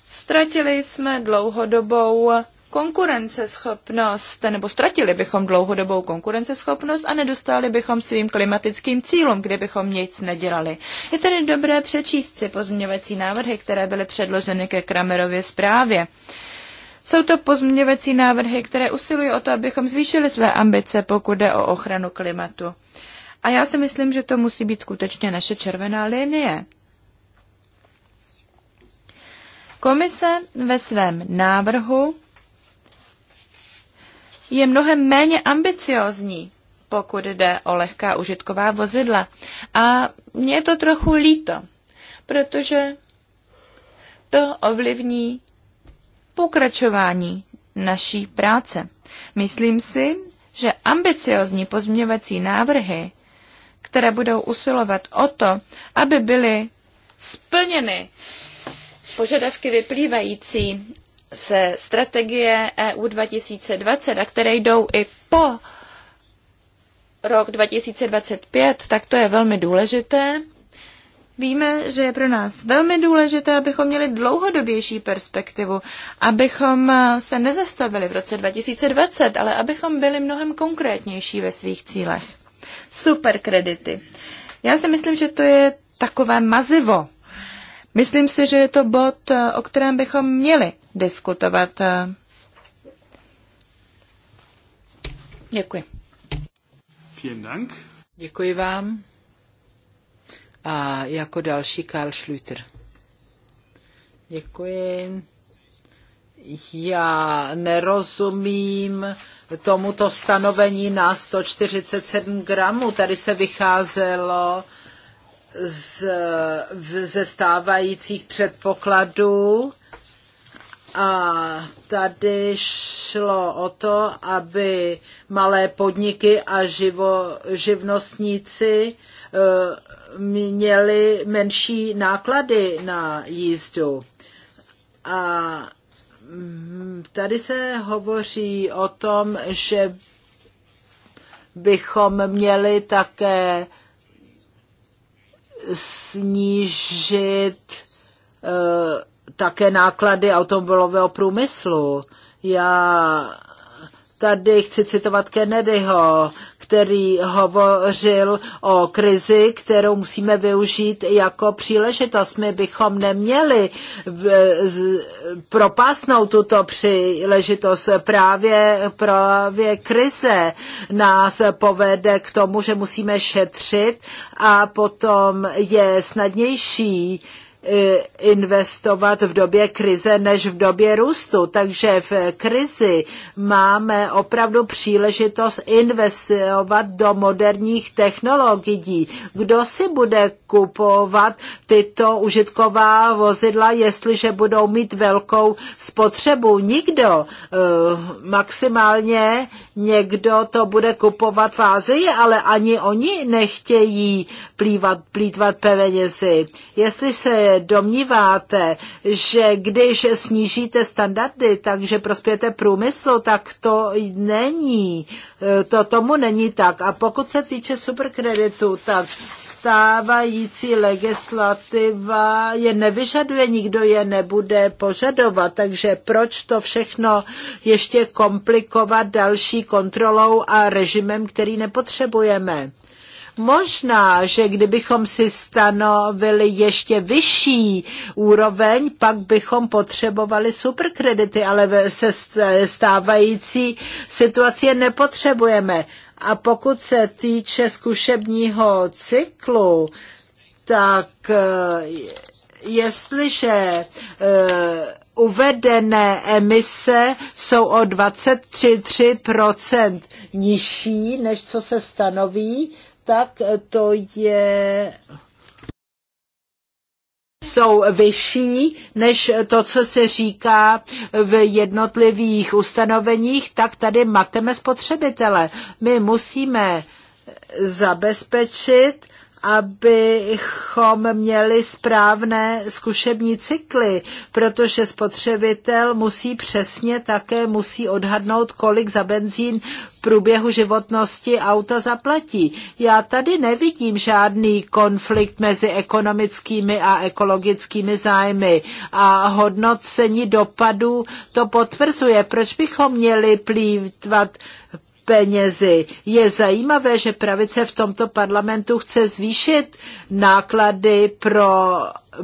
Ztratili jsme dlouhodobou konkurenceschopnost, nebo ztratili bychom dlouhodobou konkurenceschopnost a nedostali bychom svým klimatickým cílům, kdybychom nic nedělali. Je tedy dobré přečíst si pozměňovací návrhy, které byly předloženy ke Kramerově zprávě. Jsou to pozměňovací návrhy, které usilují o to, abychom zvýšili své ambice, pokud jde o ochranu klimatu. A já si myslím, že to musí být skutečně naše červená linie. Komise ve svém návrhu je mnohem méně ambiciozní, pokud jde o lehká užitková vozidla. A mně je to trochu líto, protože to ovlivní pokračování naší práce. Myslím si, že ambiciozní pozměňovací návrhy, které budou usilovat o to, aby byly splněny požadavky vyplývající se strategie EU 2020 a které jdou i po rok 2025, tak to je velmi důležité Víme, že je pro nás velmi důležité, abychom měli dlouhodobější perspektivu, abychom eh, se nezastavili v roce 2020, ale abychom byli mnohem konkrétnější ve svých cílech. Super kredity. Já si myslím, že to je takové mazivo. Myslím si, že je to bod, eh, o kterém bychom měli diskutovat. Děkuji. Vielen Dank. Děkuji vám. A jako další Karl Schlüter. Děkuji. Já nerozumím tomuto stanovení na 147 gramů. Tady se vycházelo z, ze stávajících předpokladů a tady šlo o to, aby malé podniky a živo, živnostníci eh, měli menší náklady na jízdu. A mm, tady se hovoří o tom, že bychom měli také snížit eh, také náklady automobilového průmyslu. Já tady chci citovat Kennedyho, který hovořil o krizi, kterou musíme využít jako příležitost. My bychom neměli propásnout tuto příležitost. Právě, právě krize nás povede k tomu, že musíme šetřit a potom je snadnější investovat v době krize než v době růstu. Takže v krizi máme opravdu příležitost investovat do moderních technologií. Kdo si bude kupovat tyto užitková vozidla, jestliže budou mít velkou spotřebu? Nikdo. E, maximálně někdo to bude kupovat v Ázii, ale ani oni nechtějí plývat, plítvat penězi. Jestli se domníváte, že když snížíte standardy, takže prospějete průmyslu, tak to není. E, to tomu není tak. A pokud se týče superkreditu, tak stávající legislativa je nevyžaduje, nikdo je nebude požadovat, takže proč to všechno ještě komplikovat další kontrolou a režimem, který nepotřebujeme? Možná, že kdybychom si stanovili ještě vyšší úroveň, pak bychom potřebovali superkredity, ale se stávající situaci nepotřebujeme. A pokud se týče zkušebního cyklu, tak eh, jestliže eh, uvedené emise jsou o 23% nižší, než co se stanoví, tak to je jsou vyšší než to, co se říká v jednotlivých ustanoveních, tak tady mateme spotřebitele. My musíme zabezpečit, abychom měli správné zkušební cykly, protože spotřebitel musí přesně také musí odhadnout, kolik za benzín v průběhu životnosti auta zaplatí. Já tady nevidím žádný konflikt mezi ekonomickými a ekologickými zájmy a hodnocení dopadů to potvrzuje. Proč bychom měli plývat penězi. Je zajímavé, že pravice v tomto parlamentu chce zvýšit náklady pro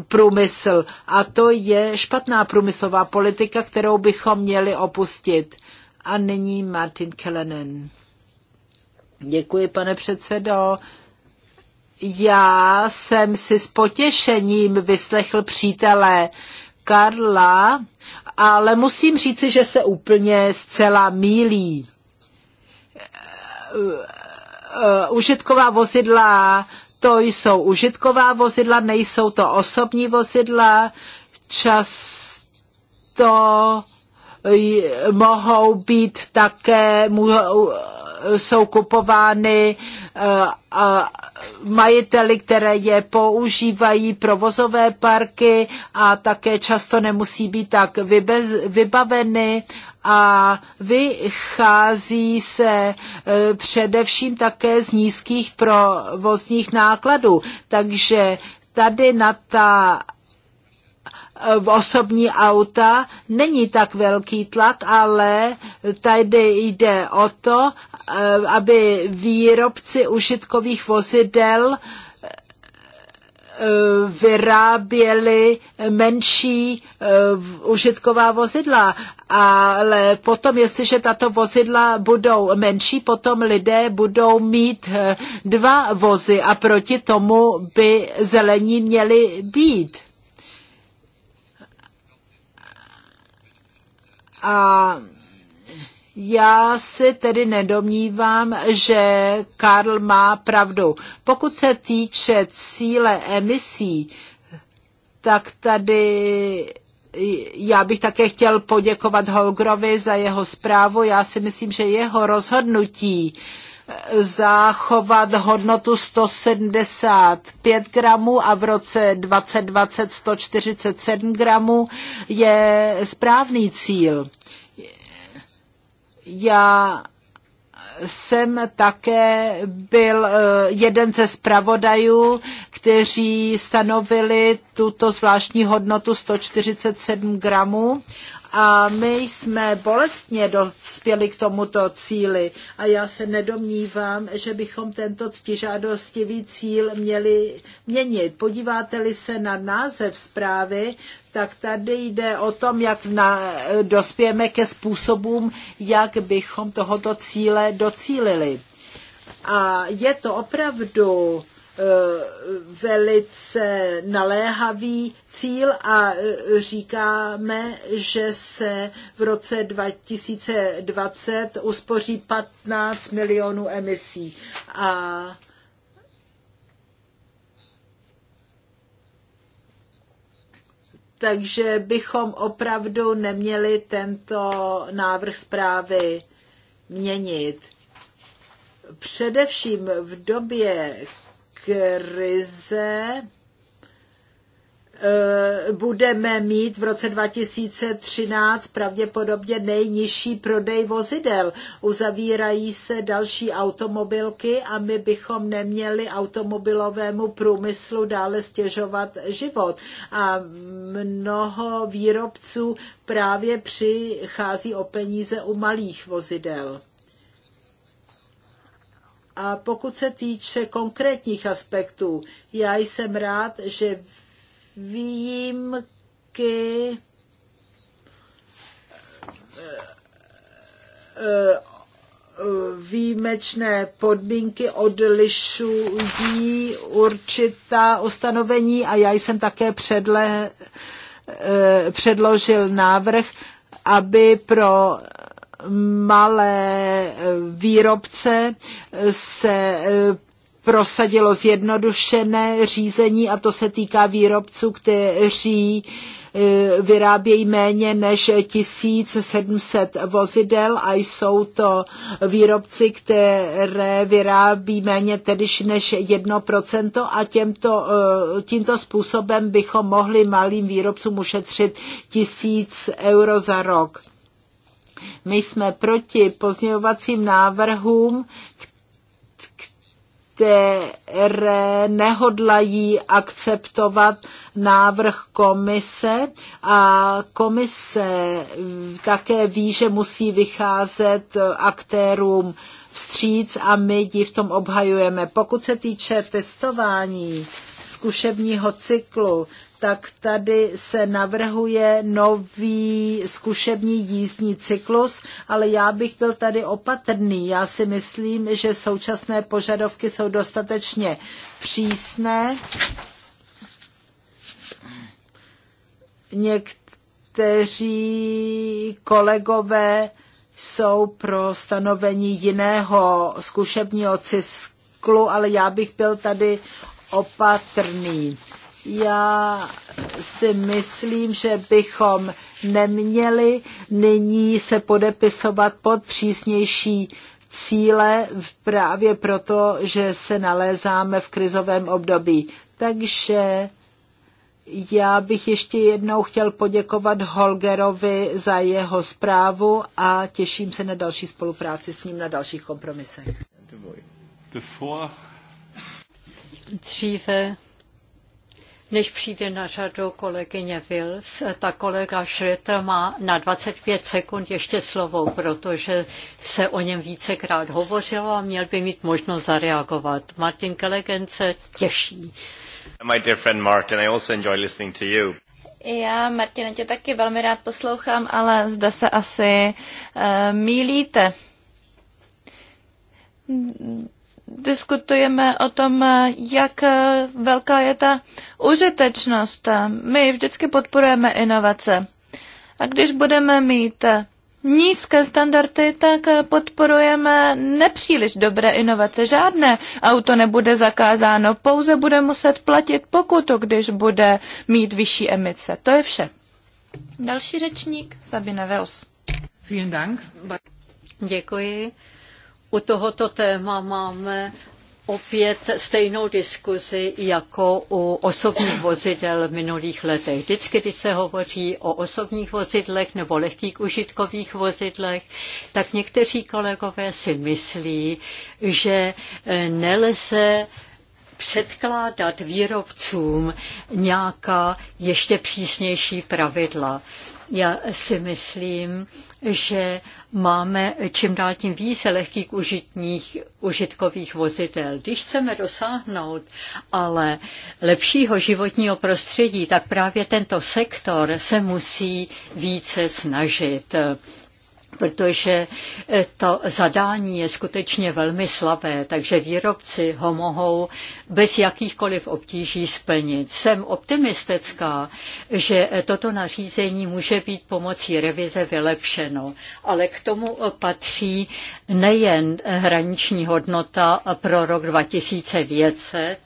průmysl a to je špatná průmyslová politika, kterou bychom měli opustit. A nyní Martin Kellenen. Děkuji, pane předsedo. Já jsem si s potěšením vyslechl přítele Karla, ale musím říci, že se úplně zcela mílí. Eh, užitková vozidla, to jsou užitková vozidla, nejsou to osobní vozidla, často mohou být také, mohou, jsou kupovány eh, a majiteli, které je používají provozové parky a také často nemusí být tak vybaveny a vychází se e, především také z nízkých provozních nákladů. Takže tady na ta e, osobní auta není tak velký tlak, ale tady jde o to, e, aby výrobci užitkových vozidel uh, Eh, vyráběli menší eh, užitková vozidla. Ale potom, jestliže tato vozidla budou menší, potom lidé budou mít eh, dva vozy a proti tomu by zelení měli být. A já si tedy nedomnívám, že Karl má pravdu. Pokud se týče cíle emisí, tak tady já bych také chtěl poděkovat Holgrovi za jeho zprávu. Já si myslím, že jeho rozhodnutí zachovat hodnotu 175 gramů a v roce 2020 147 gramů je správný cíl. Já jsem také byl eh, jeden ze zpravodajů, kteří stanovili tuto zvláštní hodnotu 147 gramů a my jsme bolestně dospěli k tomuto cíli a já se nedomnívám, že bychom tento ctižádostivý cíl měli měnit. Podíváte-li se na název zprávy, tak tady jde o tom, jak na, dospějeme ke způsobům, jak bychom tohoto cíle docílili. A je to opravdu Eh, velice naléhavý cíl a eh, říkáme, že se v roce 2020 uspoří 15 milionů emisí. A takže bychom opravdu neměli tento návrh zprávy měnit. Především v době krize eh, budeme mít v roce 2013 pravděpodobně nejnižší prodej vozidel. Uzavírají se další automobilky a my bychom neměli automobilovému průmyslu dále stěžovat život. A mnoho výrobců právě přichází o peníze u malých vozidel. A pokud se týče konkrétních aspektů, já jsem rád, že výjimky eh, eh, výjimečné podmínky odlišují určitá ustanovení a já jsem také předle, eh, předložil návrh, aby pro malé eh, výrobce se eh, prosadilo zjednodušené řízení a to se týká výrobců, kteří eh, vyrábějí méně než 1700 vozidel a jsou to výrobci, které vyrábí méně tedy než 1% a těmto, tímto způsobem bychom mohli malým výrobcům ušetřit 1000 euro za rok. My jsme proti pozměňovacím návrhům, které nehodlají akceptovat návrh komise a komise také ví, že musí vycházet aktérům vstříc a my ji v tom obhajujeme. Pokud se týče testování zkušebního cyklu, tak tady se navrhuje nový zkušební jízdní cyklus, ale já bych byl tady opatrný. Já si myslím, že současné požadovky jsou dostatečně přísné. Někteří kolegové jsou pro stanovení jiného zkušebního cyklu, ale já bych byl tady opatrný já si myslím, že bychom neměli nyní se podepisovat pod přísnější cíle právě proto, že se nalézáme v krizovém období. Takže já bych ještě jednou chtěl poděkovat Holgerovi za jeho zprávu a těším se na další spolupráci s ním na dalších kompromisech. Dříve než přijde na řadu kolegyně Vils, ta kolega Schritter má na 25 sekund ještě slovo, protože se o něm vícekrát hovořilo a měl by mít možnost zareagovat. Martin Kelegen se těší. My dear friend Martin, I also enjoy listening to you. Já, Martina, tě taky velmi rád poslouchám, ale zde se asi uh, eh, mílíte diskutujeme o tom, jak velká je ta užitečnost. My vždycky podporujeme inovace. A když budeme mít nízké standardy, tak podporujeme nepříliš dobré inovace. Žádné auto nebude zakázáno, pouze bude muset platit pokutu, když bude mít vyšší emice. To je vše. Další řečník, Sabine Vels. Vielen Dank. Děkuji u tohoto téma máme opět stejnou diskuzi jako u osobních vozidel v minulých letech. Vždycky, když se hovoří o osobních vozidlech nebo lehkých užitkových vozidlech, tak někteří kolegové si myslí, že eh, nelze předkládat výrobcům nějaká ještě přísnější pravidla. Já si myslím, že máme čím dál tím více lehkých užitních, užitkových vozidel. Když chceme dosáhnout ale lepšího životního prostředí, tak právě tento sektor se musí více snažit protože e, to zadání je skutečně velmi slabé, takže výrobci ho mohou bez jakýchkoliv obtíží splnit. Jsem optimistická, že toto nařízení může být pomocí revize vylepšeno, ale k tomu patří nejen hraniční hodnota pro rok 2500,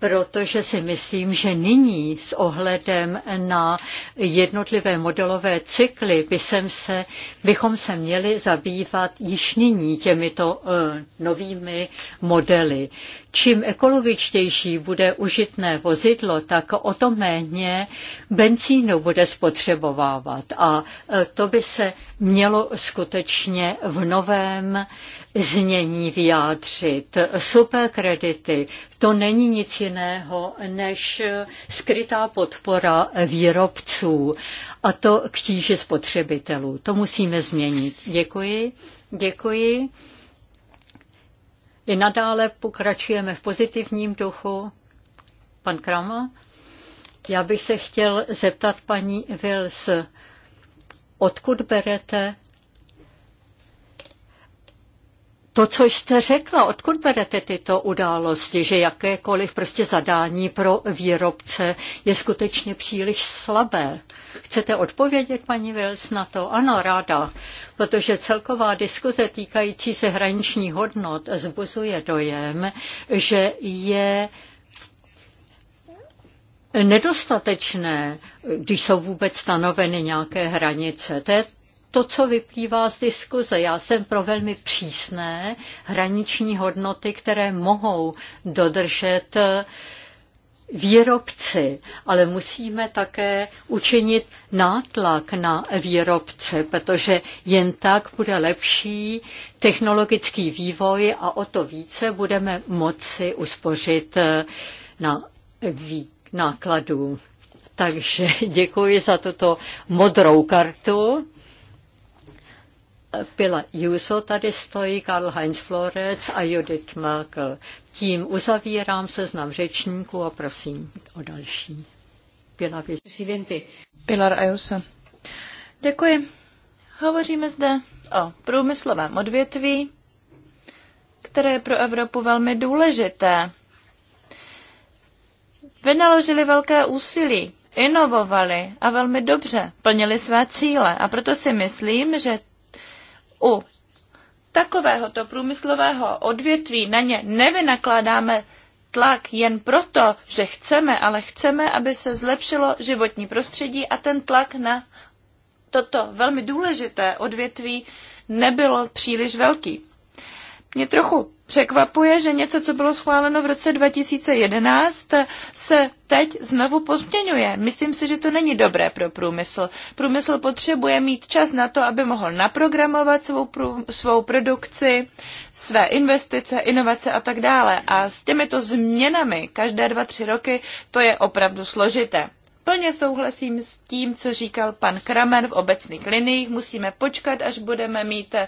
protože si myslím, že nyní s ohledem na jednotlivé modelové cykly by sem se, bychom se měli zabývat již nyní těmito eh, novými modely. Čím ekologičtější bude užitné vozidlo, tak o to méně benzínu bude spotřebovávat. A eh, to by se mělo skutečně v novém znění vyjádřit. Superkredity, to není nic jiného než skrytá podpora výrobců a to k tíži spotřebitelů. To musíme změnit. Děkuji, děkuji. I nadále pokračujeme v pozitivním duchu. Pan Krama, já bych se chtěl zeptat paní Vils, odkud berete to, co jste řekla, odkud berete tyto události, že jakékoliv prostě zadání pro výrobce je skutečně příliš slabé? Chcete odpovědět, paní Vils, na to? Ano, ráda, protože celková diskuze týkající se hraniční hodnot zbuzuje dojem, že je nedostatečné, když jsou vůbec stanoveny nějaké hranice. To je to, co vyplývá z diskuze. Já jsem pro velmi přísné hraniční hodnoty, které mohou dodržet eh, výrobci, ale musíme také učinit nátlak na výrobce, protože jen tak bude lepší technologický vývoj a o to více budeme moci uspořit eh, na nákladů. Takže děkuji za tuto modrou kartu. Pila Juso tady stojí, Karl Heinz Florec a Judith Merkel. Tím uzavírám seznam řečníků a prosím o další. Pilar, Pilar Ayuso. Děkuji. Hovoříme zde o průmyslovém odvětví, které je pro Evropu velmi důležité. Vynaložili velké úsilí, inovovali a velmi dobře plnili své cíle. A proto si myslím, že u takovéhoto průmyslového odvětví na ně nevynakládáme tlak jen proto, že chceme, ale chceme, aby se zlepšilo životní prostředí a ten tlak na toto velmi důležité odvětví nebylo příliš velký mě trochu překvapuje, že něco, co bylo schváleno v roce 2011, se teď znovu pozměňuje. Myslím si, že to není dobré pro průmysl. Průmysl potřebuje mít čas na to, aby mohl naprogramovat svou, prů, svou produkci, své investice, inovace a tak dále. A s těmito změnami každé dva, tři roky to je opravdu složité. Plně souhlasím s tím, co říkal pan Kramer v obecných liniích. Musíme počkat, až budeme mít uh,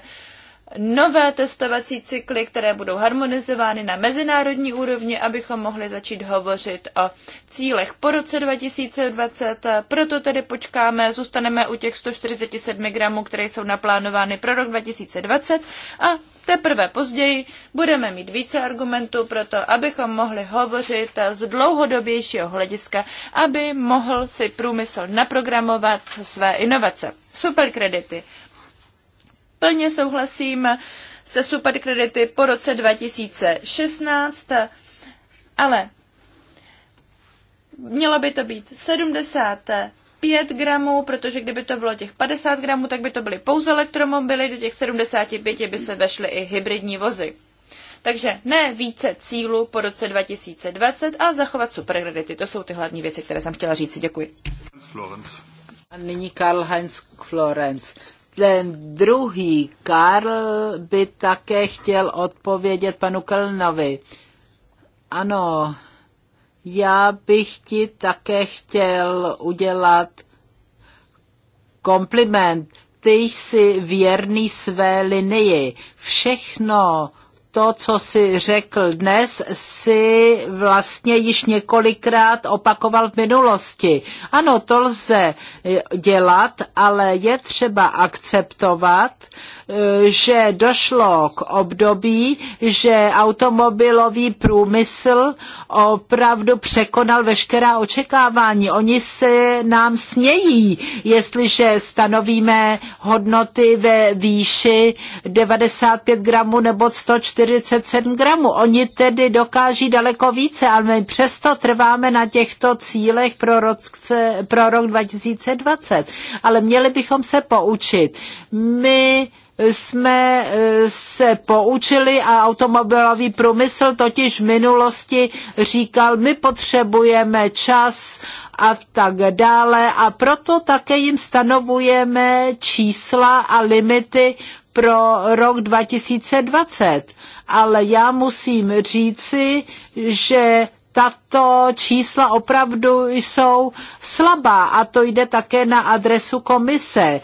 nové testovací cykly, které budou harmonizovány na mezinárodní úrovni, abychom mohli začít hovořit o cílech po roce 2020. Proto tedy počkáme, zůstaneme u těch 147 gramů, které jsou naplánovány pro rok 2020 a teprve později budeme mít více argumentů pro to, abychom mohli hovořit z dlouhodobějšího hlediska, aby mohl si průmysl naprogramovat své inovace. Superkredity plně souhlasím se superkredity po roce 2016, ale mělo by to být 70 5 gramů, protože kdyby to bylo těch 50 gramů, tak by to byly pouze elektromobily, do těch 75 by se vešly i hybridní vozy. Takže ne více cílů po roce 2020 a zachovat superkredity. To jsou ty hlavní věci, které jsem chtěla říct. Děkuji. A nyní Karl Heinz Florenz ten druhý Karl by také chtěl odpovědět panu Kalnovi. Ano, já bych ti také chtěl udělat kompliment. Ty jsi věrný své linii. Všechno, to, co si řekl dnes, si vlastně již několikrát opakoval v minulosti. Ano, to lze dělat, ale je třeba akceptovat, že došlo k období, že automobilový průmysl opravdu překonal veškerá očekávání. Oni se nám smějí, jestliže stanovíme hodnoty ve výši 95 gramů nebo 140 47 gramů. Oni tedy dokáží daleko více, ale my přesto trváme na těchto cílech pro, roce, pro rok 2020. Ale měli bychom se poučit. My jsme eh, se poučili a automobilový průmysl totiž v minulosti říkal, my potřebujeme čas a tak dále a proto také jim stanovujeme čísla a limity pro rok 2020, ale já musím říci, že tato čísla opravdu jsou slabá a to jde také na adresu komise.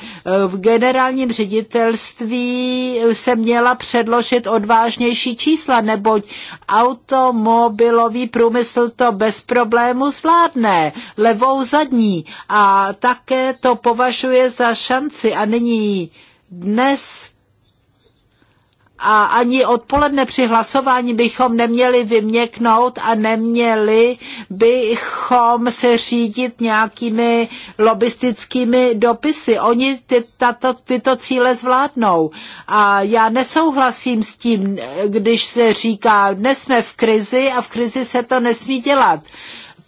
V generálním ředitelství se měla předložit odvážnější čísla, neboť automobilový průmysl to bez problému zvládne levou zadní a také to považuje za šanci a nyní dnes a ani odpoledne při hlasování bychom neměli vyměknout a neměli bychom se řídit nějakými lobistickými dopisy. Oni ty, tato, tyto cíle zvládnou. A já nesouhlasím s tím, když se říká, dnes jsme v krizi a v krizi se to nesmí dělat.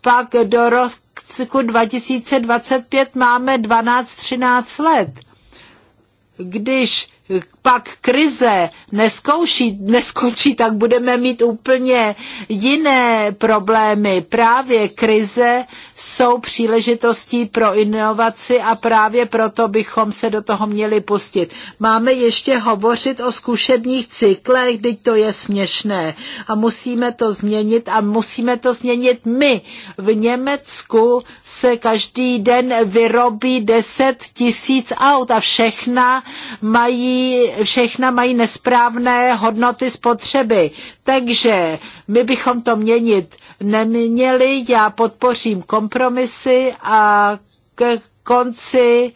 Pak do roku 2025 máme 12-13 let. Když pak krize neskouší, neskončí, tak budeme mít úplně jiné problémy. Právě krize jsou příležitostí pro inovaci a právě proto bychom se do toho měli pustit. Máme ještě hovořit o zkušebních cyklech, teď to je směšné a musíme to změnit a musíme to změnit my. V Německu se každý den vyrobí 10 tisíc aut a všechna mají všechna mají nesprávné hodnoty spotřeby. Takže my bychom to měnit neměli. Já podpořím kompromisy a k konci,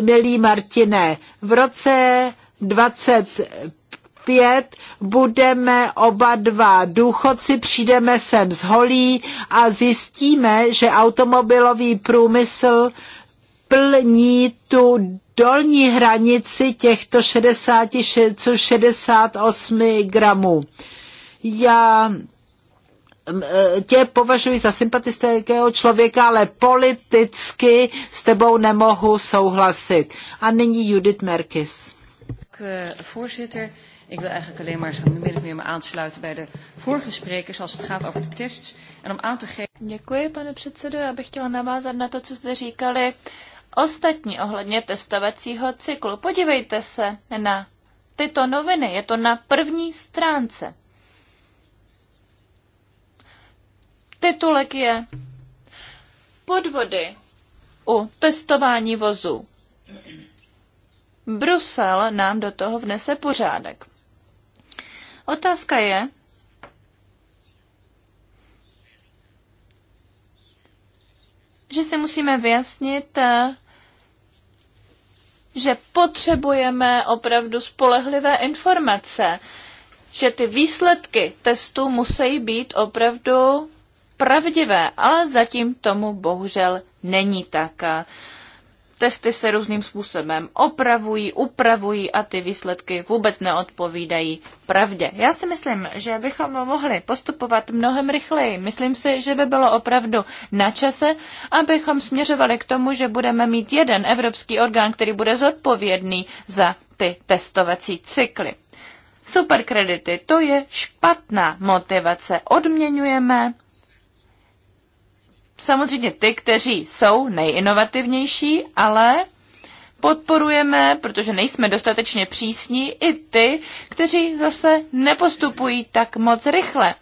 milí Martine, v roce 25 budeme oba dva důchodci, přijdeme sem z holí a zjistíme, že automobilový průmysl plní tu dolní hranici těchto 60, 68 gramů. Já e, tě považuji za sympatického člověka, ale politicky s tebou nemohu souhlasit. A nyní Judith Merkis. Eh, voorzitter, ik wil eigenlijk alleen maar zo min of meer me aansluiten bij de vorige sprekers als het gaat over de tests en om aan te geven. Děkuji, pane předsedo. Já bych chtěla navázat na to, co zde říkali ostatní ohledně testovacího cyklu. Podívejte se na tyto noviny, je to na první stránce. Titulek je Podvody u testování vozů. Brusel nám do toho vnese pořádek. Otázka je, že si musíme vyjasnit, eh, že potřebujeme opravdu spolehlivé informace, že ty výsledky testu musí být opravdu pravdivé, ale zatím tomu bohužel není tak testy se různým způsobem opravují, upravují a ty výsledky vůbec neodpovídají pravdě. Já si myslím, že bychom mohli postupovat mnohem rychleji. Myslím si, že by bylo opravdu na čase, abychom směřovali k tomu, že budeme mít jeden evropský orgán, který bude zodpovědný za ty testovací cykly. Superkredity, to je špatná motivace. Odměňujeme samozřejmě ty, kteří jsou nejinovativnější, ale podporujeme, protože nejsme dostatečně přísní, i ty, kteří zase nepostupují tak moc rychle.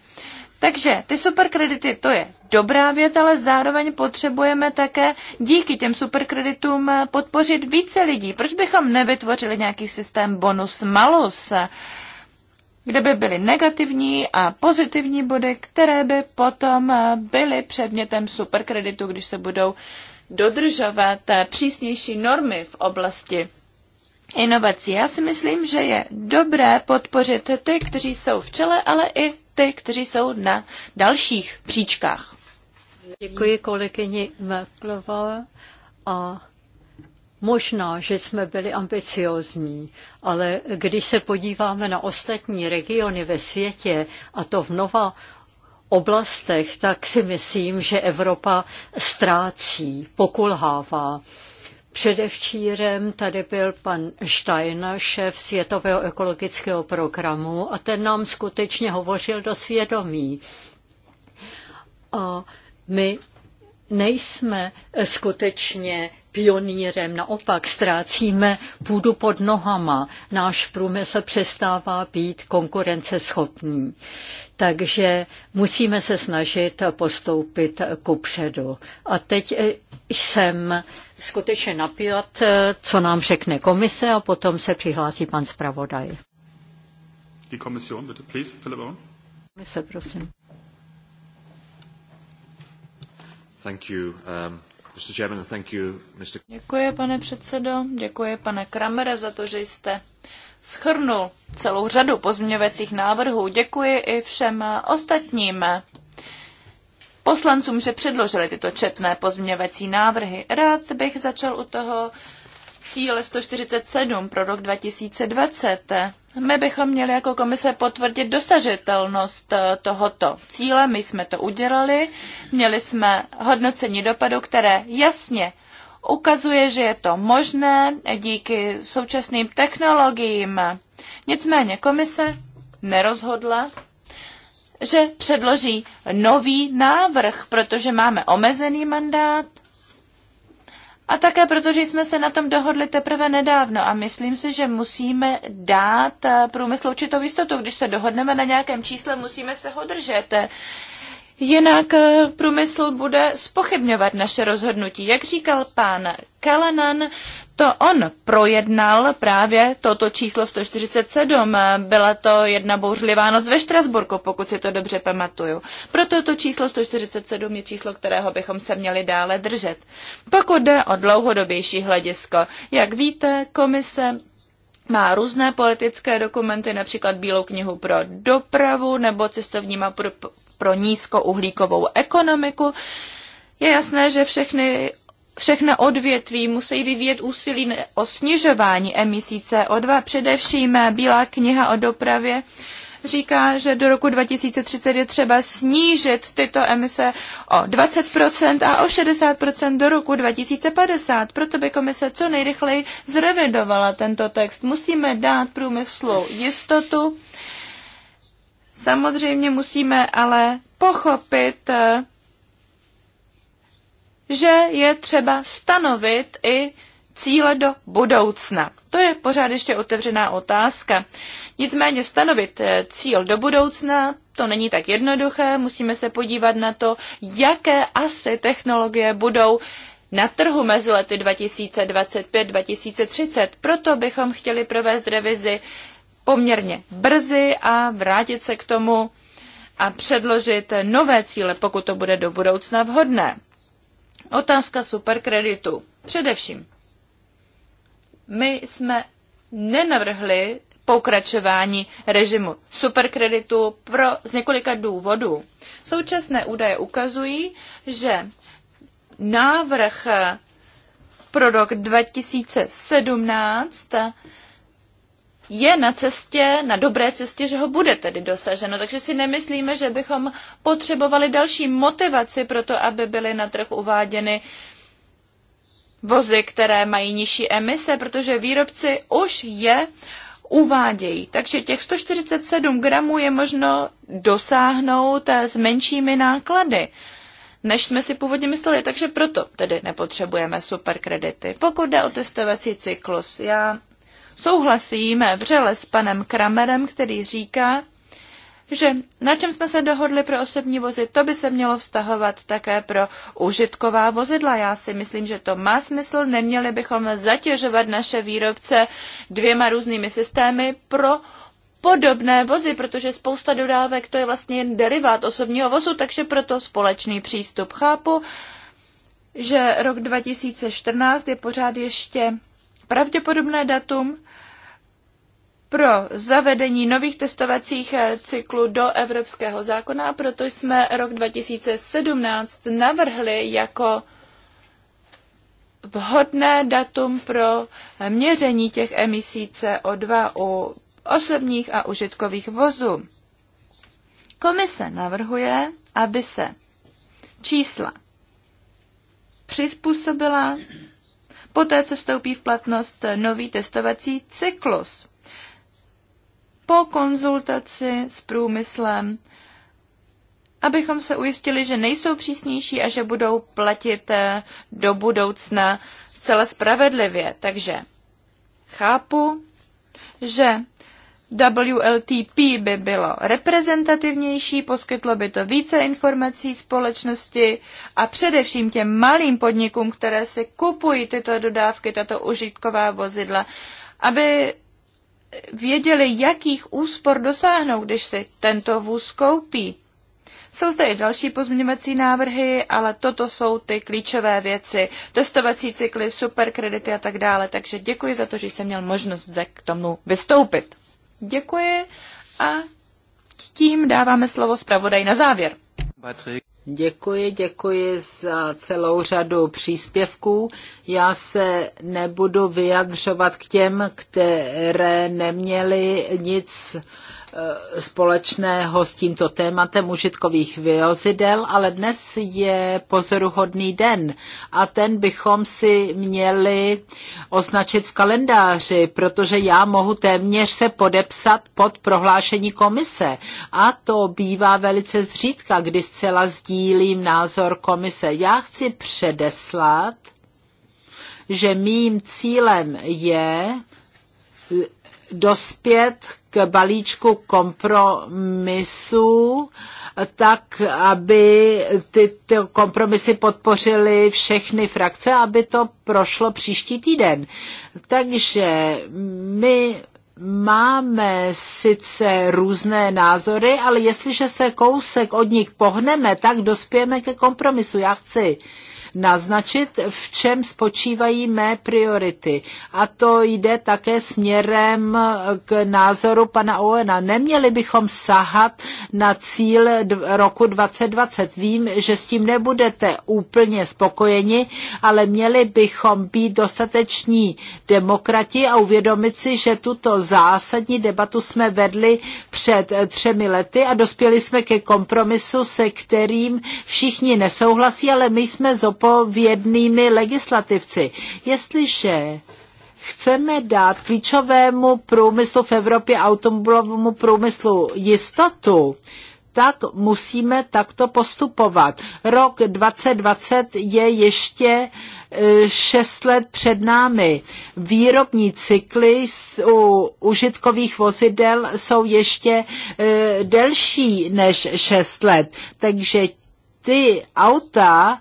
Takže ty superkredity, to je dobrá věc, ale zároveň potřebujeme také díky těm superkreditům podpořit více lidí. Proč bychom nevytvořili nějaký systém bonus-malus? kde by byly negativní a pozitivní body, které by potom eh, byly předmětem superkreditu, když se budou dodržovat eh, přísnější normy v oblasti inovací. Já si myslím, že je dobré podpořit ty, kteří jsou v čele, ale i ty, kteří jsou na dalších příčkách. Děkuji kolegyni Merklova a Možná, že jsme byli ambiciozní, ale když se podíváme na ostatní regiony ve světě, a to v mnoha oblastech, tak si myslím, že Evropa ztrácí, pokulhává. Předevčírem tady byl pan Steiner, šéf Světového ekologického programu, a ten nám skutečně hovořil do svědomí. A my nejsme skutečně pionýrem, naopak ztrácíme půdu pod nohama. Náš průmysl přestává být konkurenceschopný. Takže musíme se snažit postoupit ku předu. A teď eh, jsem skutečně napívat, eh, co nám řekne komise a potom se přihlásí pan zpravodaj. Die Kommission, bitte, please, Philipp Komise, prosím. Thank you. Um... Děkuji, pane předsedo, děkuji, pane Kramere, za to, že jste schrnul celou řadu pozměňovacích návrhů. Děkuji i všem ostatním poslancům, že předložili tyto četné pozměňovací návrhy. Rád bych začal u toho, cíl 147 pro rok 2020. My bychom měli jako komise potvrdit dosažitelnost eh, tohoto cíle. My jsme to udělali. Měli jsme hodnocení dopadu, které jasně ukazuje, že je to možné díky současným technologiím. Nicméně komise nerozhodla, že předloží nový návrh, protože máme omezený mandát a také protože jsme se na tom dohodli teprve nedávno a myslím si, že musíme dát eh, průmyslu určitou jistotu. Když se dohodneme na nějakém čísle, musíme se ho držet. Jinak eh, průmysl bude spochybňovat naše rozhodnutí. Jak říkal pán Kalanan, to on projednal právě toto číslo 147. Byla to jedna bouřlivá noc ve Štrasburku, pokud si to dobře pamatuju. Proto to číslo 147 je číslo, kterého bychom se měli dále držet. Pokud jde o dlouhodobější hledisko, jak víte, komise má různé politické dokumenty, například Bílou knihu pro dopravu nebo cestovní mapu pro nízkouhlíkovou ekonomiku. Je jasné, že všechny všechna odvětví musí vyvíjet úsilí o snižování emisí CO2. Především Bílá kniha o dopravě říká, že do roku 2030 je třeba snížit tyto emise o 20% a o 60% do roku 2050. Proto by komise co nejrychleji zrevidovala tento text. Musíme dát průmyslu jistotu. Samozřejmě musíme ale pochopit eh, že je třeba stanovit i cíle do budoucna. To je pořád ještě otevřená otázka. Nicméně stanovit eh, cíl do budoucna, to není tak jednoduché. Musíme se podívat na to, jaké asi technologie budou na trhu mezi lety 2025-2030. Proto bychom chtěli provést revizi poměrně brzy a vrátit se k tomu a předložit nové cíle, pokud to bude do budoucna vhodné. Otázka superkreditu. Především, my jsme nenavrhli pokračování režimu superkreditu pro z několika důvodů. Současné údaje ukazují, že návrh pro rok 2017 je na cestě, na dobré cestě, že ho bude tedy dosaženo. Takže si nemyslíme, že bychom potřebovali další motivaci pro to, aby byly na trh uváděny vozy, které mají nižší emise, protože výrobci už je uvádějí. Takže těch 147 gramů je možno dosáhnout eh, s menšími náklady než jsme si původně mysleli, takže proto tedy nepotřebujeme superkredity. Pokud jde o testovací cyklus, já Souhlasíme vřele s panem Kramerem, který říká, že na čem jsme se dohodli pro osobní vozy, to by se mělo vztahovat také pro užitková vozidla. Já si myslím, že to má smysl. Neměli bychom zatěžovat naše výrobce dvěma různými systémy pro podobné vozy, protože spousta dodávek to je vlastně jen derivát osobního vozu, takže proto společný přístup. Chápu, že rok 2014 je pořád ještě pravděpodobné datum, pro zavedení nových testovacích eh, cyklů do evropského zákona a proto jsme rok 2017 navrhli jako vhodné datum pro měření těch emisí CO2 u osobních a užitkových vozů. Komise navrhuje, aby se čísla přizpůsobila poté, co vstoupí v platnost nový testovací cyklus po konzultaci s průmyslem, abychom se ujistili, že nejsou přísnější a že budou platit eh, do budoucna zcela spravedlivě. Takže chápu, že WLTP by bylo reprezentativnější, poskytlo by to více informací společnosti a především těm malým podnikům, které si kupují tyto dodávky, tato užitková vozidla, aby věděli, jakých úspor dosáhnou, když si tento vůz koupí. Jsou zde i další pozměňovací návrhy, ale toto jsou ty klíčové věci. Testovací cykly, superkredity a tak dále. Takže děkuji za to, že jsem měl možnost zde k tomu vystoupit. Děkuji a tím dáváme slovo zpravodaj na závěr. Patrick. Děkuji, děkuji za celou řadu příspěvků. Já se nebudu vyjadřovat k těm, které neměly nic Eh, společného s tímto tématem užitkových vozidel, ale dnes je pozoruhodný den a ten bychom si měli označit v kalendáři, protože já mohu téměř se podepsat pod prohlášení komise a to bývá velice zřídka, kdy zcela sdílím názor komise. Já chci předeslat, že mým cílem je dospět k balíčku kompromisů, tak, aby ty, ty kompromisy podpořily všechny frakce, aby to prošlo příští týden. Takže my máme sice různé názory, ale jestliže se kousek od nich pohneme, tak dospějeme ke kompromisu. Já chci uh, naznačit, v čem spočívají mé priority. A to jde také směrem k názoru pana Owena. Neměli bychom sahat na cíl roku 2020. Vím, že s tím nebudete úplně spokojeni, ale měli bychom být dostateční demokrati a uvědomit si, že tuto zásadní debatu jsme vedli před třemi lety a dospěli jsme ke kompromisu, se kterým všichni nesouhlasí, ale my jsme zopakovaní odpovědnými legislativci. Jestliže chceme dát klíčovému průmyslu v Evropě, automobilovému průmyslu jistotu, tak musíme takto postupovat. Rok 2020 je ještě e, šest let před námi. Výrobní cykly u užitkových vozidel jsou ještě e, delší než šest let. Takže ty auta,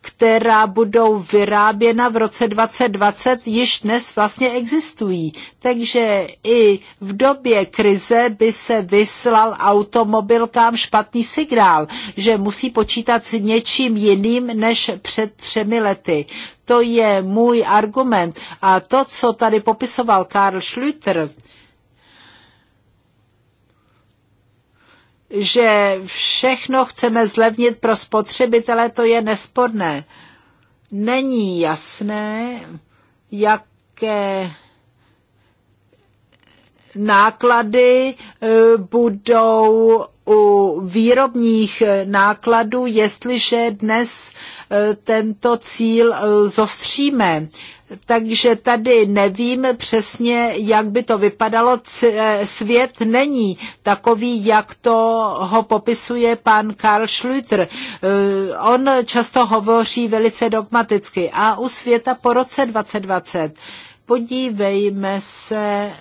která budou vyráběna v roce 2020, již dnes vlastně existují. Takže i v době krize by se vyslal automobilkám špatný signál, že musí počítat s něčím jiným než před třemi lety. To je můj argument. A to, co tady popisoval Karl Schlüter, že všechno chceme zlevnit pro spotřebitele, to je nesporné. Není jasné, jaké náklady eh, budou u výrobních nákladů, jestliže dnes eh, tento cíl eh, zostříme takže tady nevím přesně, jak by to vypadalo. Eh, svět není takový, jak to ho popisuje pan Karl Schlüter. Eh, on často hovoří velice dogmaticky. A u světa po roce 2020 podívejme se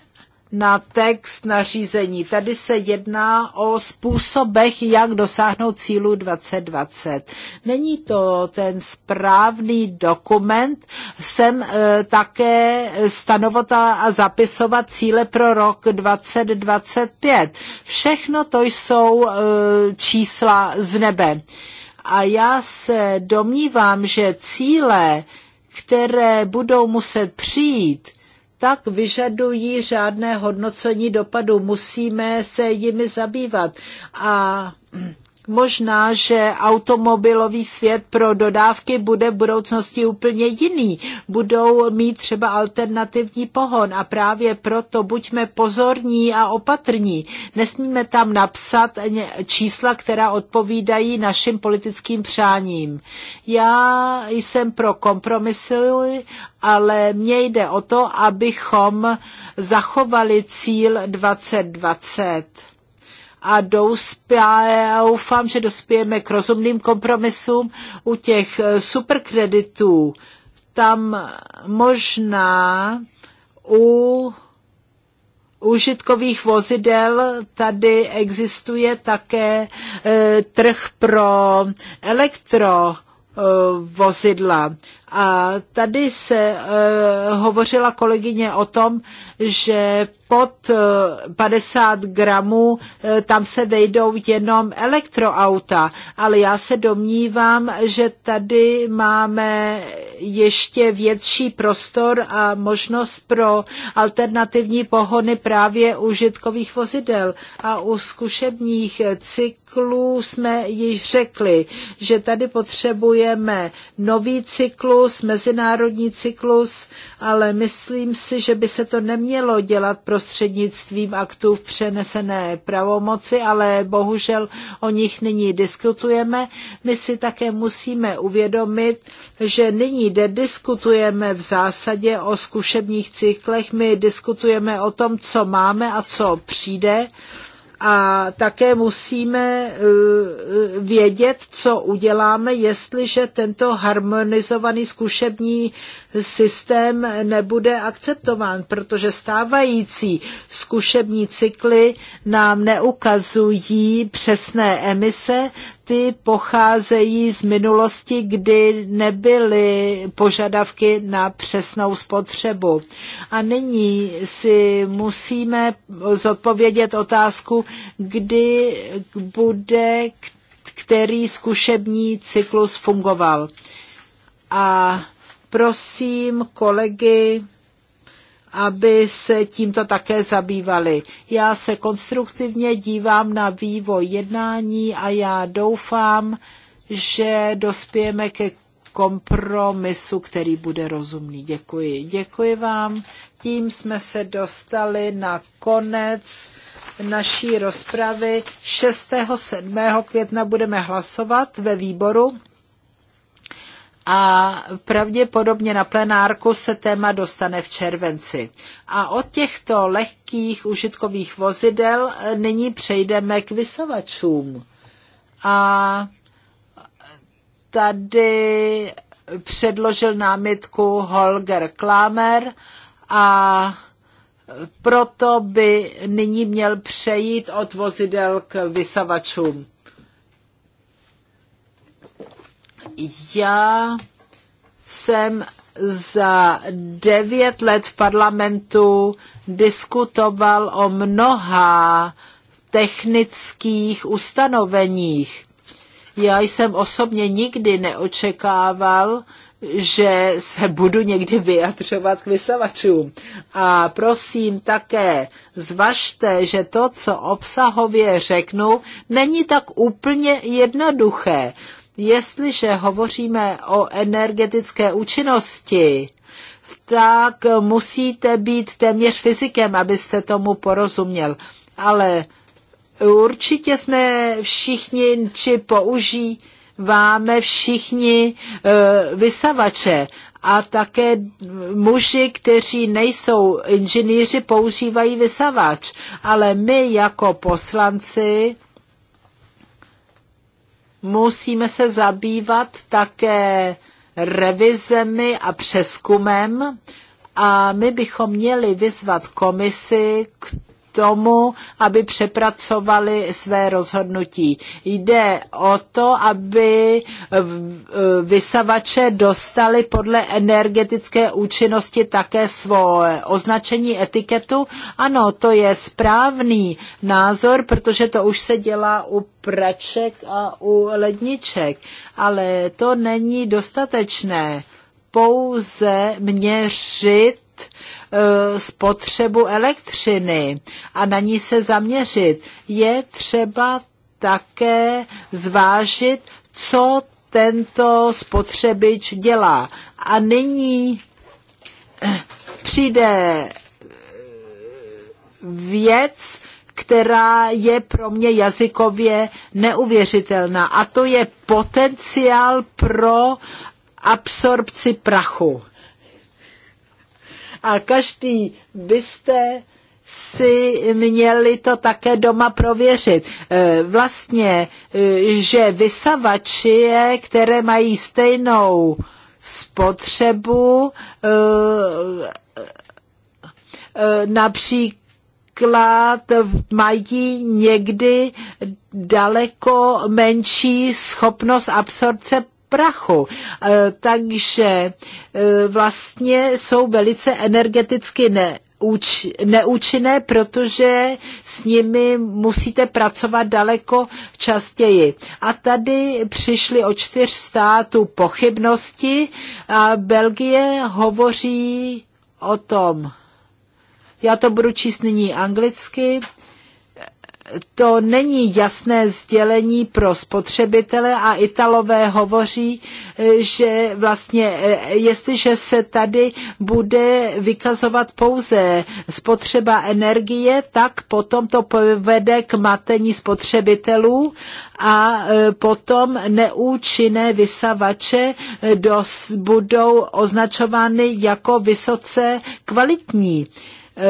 na text nařízení. Tady se jedná o způsobech, jak dosáhnout cílu 2020. Není to ten správný dokument, Jsem e, také stanovovat a zapisovat cíle pro rok 2025. Všechno to jsou e, čísla z nebe. A já se domnívám, že cíle, které budou muset přijít, tak vyžadují řádné hodnocení dopadu. Musíme se jimi zabývat. A Možná, že automobilový svět pro dodávky bude v budoucnosti úplně jiný. Budou mít třeba alternativní pohon a právě proto buďme pozorní a opatrní. Nesmíme tam napsat čísla, která odpovídají našim politickým přáním. Já jsem pro kompromisy, ale mně jde o to, abychom zachovali cíl 2020 a doufám, že dospějeme k rozumným kompromisům u těch eh, superkreditů. Tam možná u užitkových vozidel tady existuje také e, trh pro elektrovozidla. A tady se uh, hovořila kolegyně o tom, že pod uh, eh, 50 gramů uh, tam se vejdou jenom elektroauta, ale já se domnívám, že tady máme ještě větší prostor a možnost pro alternativní pohony právě užitkových vozidel. A u zkušebních cyklů jsme již řekli, že tady potřebujeme nový cyklus, cyklus, mezinárodní cyklus, ale myslím si, že by se to nemělo dělat prostřednictvím aktů v přenesené pravomoci, ale bohužel o nich nyní diskutujeme. My si také musíme uvědomit, že nyní diskutujeme v zásadě o zkušebních cyklech, my diskutujeme o tom, co máme a co přijde a také musíme eh, vědět, co uděláme, jestliže tento harmonizovaný zkušební systém nebude akceptován, protože stávající zkušební cykly nám neukazují přesné emise, ty pocházejí z minulosti, kdy nebyly požadavky na přesnou spotřebu. A nyní si musíme zodpovědět otázku, kdy bude který zkušební cyklus fungoval. A prosím kolegy, aby se tímto také zabývali. Já se konstruktivně dívám na vývoj jednání a já doufám, že dospějeme ke kompromisu, který bude rozumný. Děkuji. Děkuji vám. Tím jsme se dostali na konec naší rozpravy. 6. 7. května budeme hlasovat ve výboru a pravděpodobně na plenárku se téma dostane v červenci. A od těchto lehkých užitkových vozidel eh, nyní přejdeme k vysavačům. A tady předložil námitku Holger Klamer a proto by nyní měl přejít od vozidel k vysavačům. já jsem za devět let v parlamentu diskutoval o mnoha technických ustanoveních. Já jsem osobně nikdy neočekával, že se budu někdy vyjadřovat k vysavačům. A prosím také, zvažte, že to, co obsahově řeknu, není tak úplně jednoduché. Jestliže hovoříme o energetické účinnosti, tak musíte být téměř fyzikem, abyste tomu porozuměl. Ale určitě jsme všichni, či používáme všichni e, vysavače a také muži, kteří nejsou inženýři, používají vysavač. Ale my jako poslanci musíme se zabývat také revizemi a přeskumem a my bychom měli vyzvat komisi k tomu, aby přepracovali své rozhodnutí. Jde o to, aby vysavače dostali podle energetické účinnosti také svoje označení etiketu. Ano, to je správný názor, protože to už se dělá u praček a u ledniček, ale to není dostatečné pouze měřit Eh, spotřebu elektřiny a na ní se zaměřit. Je třeba také zvážit, co tento spotřebič dělá. A nyní přijde eh, věc, která je pro mě jazykově neuvěřitelná. A to je potenciál pro absorpci prachu a každý byste si měli to také doma prověřit. E, vlastně, e, že vysavači, které mají stejnou spotřebu, například e, například mají někdy daleko menší schopnost absorce prachu. E, takže e, vlastně jsou velice energeticky ne, Uč, neúčinné, protože s nimi musíte pracovat daleko častěji. A tady přišly o čtyř států pochybnosti a Belgie hovoří o tom. Já to budu číst nyní anglicky to není jasné sdělení pro spotřebitele a Italové hovoří, eh, že vlastně eh, jestliže se tady bude vykazovat pouze spotřeba energie, tak potom to povede k matení spotřebitelů a eh, potom neúčinné vysavače dos, budou označovány jako vysoce kvalitní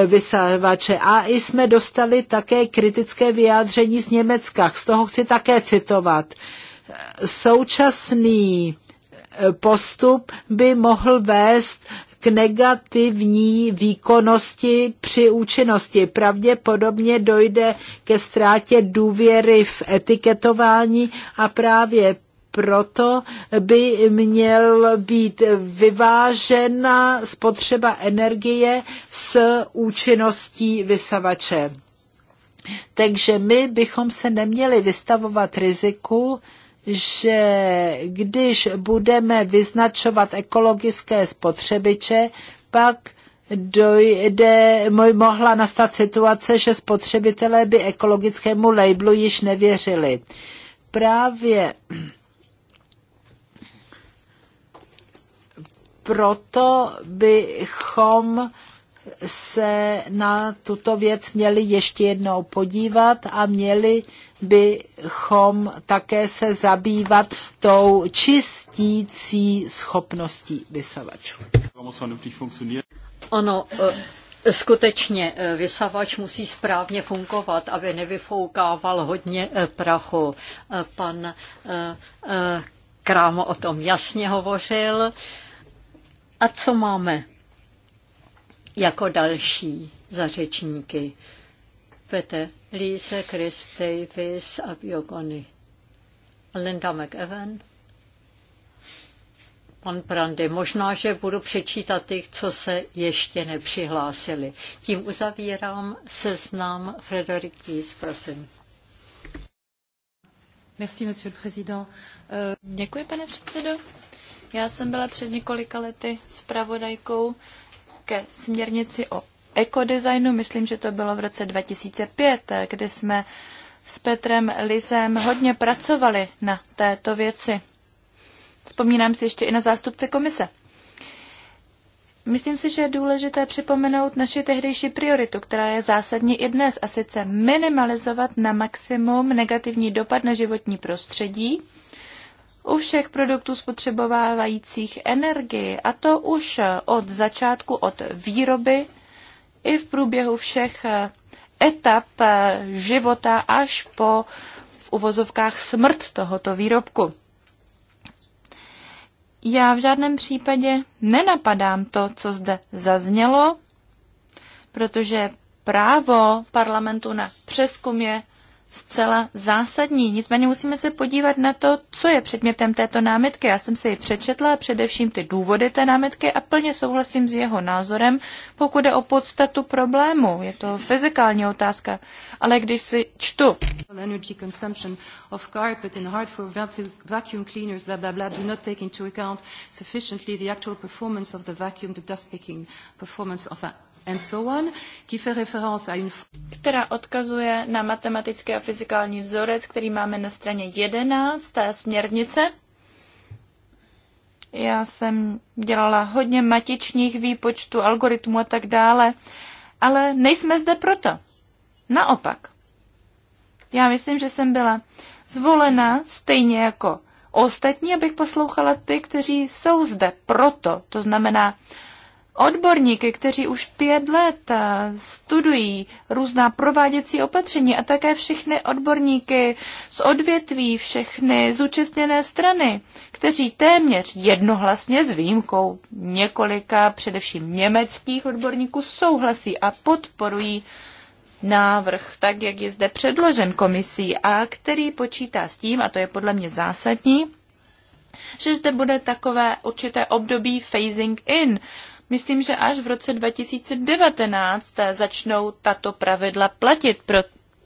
vysávače. A i jsme dostali také kritické vyjádření z Německa. Z toho chci také citovat. Současný e, postup by mohl vést k negativní výkonnosti při účinnosti. Pravděpodobně dojde ke ztrátě důvěry v etiketování a právě proto by měl být vyvážena spotřeba energie s účinností vysavače. Takže my bychom se neměli vystavovat riziku, že když budeme vyznačovat ekologické spotřebiče, pak dojde, mohla nastat situace, že spotřebitelé by ekologickému labelu již nevěřili. Právě proto bychom se na tuto věc měli ještě jednou podívat a měli bychom také se zabývat tou čistící schopností vysavačů. Ono, e, skutečně e, vysavač musí správně fungovat, aby nevyfoukával hodně e, prachu. Pan Krám o tom jasně hovořil. A co máme jako další řečníky? Pete Lise, Chris Davis a Biogony. Linda McEwen. Pan Brandy, možná, že budu přečítat těch, co se ještě nepřihlásili. Tím uzavírám seznam Frederik Tis, prosím. Merci, monsieur le président. Děkuji, pane předsedo. Já jsem byla před několika lety zpravodajkou ke směrnici o ekodesignu, myslím, že to bylo v roce 2005, kdy jsme s Petrem Lizem hodně pracovali na této věci. Vzpomínám si ještě i na zástupce komise. Myslím si, že je důležité připomenout naši tehdejší prioritu, která je zásadní i dnes, a sice minimalizovat na maximum negativní dopad na životní prostředí u všech produktů spotřebovávajících energii, a to už od začátku, od výroby i v průběhu všech eh, etap eh, života až po v uvozovkách smrt tohoto výrobku. Já v žádném případě nenapadám to, co zde zaznělo, protože právo parlamentu na přeskum je zcela zásadní. Nicméně musíme se podívat na to, co je předmětem této námitky. Já jsem si ji přečetla, především ty důvody té námitky a plně souhlasím s jeho názorem, pokud je o podstatu problému. Je to fyzikální otázka. Ale když si čtu... vacuum performance of and so on, qui fait référence à une... která odkazuje na matematický a fyzikální vzorec, který máme na straně 11 té směrnice. Já jsem dělala hodně matičních výpočtů, algoritmů a tak dále, ale nejsme zde proto. Naopak. Já myslím, že jsem byla zvolena stejně jako ostatní, abych poslouchala ty, kteří jsou zde proto. To znamená, odborníky, kteří už pět let eh, studují různá prováděcí opatření a také všechny odborníky z odvětví, všechny zúčastněné strany, kteří téměř jednohlasně s výjimkou několika především německých odborníků souhlasí a podporují návrh, tak jak je zde předložen komisí a který počítá s tím, a to je podle mě zásadní, že zde bude takové určité období phasing in, Myslím, že až v roce 2019 začnou tato pravidla platit pro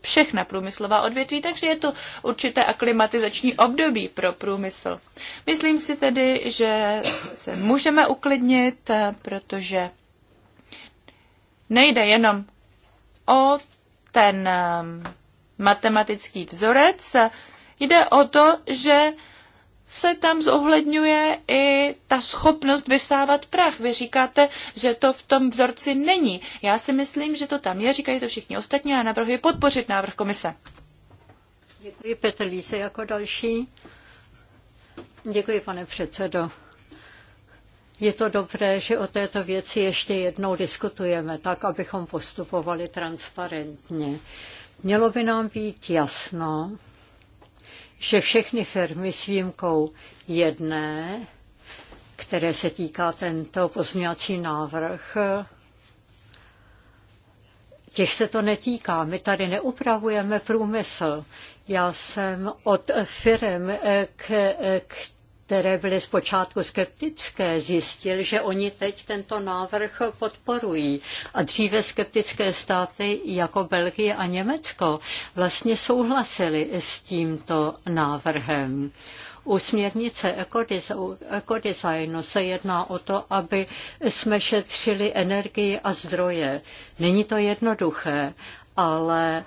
všechna průmyslová odvětví, takže je to určité aklimatizační období pro průmysl. Myslím si tedy, že se můžeme uklidnit, protože nejde jenom o ten um, matematický vzorec, jde o to, že se tam zohledňuje i ta schopnost vysávat prach. Vy říkáte, že to v tom vzorci není. Já si myslím, že to tam je, říkají to všichni ostatní a navrhuji podpořit návrh komise. Děkuji Petr Líse jako další. Děkuji, pane předsedo. Je to dobré, že o této věci ještě jednou diskutujeme, tak abychom postupovali transparentně. Mělo by nám být jasno, že všechny firmy s výjimkou jedné, které se týká tento pozměňovací návrh, těch se to netýká. My tady neupravujeme průmysl. Já jsem od firm, eh, k, eh, k které byly zpočátku skeptické, zjistil, že oni teď tento návrh podporují. A dříve skeptické státy jako Belgie a Německo vlastně souhlasili s tímto návrhem. U směrnice ekodesignu se jedná o to, aby jsme šetřili energii a zdroje. Není to jednoduché, ale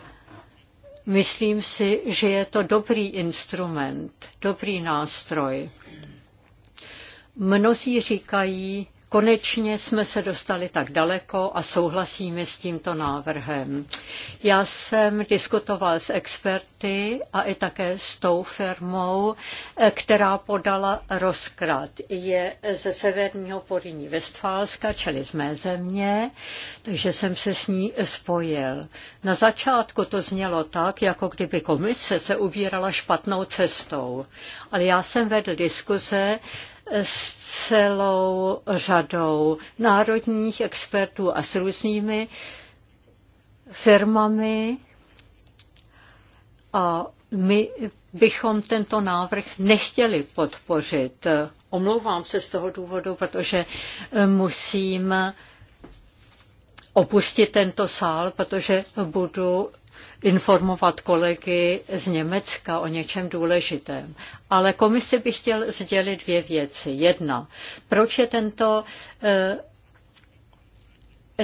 myslím si, že je to dobrý instrument, dobrý nástroj. Mnozí říkají, konečně jsme se dostali tak daleko a souhlasíme s tímto návrhem. Já jsem diskutoval s experty a i také s tou firmou, eh, která podala rozkrat. Je ze severního Poryní Vestfálska, čili z mé země, takže jsem se s ní spojil. Na začátku to znělo tak, jako kdyby komise se ubírala špatnou cestou, ale já jsem vedl diskuze s celou řadou národních expertů a s různými firmami a my bychom tento návrh nechtěli podpořit. Omlouvám se z toho důvodu, protože eh, musím opustit tento sál, protože budu informovat kolegy z Německa o něčem důležitém. Ale komisi bych chtěl sdělit dvě věci. Jedna, proč je tento e,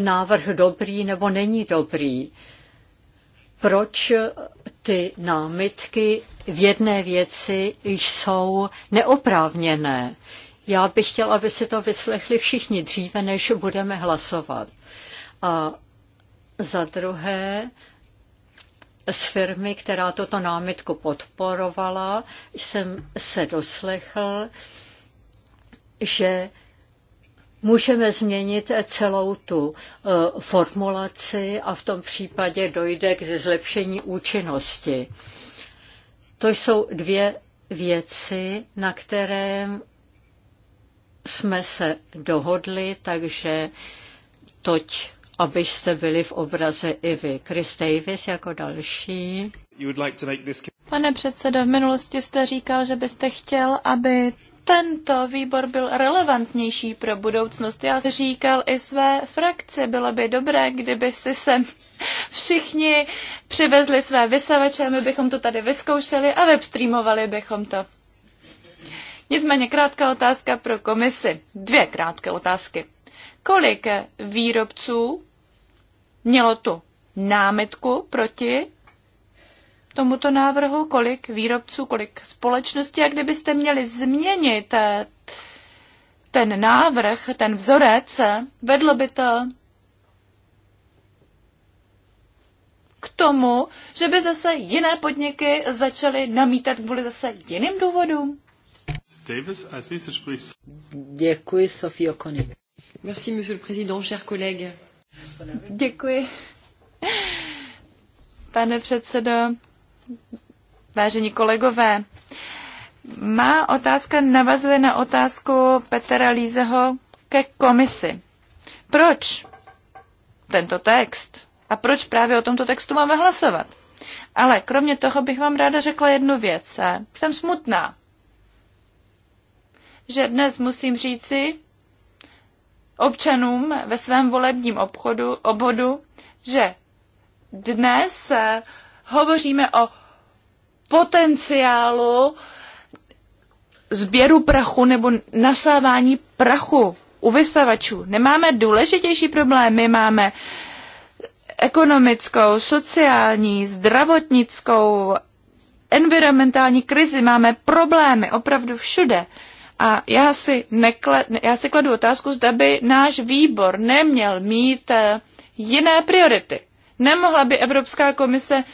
návrh dobrý nebo není dobrý? Proč ty námitky v jedné věci jsou neoprávněné? Já bych chtěl, aby si to vyslechli všichni dříve, než budeme hlasovat. A za druhé, z firmy, která toto námitku podporovala, jsem se doslechl, že můžeme změnit celou tu e, formulaci a v tom případě dojde k zlepšení účinnosti. To jsou dvě věci, na kterém jsme se dohodli, takže toť abyste byli v obraze i vy. Chris Davis jako další. Pane předsedo, v minulosti jste říkal, že byste chtěl, aby tento výbor byl relevantnější pro budoucnost. Já říkal i své frakci, bylo by dobré, kdyby si sem všichni přivezli své vysavače, my bychom to tady vyzkoušeli a webstreamovali bychom to. Nicméně krátká otázka pro komisi. Dvě krátké otázky. Kolik výrobců mělo tu námitku proti tomuto návrhu, kolik výrobců, kolik společností a kdybyste měli změnit eh, ten návrh, ten vzorec, eh, vedlo by to k tomu, že by zase jiné podniky začaly namítat kvůli zase jiným důvodům. Davis, Děkuji, Sofie Okony. Merci, monsieur le président, chers collègues. Děkuji. Pane předsedo, vážení kolegové, má otázka navazuje na otázku Petra Lízeho ke komisi. Proč tento text? A proč právě o tomto textu máme hlasovat? Ale kromě toho bych vám ráda řekla jednu věc. Jsem smutná, že dnes musím říci, občanům ve svém volebním obchodu, obvodu, že dnes eh, hovoříme o potenciálu sběru prachu nebo nasávání prachu u vysavačů. Nemáme důležitější problémy, máme ekonomickou, sociální, zdravotnickou, environmentální krizi, máme problémy opravdu všude. A já si, nekle, já si kladu otázku, zda by náš výbor neměl mít eh, jiné priority. Nemohla by Evropská komise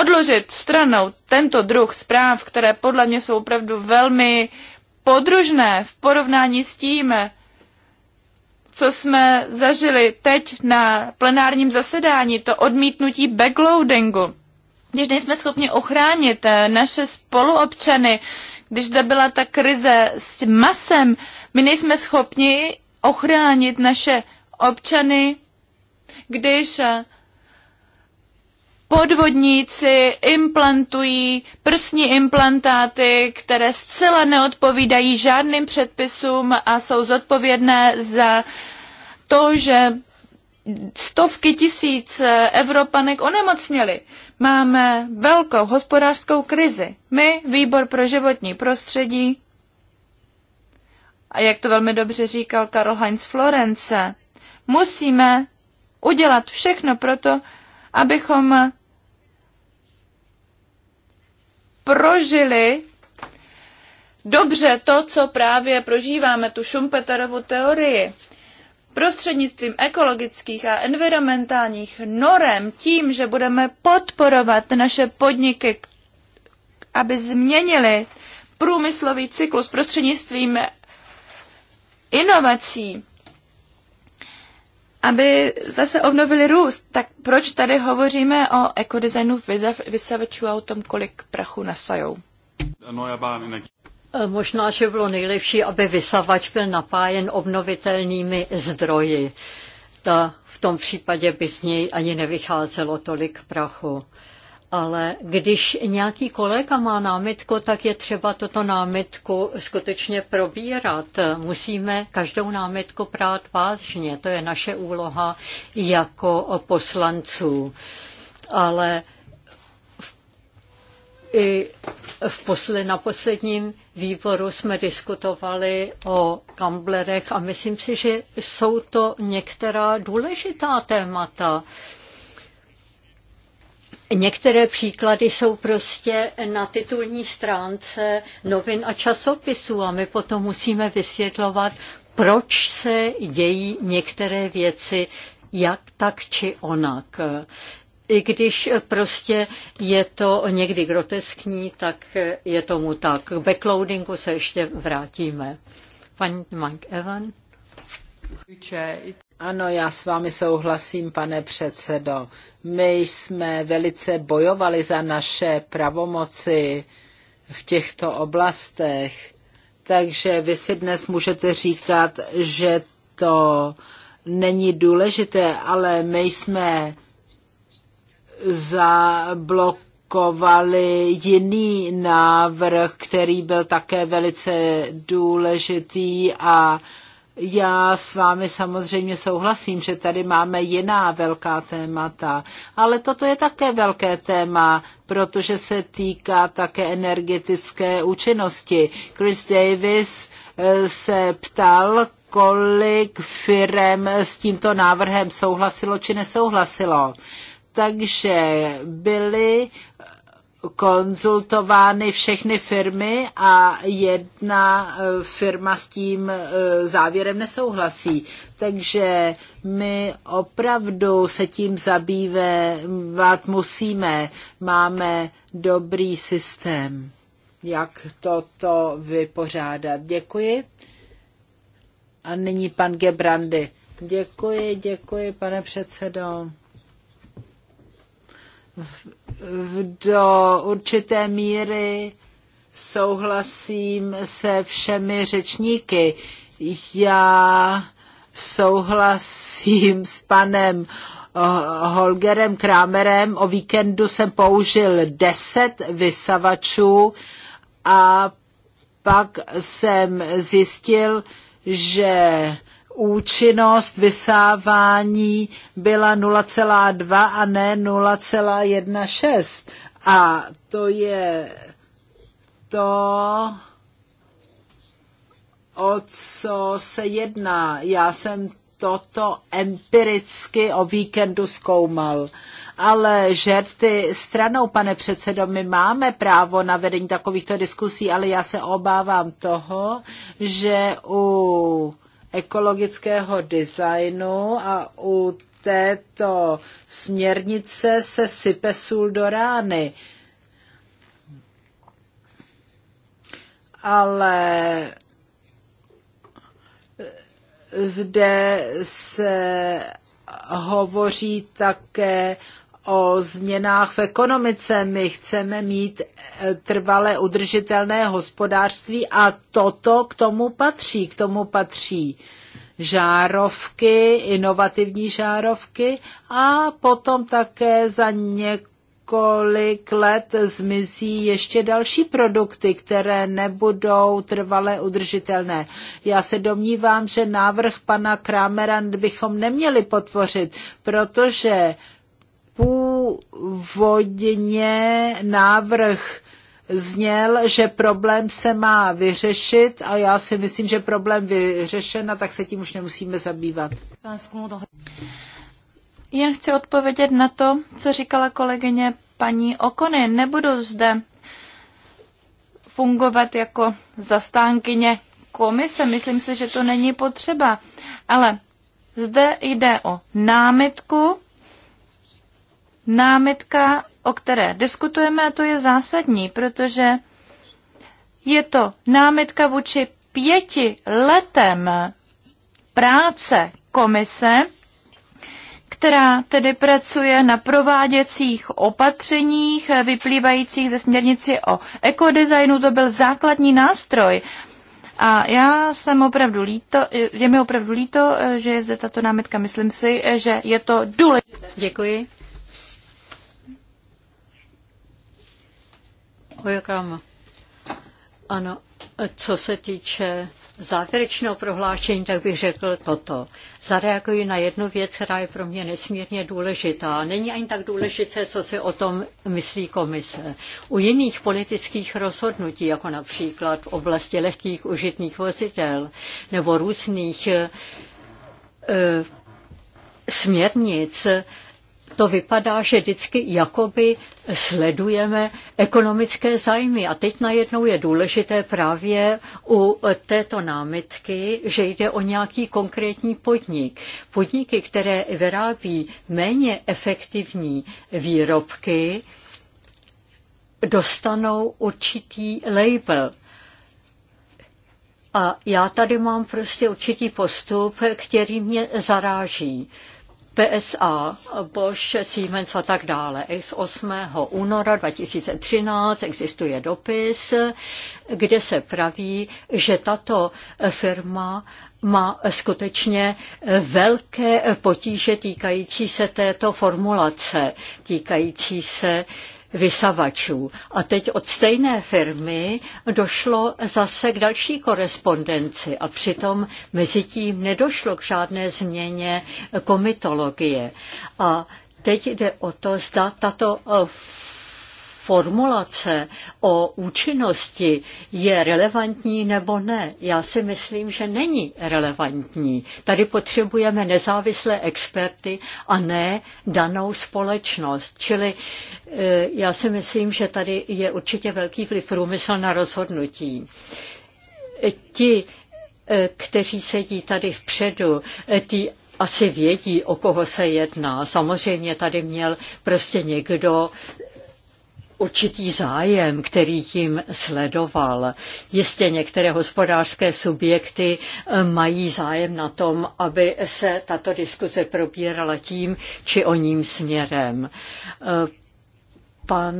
odložit stranou tento druh zpráv, které podle mě jsou opravdu velmi podružné v porovnání s tím, co jsme zažili teď na plenárním zasedání, to odmítnutí backloadingu. Když nejsme schopni ochránit eh, naše spoluobčany, když zde byla ta krize s masem, my nejsme schopni ochránit naše občany, když podvodníci implantují prsní implantáty, které zcela neodpovídají žádným předpisům a jsou zodpovědné za to, že stovky tisíc eh, Evropanek onemocněli. Máme velkou hospodářskou krizi. My, Výbor pro životní prostředí, a jak to velmi dobře říkal Karl Heinz Florence, musíme udělat všechno proto, abychom prožili dobře to, co právě prožíváme, tu Schumpeterovu teorii prostřednictvím ekologických a environmentálních norem, tím, že budeme podporovat naše podniky, aby změnili průmyslový cyklus prostřednictvím inovací, aby zase obnovili růst, tak proč tady hovoříme o ekodesignu vysavačů a o tom, kolik prachu nasajou? No, Eh, možná, že bylo nejlepší, aby vysavač byl napájen obnovitelnými zdroji. Ta, v tom případě by z něj ani nevycházelo tolik prachu. Ale když nějaký kolega má námitku, tak je třeba toto námitku skutečně probírat. Musíme každou námitku prát vážně. To je naše úloha jako poslanců. Ale i v posle, na posledním výboru jsme diskutovali o gamblerech a myslím si, že jsou to některá důležitá témata. Některé příklady jsou prostě na titulní stránce novin a časopisů a my potom musíme vysvětlovat, proč se dějí některé věci jak tak či onak i když prostě je to někdy groteskní, tak je tomu tak. K backloadingu se ještě vrátíme. Paní Mike Evan. Ano, já s vámi souhlasím, pane předsedo. My jsme velice bojovali za naše pravomoci v těchto oblastech, takže vy si dnes můžete říkat, že to není důležité, ale my jsme zablokovali jiný návrh, který byl také velice důležitý a já s vámi samozřejmě souhlasím, že tady máme jiná velká témata, ale toto je také velké téma, protože se týká také energetické účinnosti. Chris Davis eh, se ptal, kolik firem s tímto návrhem souhlasilo či nesouhlasilo. Takže byly konzultovány všechny firmy a jedna e, firma s tím e, závěrem nesouhlasí. Takže my opravdu se tím zabývat musíme. Máme dobrý systém, jak toto vypořádat. Děkuji. A nyní pan Gebrandy. Děkuji, děkuji, pane předsedo v, do určité míry souhlasím se všemi řečníky. Já souhlasím s panem eh, Holgerem Kramerem. O víkendu jsem použil deset vysavačů a pak jsem zjistil, že účinnost vysávání byla 0,2 a ne 0,16. A to je to, o co se jedná. Já jsem toto empiricky o víkendu zkoumal. Ale žerty stranou, pane předsedo, my máme právo na vedení takovýchto diskusí, ale já se obávám toho, že u ekologického designu a u této směrnice se sype sůl do rány. Ale zde se hovoří také o změnách v ekonomice. My chceme mít eh, trvale udržitelné hospodářství a toto k tomu patří. K tomu patří žárovky, inovativní žárovky a potom také za několik let zmizí ještě další produkty, které nebudou trvale udržitelné. Já se domnívám, že návrh pana Krámera bychom neměli podpořit, protože Původně návrh zněl, že problém se má vyřešit a já si myslím, že problém vyřešen a tak se tím už nemusíme zabývat. Jen chci odpovědět na to, co říkala kolegyně paní Okony. Nebudu zde fungovat jako zastánkyně komise. Myslím si, že to není potřeba. Ale zde jde o námitku, námitka, o které diskutujeme, a to je zásadní, protože je to námitka vůči pěti letem práce komise, která tedy pracuje na prováděcích opatřeních vyplývajících ze směrnici o ekodesignu. To byl základní nástroj. A já jsem opravdu líto, je mi opravdu líto, že je zde tato námitka. Myslím si, že je to důležité. Děkuji. Ojokama. Ano, co se týče závěrečného prohlášení, tak bych řekl toto. Zareaguji na jednu věc, která je pro mě nesmírně důležitá. Není ani tak důležité, co si o tom myslí komise. U jiných politických rozhodnutí, jako například v oblasti lehkých užitných vozidel nebo různých e, směrnic, to vypadá, že vždycky jakoby sledujeme ekonomické zájmy. A teď najednou je důležité právě u této námitky, že jde o nějaký konkrétní podnik. Podniky, které vyrábí méně efektivní výrobky, dostanou určitý label. A já tady mám prostě určitý postup, který mě zaráží. PSA, Bosch, Siemens a tak dále. Z 8. února 2013 existuje dopis, kde se praví, že tato firma má skutečně velké potíže týkající se této formulace, týkající se vysavačů. A teď od stejné firmy došlo zase k další korespondenci a přitom mezi tím nedošlo k žádné změně komitologie. A Teď jde o to, zda tato eh, formulace o účinnosti je relevantní nebo ne. Já si myslím, že není relevantní. Tady potřebujeme nezávislé experty a ne danou společnost. Čili e, já si myslím, že tady je určitě velký vliv průmysl na rozhodnutí. E, ti, e, kteří sedí tady vpředu, ty asi vědí, o koho se jedná. Samozřejmě tady měl prostě někdo určitý zájem, který tím sledoval. Jistě některé hospodářské subjekty eh, mají zájem na tom, aby se tato diskuze probírala tím či o ním směrem eh, pan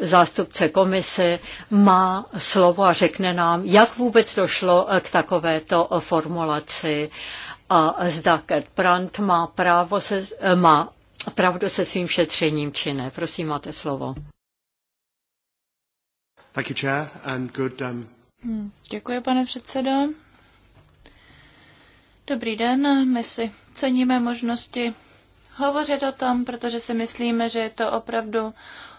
zástupce komise má slovo a řekne nám, jak vůbec došlo eh, k takovéto formulaci a zda Kat Brandt má, právo se, má pravdu se svým šetřením či ne. Prosím, máte slovo. Thank you, Chair, and good, um... Hmm, děkuji, pane předsedo. Dobrý den, my si ceníme možnosti hovořit o tom, protože si myslíme, že je to opravdu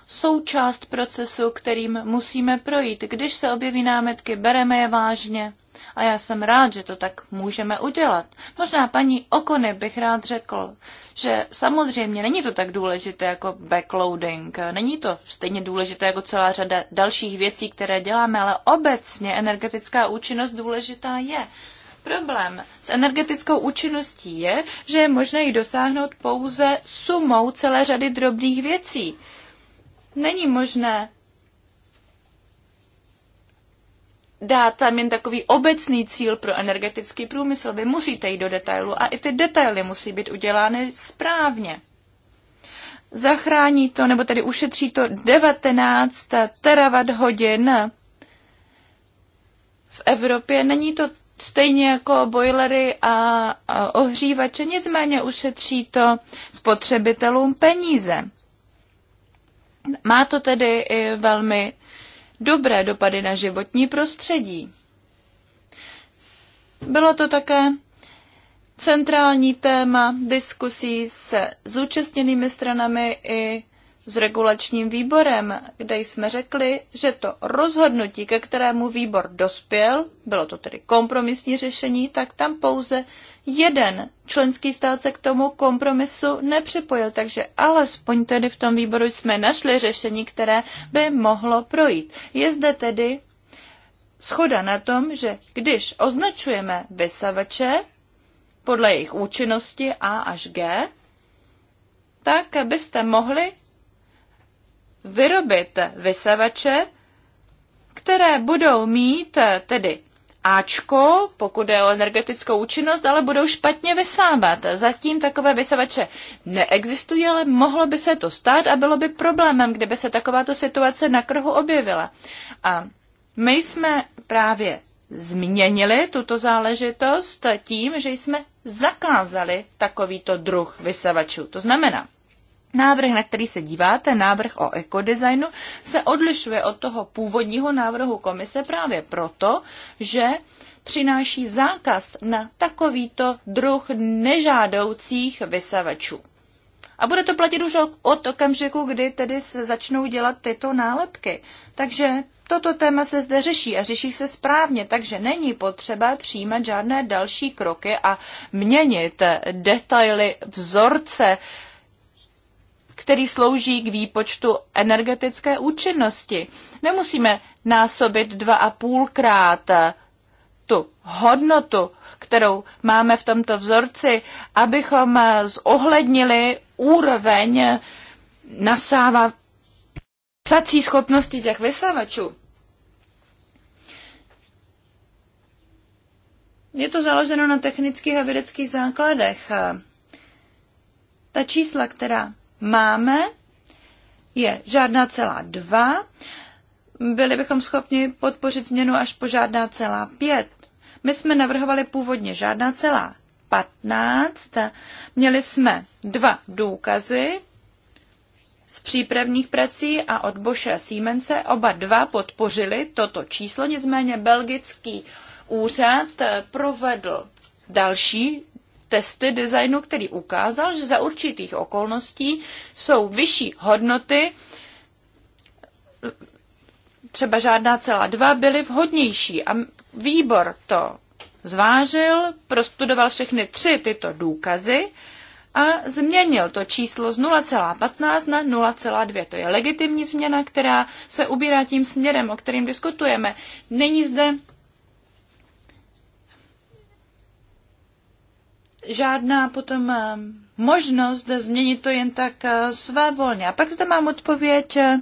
součást procesu, kterým musíme projít. Když se objeví námetky, bereme je vážně. A já jsem rád, že to tak můžeme udělat. Možná paní Okony bych rád řekl, že samozřejmě není to tak důležité jako backloading. Není to stejně důležité jako celá řada dalších věcí, které děláme, ale obecně energetická účinnost důležitá je. Problém s energetickou účinností je, že je možné ji dosáhnout pouze sumou celé řady drobných věcí není možné dát tam jen takový obecný cíl pro energetický průmysl. Vy musíte jít do detailu a i ty detaily musí být udělány správně. Zachrání to, nebo tedy ušetří to 19 terawatt hodin v Evropě. Není to stejně jako bojlery a, a ohřívače, nicméně ušetří to spotřebitelům peníze. Má to tedy i velmi dobré dopady na životní prostředí. Bylo to také centrální téma diskusí se zúčastněnými stranami i s regulačním výborem, kde jsme řekli, že to rozhodnutí, ke kterému výbor dospěl, bylo to tedy kompromisní řešení, tak tam pouze jeden členský stát se k tomu kompromisu nepřipojil, takže alespoň tedy v tom výboru jsme našli řešení, které by mohlo projít. Je zde tedy schoda na tom, že když označujeme vysavače podle jejich účinnosti A až G, tak byste mohli vyrobit vysavače, které budou mít tedy Ačko, pokud je o energetickou účinnost, ale budou špatně vysávat. Zatím takové vysavače neexistují, ale mohlo by se to stát a bylo by problémem, kdyby se takováto situace na krhu objevila. A my jsme právě změnili tuto záležitost tím, že jsme zakázali takovýto druh vysavačů. To znamená, Návrh, na který se díváte, návrh o ekodesignu, se odlišuje od toho původního návrhu komise právě proto, že přináší zákaz na takovýto druh nežádoucích vysavačů. A bude to platit už od okamžiku, kdy tedy se začnou dělat tyto nálepky. Takže toto téma se zde řeší a řeší se správně, takže není potřeba přijímat žádné další kroky a měnit detaily vzorce který slouží k výpočtu energetické účinnosti. Nemusíme násobit dva a půlkrát eh, tu hodnotu, kterou máme v tomto vzorci, abychom eh, zohlednili úroveň eh, nasávací schopnosti těch vysavačů. Je to založeno na technických a vědeckých základech. Ta čísla, která máme, je žádná celá 2. Byli bychom schopni podpořit změnu až po žádná celá 5. My jsme navrhovali původně žádná celá 15. Měli jsme dva důkazy z přípravných prací a od Boše a Siemense. Oba dva podpořili toto číslo, nicméně belgický úřad provedl další testy designu, který ukázal, že za určitých okolností jsou vyšší hodnoty, třeba žádná celá dva, byly vhodnější. A výbor to zvážil, prostudoval všechny tři tyto důkazy a změnil to číslo z 0,15 na 0,2. To je legitimní změna, která se ubírá tím směrem, o kterým diskutujeme. Není zde žádná potom eh, možnost změnit to jen tak eh, volně. A pak zde mám odpověď eh,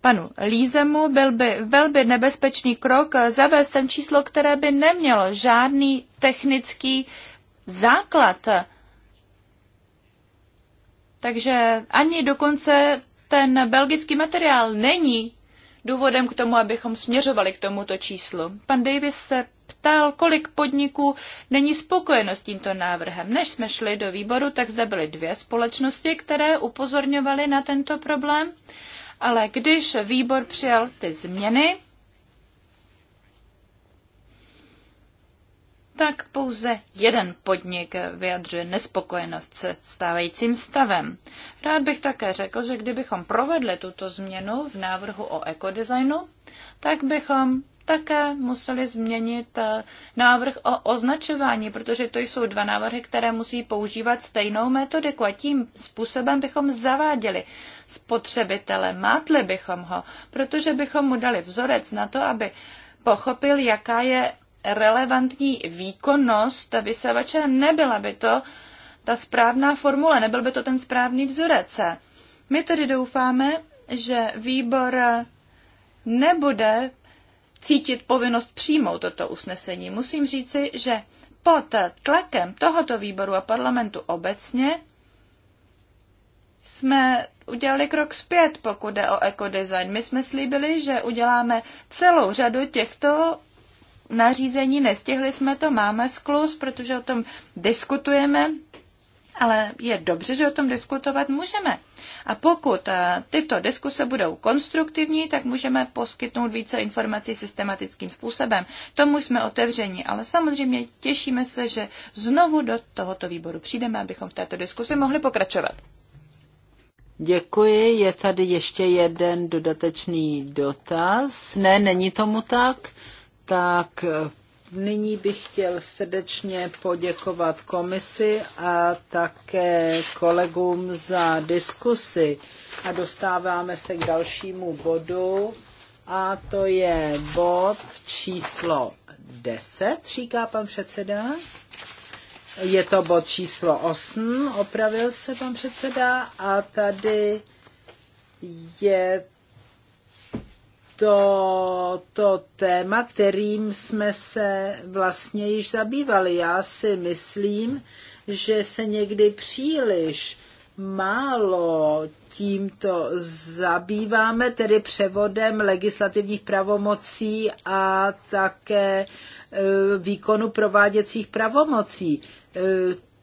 panu Lízemu. Byl by velmi nebezpečný krok zavést ten číslo, které by nemělo žádný technický základ. Takže ani dokonce ten belgický materiál není důvodem k tomu, abychom směřovali k tomuto číslu. Pan Davis se ptal, kolik podniků není spokojeno s tímto návrhem. Než jsme šli do výboru, tak zde byly dvě společnosti, které upozorňovaly na tento problém, ale když výbor přijal ty změny, tak pouze jeden podnik vyjadřuje nespokojenost se stávajícím stavem. Rád bych také řekl, že kdybychom provedli tuto změnu v návrhu o ekodesignu, tak bychom také museli změnit eh, návrh o označování, protože to jsou dva návrhy, které musí používat stejnou metodiku a tím způsobem bychom zaváděli spotřebitele, mátli bychom ho, protože bychom mu dali vzorec na to, aby pochopil, jaká je relevantní výkonnost vysavače, nebyla by to ta správná formule, nebyl by to ten správný vzorec. My tedy doufáme, že výbor nebude cítit povinnost přijmout toto usnesení. Musím říci, že pod tlakem tohoto výboru a parlamentu obecně jsme udělali krok zpět, pokud jde o ekodesign. My jsme slíbili, že uděláme celou řadu těchto nařízení, nestihli jsme to, máme sklus, protože o tom diskutujeme, ale je dobře, že o tom diskutovat můžeme. A pokud eh, tyto diskuse budou konstruktivní, tak můžeme poskytnout více informací systematickým způsobem. Tomu jsme otevřeni, ale samozřejmě těšíme se, že znovu do tohoto výboru přijdeme, abychom v této diskusi mohli pokračovat. Děkuji. Je tady ještě jeden dodatečný dotaz. Ne, není tomu tak. Tak eh, Nyní bych chtěl srdečně poděkovat komisi a také kolegům za diskusi. A dostáváme se k dalšímu bodu a to je bod číslo 10, říká pan předseda. Je to bod číslo 8, opravil se pan předseda a tady je to, to téma, kterým jsme se vlastně již zabývali. Já si myslím, že se někdy příliš málo tímto zabýváme, tedy převodem legislativních pravomocí a také e, výkonu prováděcích pravomocí e,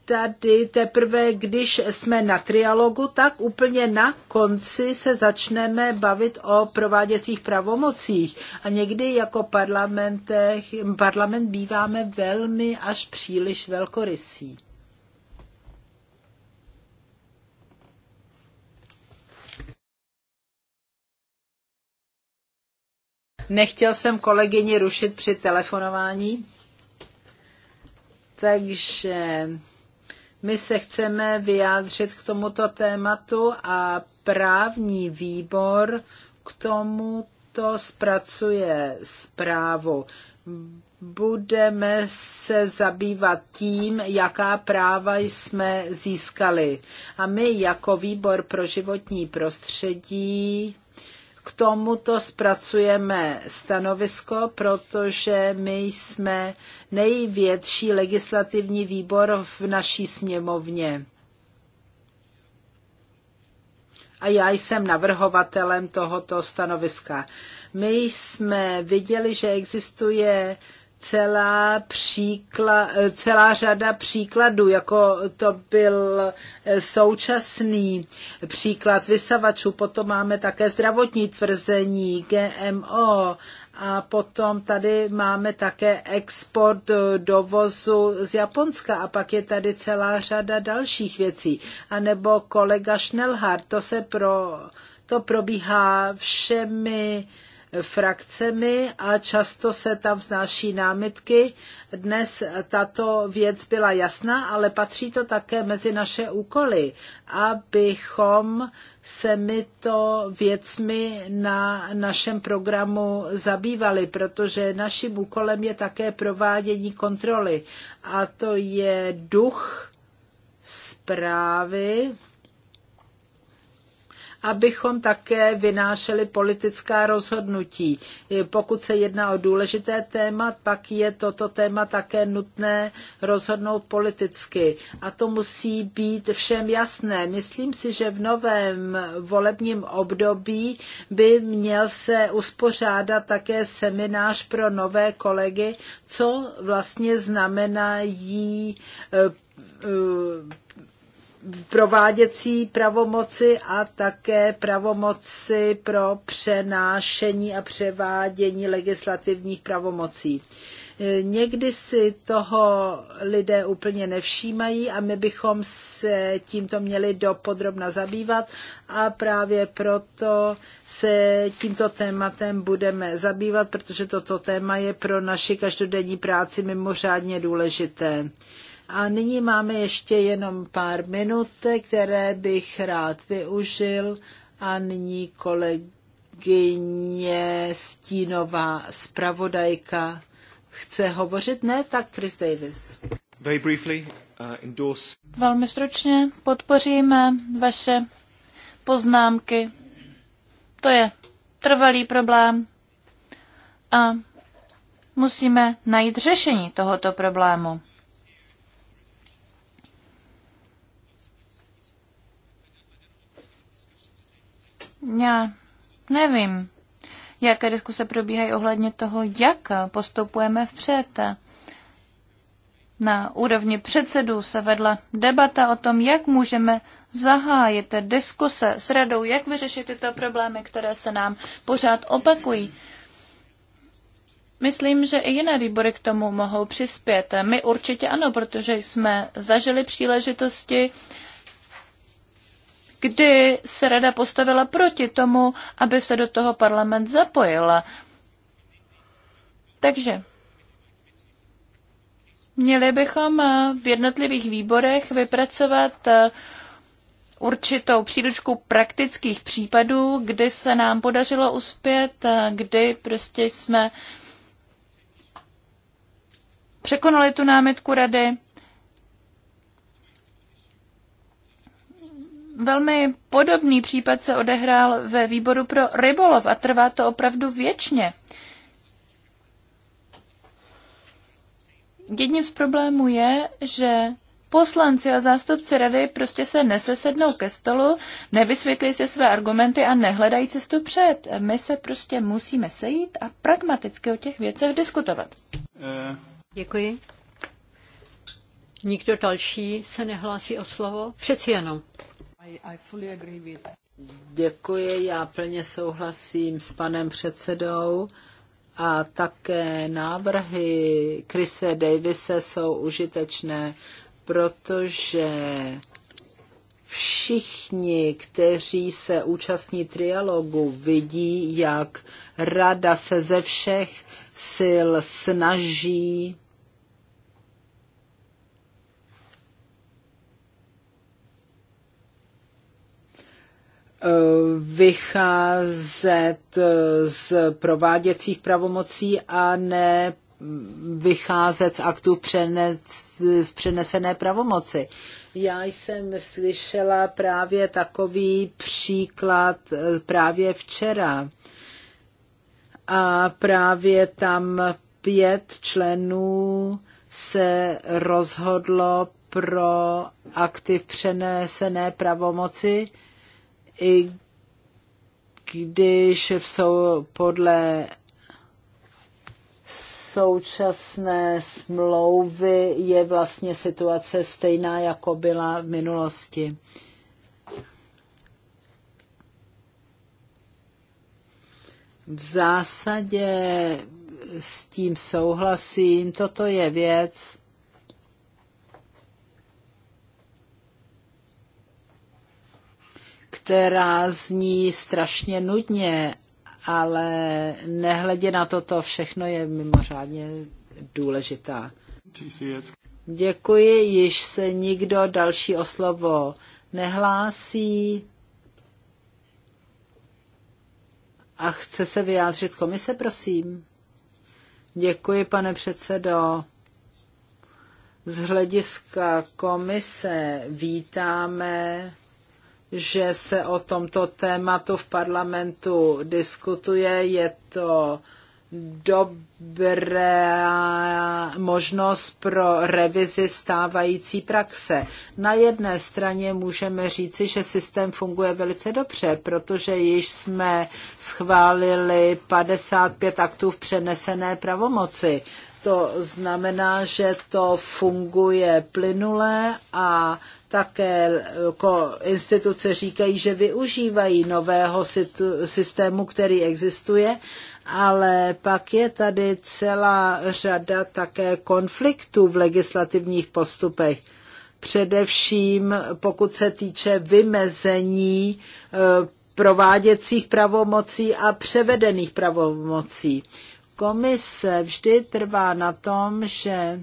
tady teprve, když jsme na trialogu, tak úplně na konci se začneme bavit o prováděcích pravomocích. A někdy jako parlamentech, parlament býváme velmi až příliš velkorysí. Nechtěl jsem kolegyni rušit při telefonování. Takže my se chceme vyjádřit k tomuto tématu a právní výbor k tomuto zpracuje zprávu. Budeme se zabývat tím, jaká práva jsme získali. A my jako výbor pro životní prostředí k tomuto zpracujeme stanovisko, protože my jsme největší legislativní výbor v naší sněmovně. A já jsem navrhovatelem tohoto stanoviska. My jsme viděli, že existuje celá, příkla, celá řada příkladů, jako to byl eh, současný příklad vysavačů, potom máme také zdravotní tvrzení, GMO, a potom tady máme také export eh, dovozu z Japonska a pak je tady celá řada dalších věcí. A nebo kolega Schnellhardt, to se pro, to probíhá všemi uh, frakcemi a často se tam vznáší námitky. Dnes tato věc byla jasná, ale patří to také mezi naše úkoly, abychom se my to věcmi na našem programu zabývali, protože naším úkolem je také provádění kontroly. A to je duch zprávy, abychom také vynášeli politická rozhodnutí. Pokud se jedná o důležité téma, pak je toto téma také nutné rozhodnout politicky. A to musí být všem jasné. Myslím si, že v novém volebním období by měl se uspořádat také seminář pro nové kolegy, co vlastně znamenají eh, eh, prováděcí pravomoci a také pravomoci pro přenášení a převádění legislativních pravomocí. E, někdy si toho lidé úplně nevšímají a my bychom se tímto měli dopodrobna zabývat a právě proto se tímto tématem budeme zabývat, protože toto téma je pro naši každodenní práci mimořádně důležité. A nyní máme ještě jenom pár minut, které bych rád využil. A nyní kolegyně Stínová zpravodajka chce hovořit. Ne, tak Chris Davis. Very briefly, uh, endorse... Velmi stručně podpoříme vaše poznámky. To je trvalý problém a musíme najít řešení tohoto problému. Já nevím, jaké diskuse probíhají ohledně toho, jak postupujeme vpřed. Na úrovni předsedů se vedla debata o tom, jak můžeme zahájit diskuse s radou, jak vyřešit tyto problémy, které se nám pořád opakují. Myslím, že i jiné výbory k tomu mohou přispět. My určitě ano, protože jsme zažili příležitosti, kdy se rada postavila proti tomu, aby se do toho parlament zapojila. Takže měli bychom eh, v jednotlivých výborech vypracovat eh, určitou příručku praktických případů, kdy se nám podařilo uspět, eh, kdy prostě jsme překonali tu námitku rady Velmi podobný případ se odehrál ve výboru pro rybolov a trvá to opravdu věčně. Jedním z problémů je, že poslanci a zástupci rady prostě se nesesednou ke stolu, nevysvětlí si své argumenty a nehledají cestu před. My se prostě musíme sejít a pragmaticky o těch věcech diskutovat. Eh. Děkuji. Nikdo další se nehlásí o slovo? Přeci jenom. Děkuji, já plně souhlasím s panem předsedou a také návrhy Krise Davise jsou užitečné, protože všichni, kteří se účastní trialogu, vidí, jak rada se ze všech sil snaží vycházet eh, z prováděcích pravomocí a ne vycházet z aktu přenes, z přenesené pravomoci. Já jsem slyšela právě takový příklad eh, právě včera. A právě tam pět členů se rozhodlo pro aktiv přenesené pravomoci, i když v sou, podle současné smlouvy je vlastně situace stejná, jako byla v minulosti. V zásadě s tím souhlasím. Toto je věc, která zní strašně nudně, ale nehledě na toto, všechno je mimořádně důležitá. Děkuji, již se nikdo další o slovo nehlásí. A chce se vyjádřit komise, prosím. Děkuji, pane předsedo. Z hlediska komise vítáme že se o tomto tématu v parlamentu diskutuje. Je to dobrá možnost pro revizi stávající praxe. Na jedné straně můžeme říci, že systém funguje velice dobře, protože již jsme schválili 55 aktů v přenesené pravomoci. To znamená, že to funguje plynule a také jako instituce říkají, že využívají nového systému, který existuje, ale pak je tady celá řada také konfliktů v legislativních postupech. Především pokud se týče vymezení eh, prováděcích pravomocí a převedených pravomocí. Komise vždy trvá na tom, že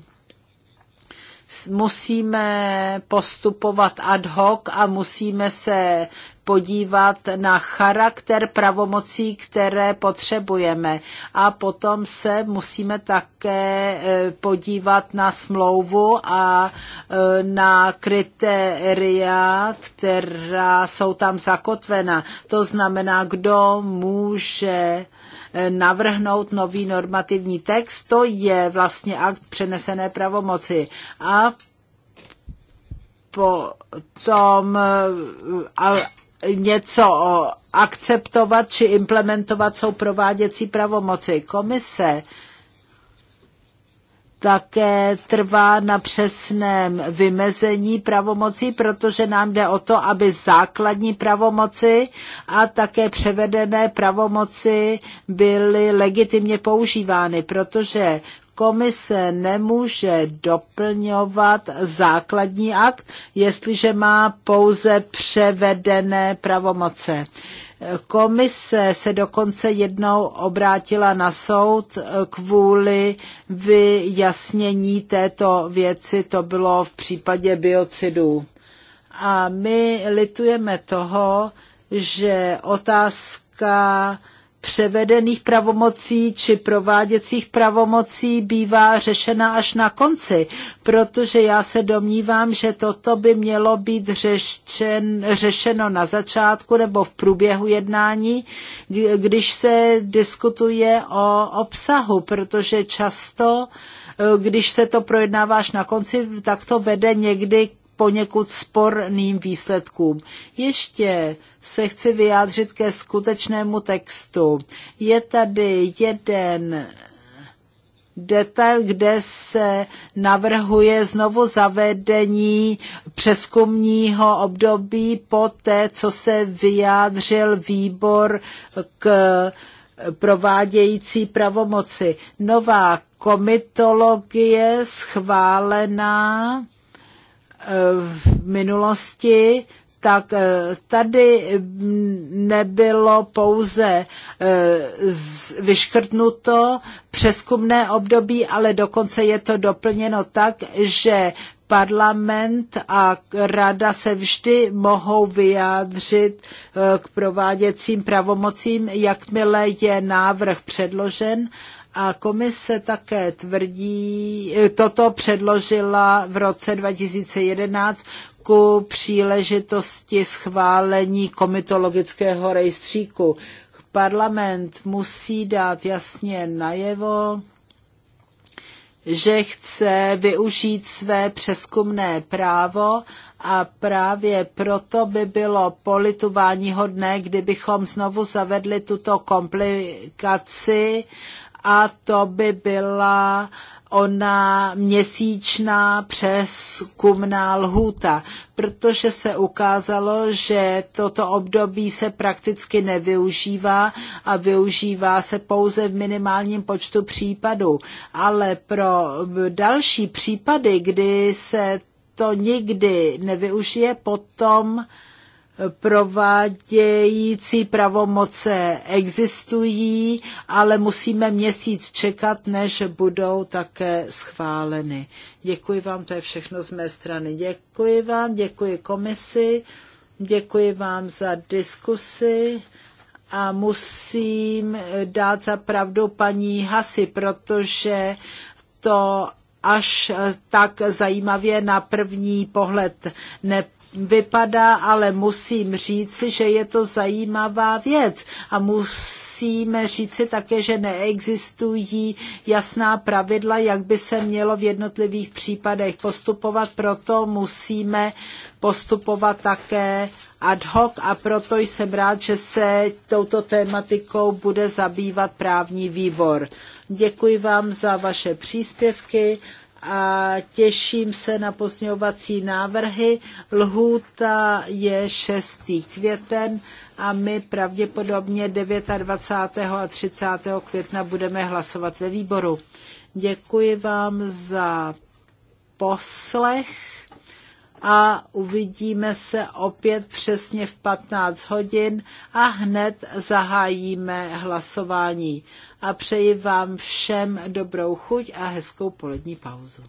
musíme postupovat ad hoc a musíme se podívat na charakter pravomocí, které potřebujeme. A potom se musíme také e, podívat na smlouvu a e, na kritéria, která jsou tam zakotvena. To znamená, kdo může Eh, navrhnout nový normativní text, to je vlastně akt přenesené pravomoci. A potom eh, a něco akceptovat či implementovat jsou prováděcí pravomoci. Komise také trvá na přesném vymezení pravomocí, protože nám jde o to, aby základní pravomoci a také převedené pravomoci byly legitimně používány, protože komise nemůže doplňovat základní akt, jestliže má pouze převedené pravomoce. Komise se dokonce jednou obrátila na soud kvůli vyjasnění této věci, to bylo v případě biocidů. A my litujeme toho, že otázka převedených pravomocí či prováděcích pravomocí bývá řešena až na konci, protože já se domnívám, že toto by mělo být řešen, řešeno na začátku nebo v průběhu jednání, když se diskutuje o obsahu, protože často eh, když se to projednáváš na konci, tak to vede někdy poněkud sporným výsledkům. Ještě se chci vyjádřit ke skutečnému textu. Je tady jeden detail, kde se navrhuje znovu zavedení přeskumního období po té, co se vyjádřil výbor k provádějící pravomoci. Nová komitologie schválená v minulosti, tak eh, tady nebylo pouze eh, vyškrtnuto přeskumné období, ale dokonce je to doplněno tak, že parlament a rada se vždy mohou vyjádřit eh, k prováděcím pravomocím, jakmile je návrh předložen a komise také tvrdí, eh, toto předložila v roce 2011 ku příležitosti schválení komitologického rejstříku. Parlament musí dát jasně najevo, že chce využít své přeskumné právo a právě proto by bylo politování hodné, kdybychom znovu zavedli tuto komplikaci a to by byla ona měsíčná přeskumná lhůta, protože se ukázalo, že toto období se prakticky nevyužívá a využívá se pouze v minimálním počtu případů. Ale pro další případy, kdy se to nikdy nevyužije, potom provádějící pravomoce existují, ale musíme měsíc čekat, než budou také schváleny. Děkuji vám, to je všechno z mé strany. Děkuji vám, děkuji komisi, děkuji vám za diskusy a musím dát za pravdu paní Hasi, protože to až tak zajímavě na první pohled nepůjde vypadá, ale musím říci, že je to zajímavá věc a musíme říci také, že neexistují jasná pravidla, jak by se mělo v jednotlivých případech postupovat, proto musíme postupovat také ad hoc a proto jsem rád, že se touto tématikou bude zabývat právní výbor. Děkuji vám za vaše příspěvky a těším se na pozměňovací návrhy. Lhůta je 6. květen a my pravděpodobně 29. a 30. května budeme hlasovat ve výboru. Děkuji vám za poslech a uvidíme se opět přesně v 15 hodin a hned zahájíme hlasování a přeji vám všem dobrou chuť a hezkou polední pauzu.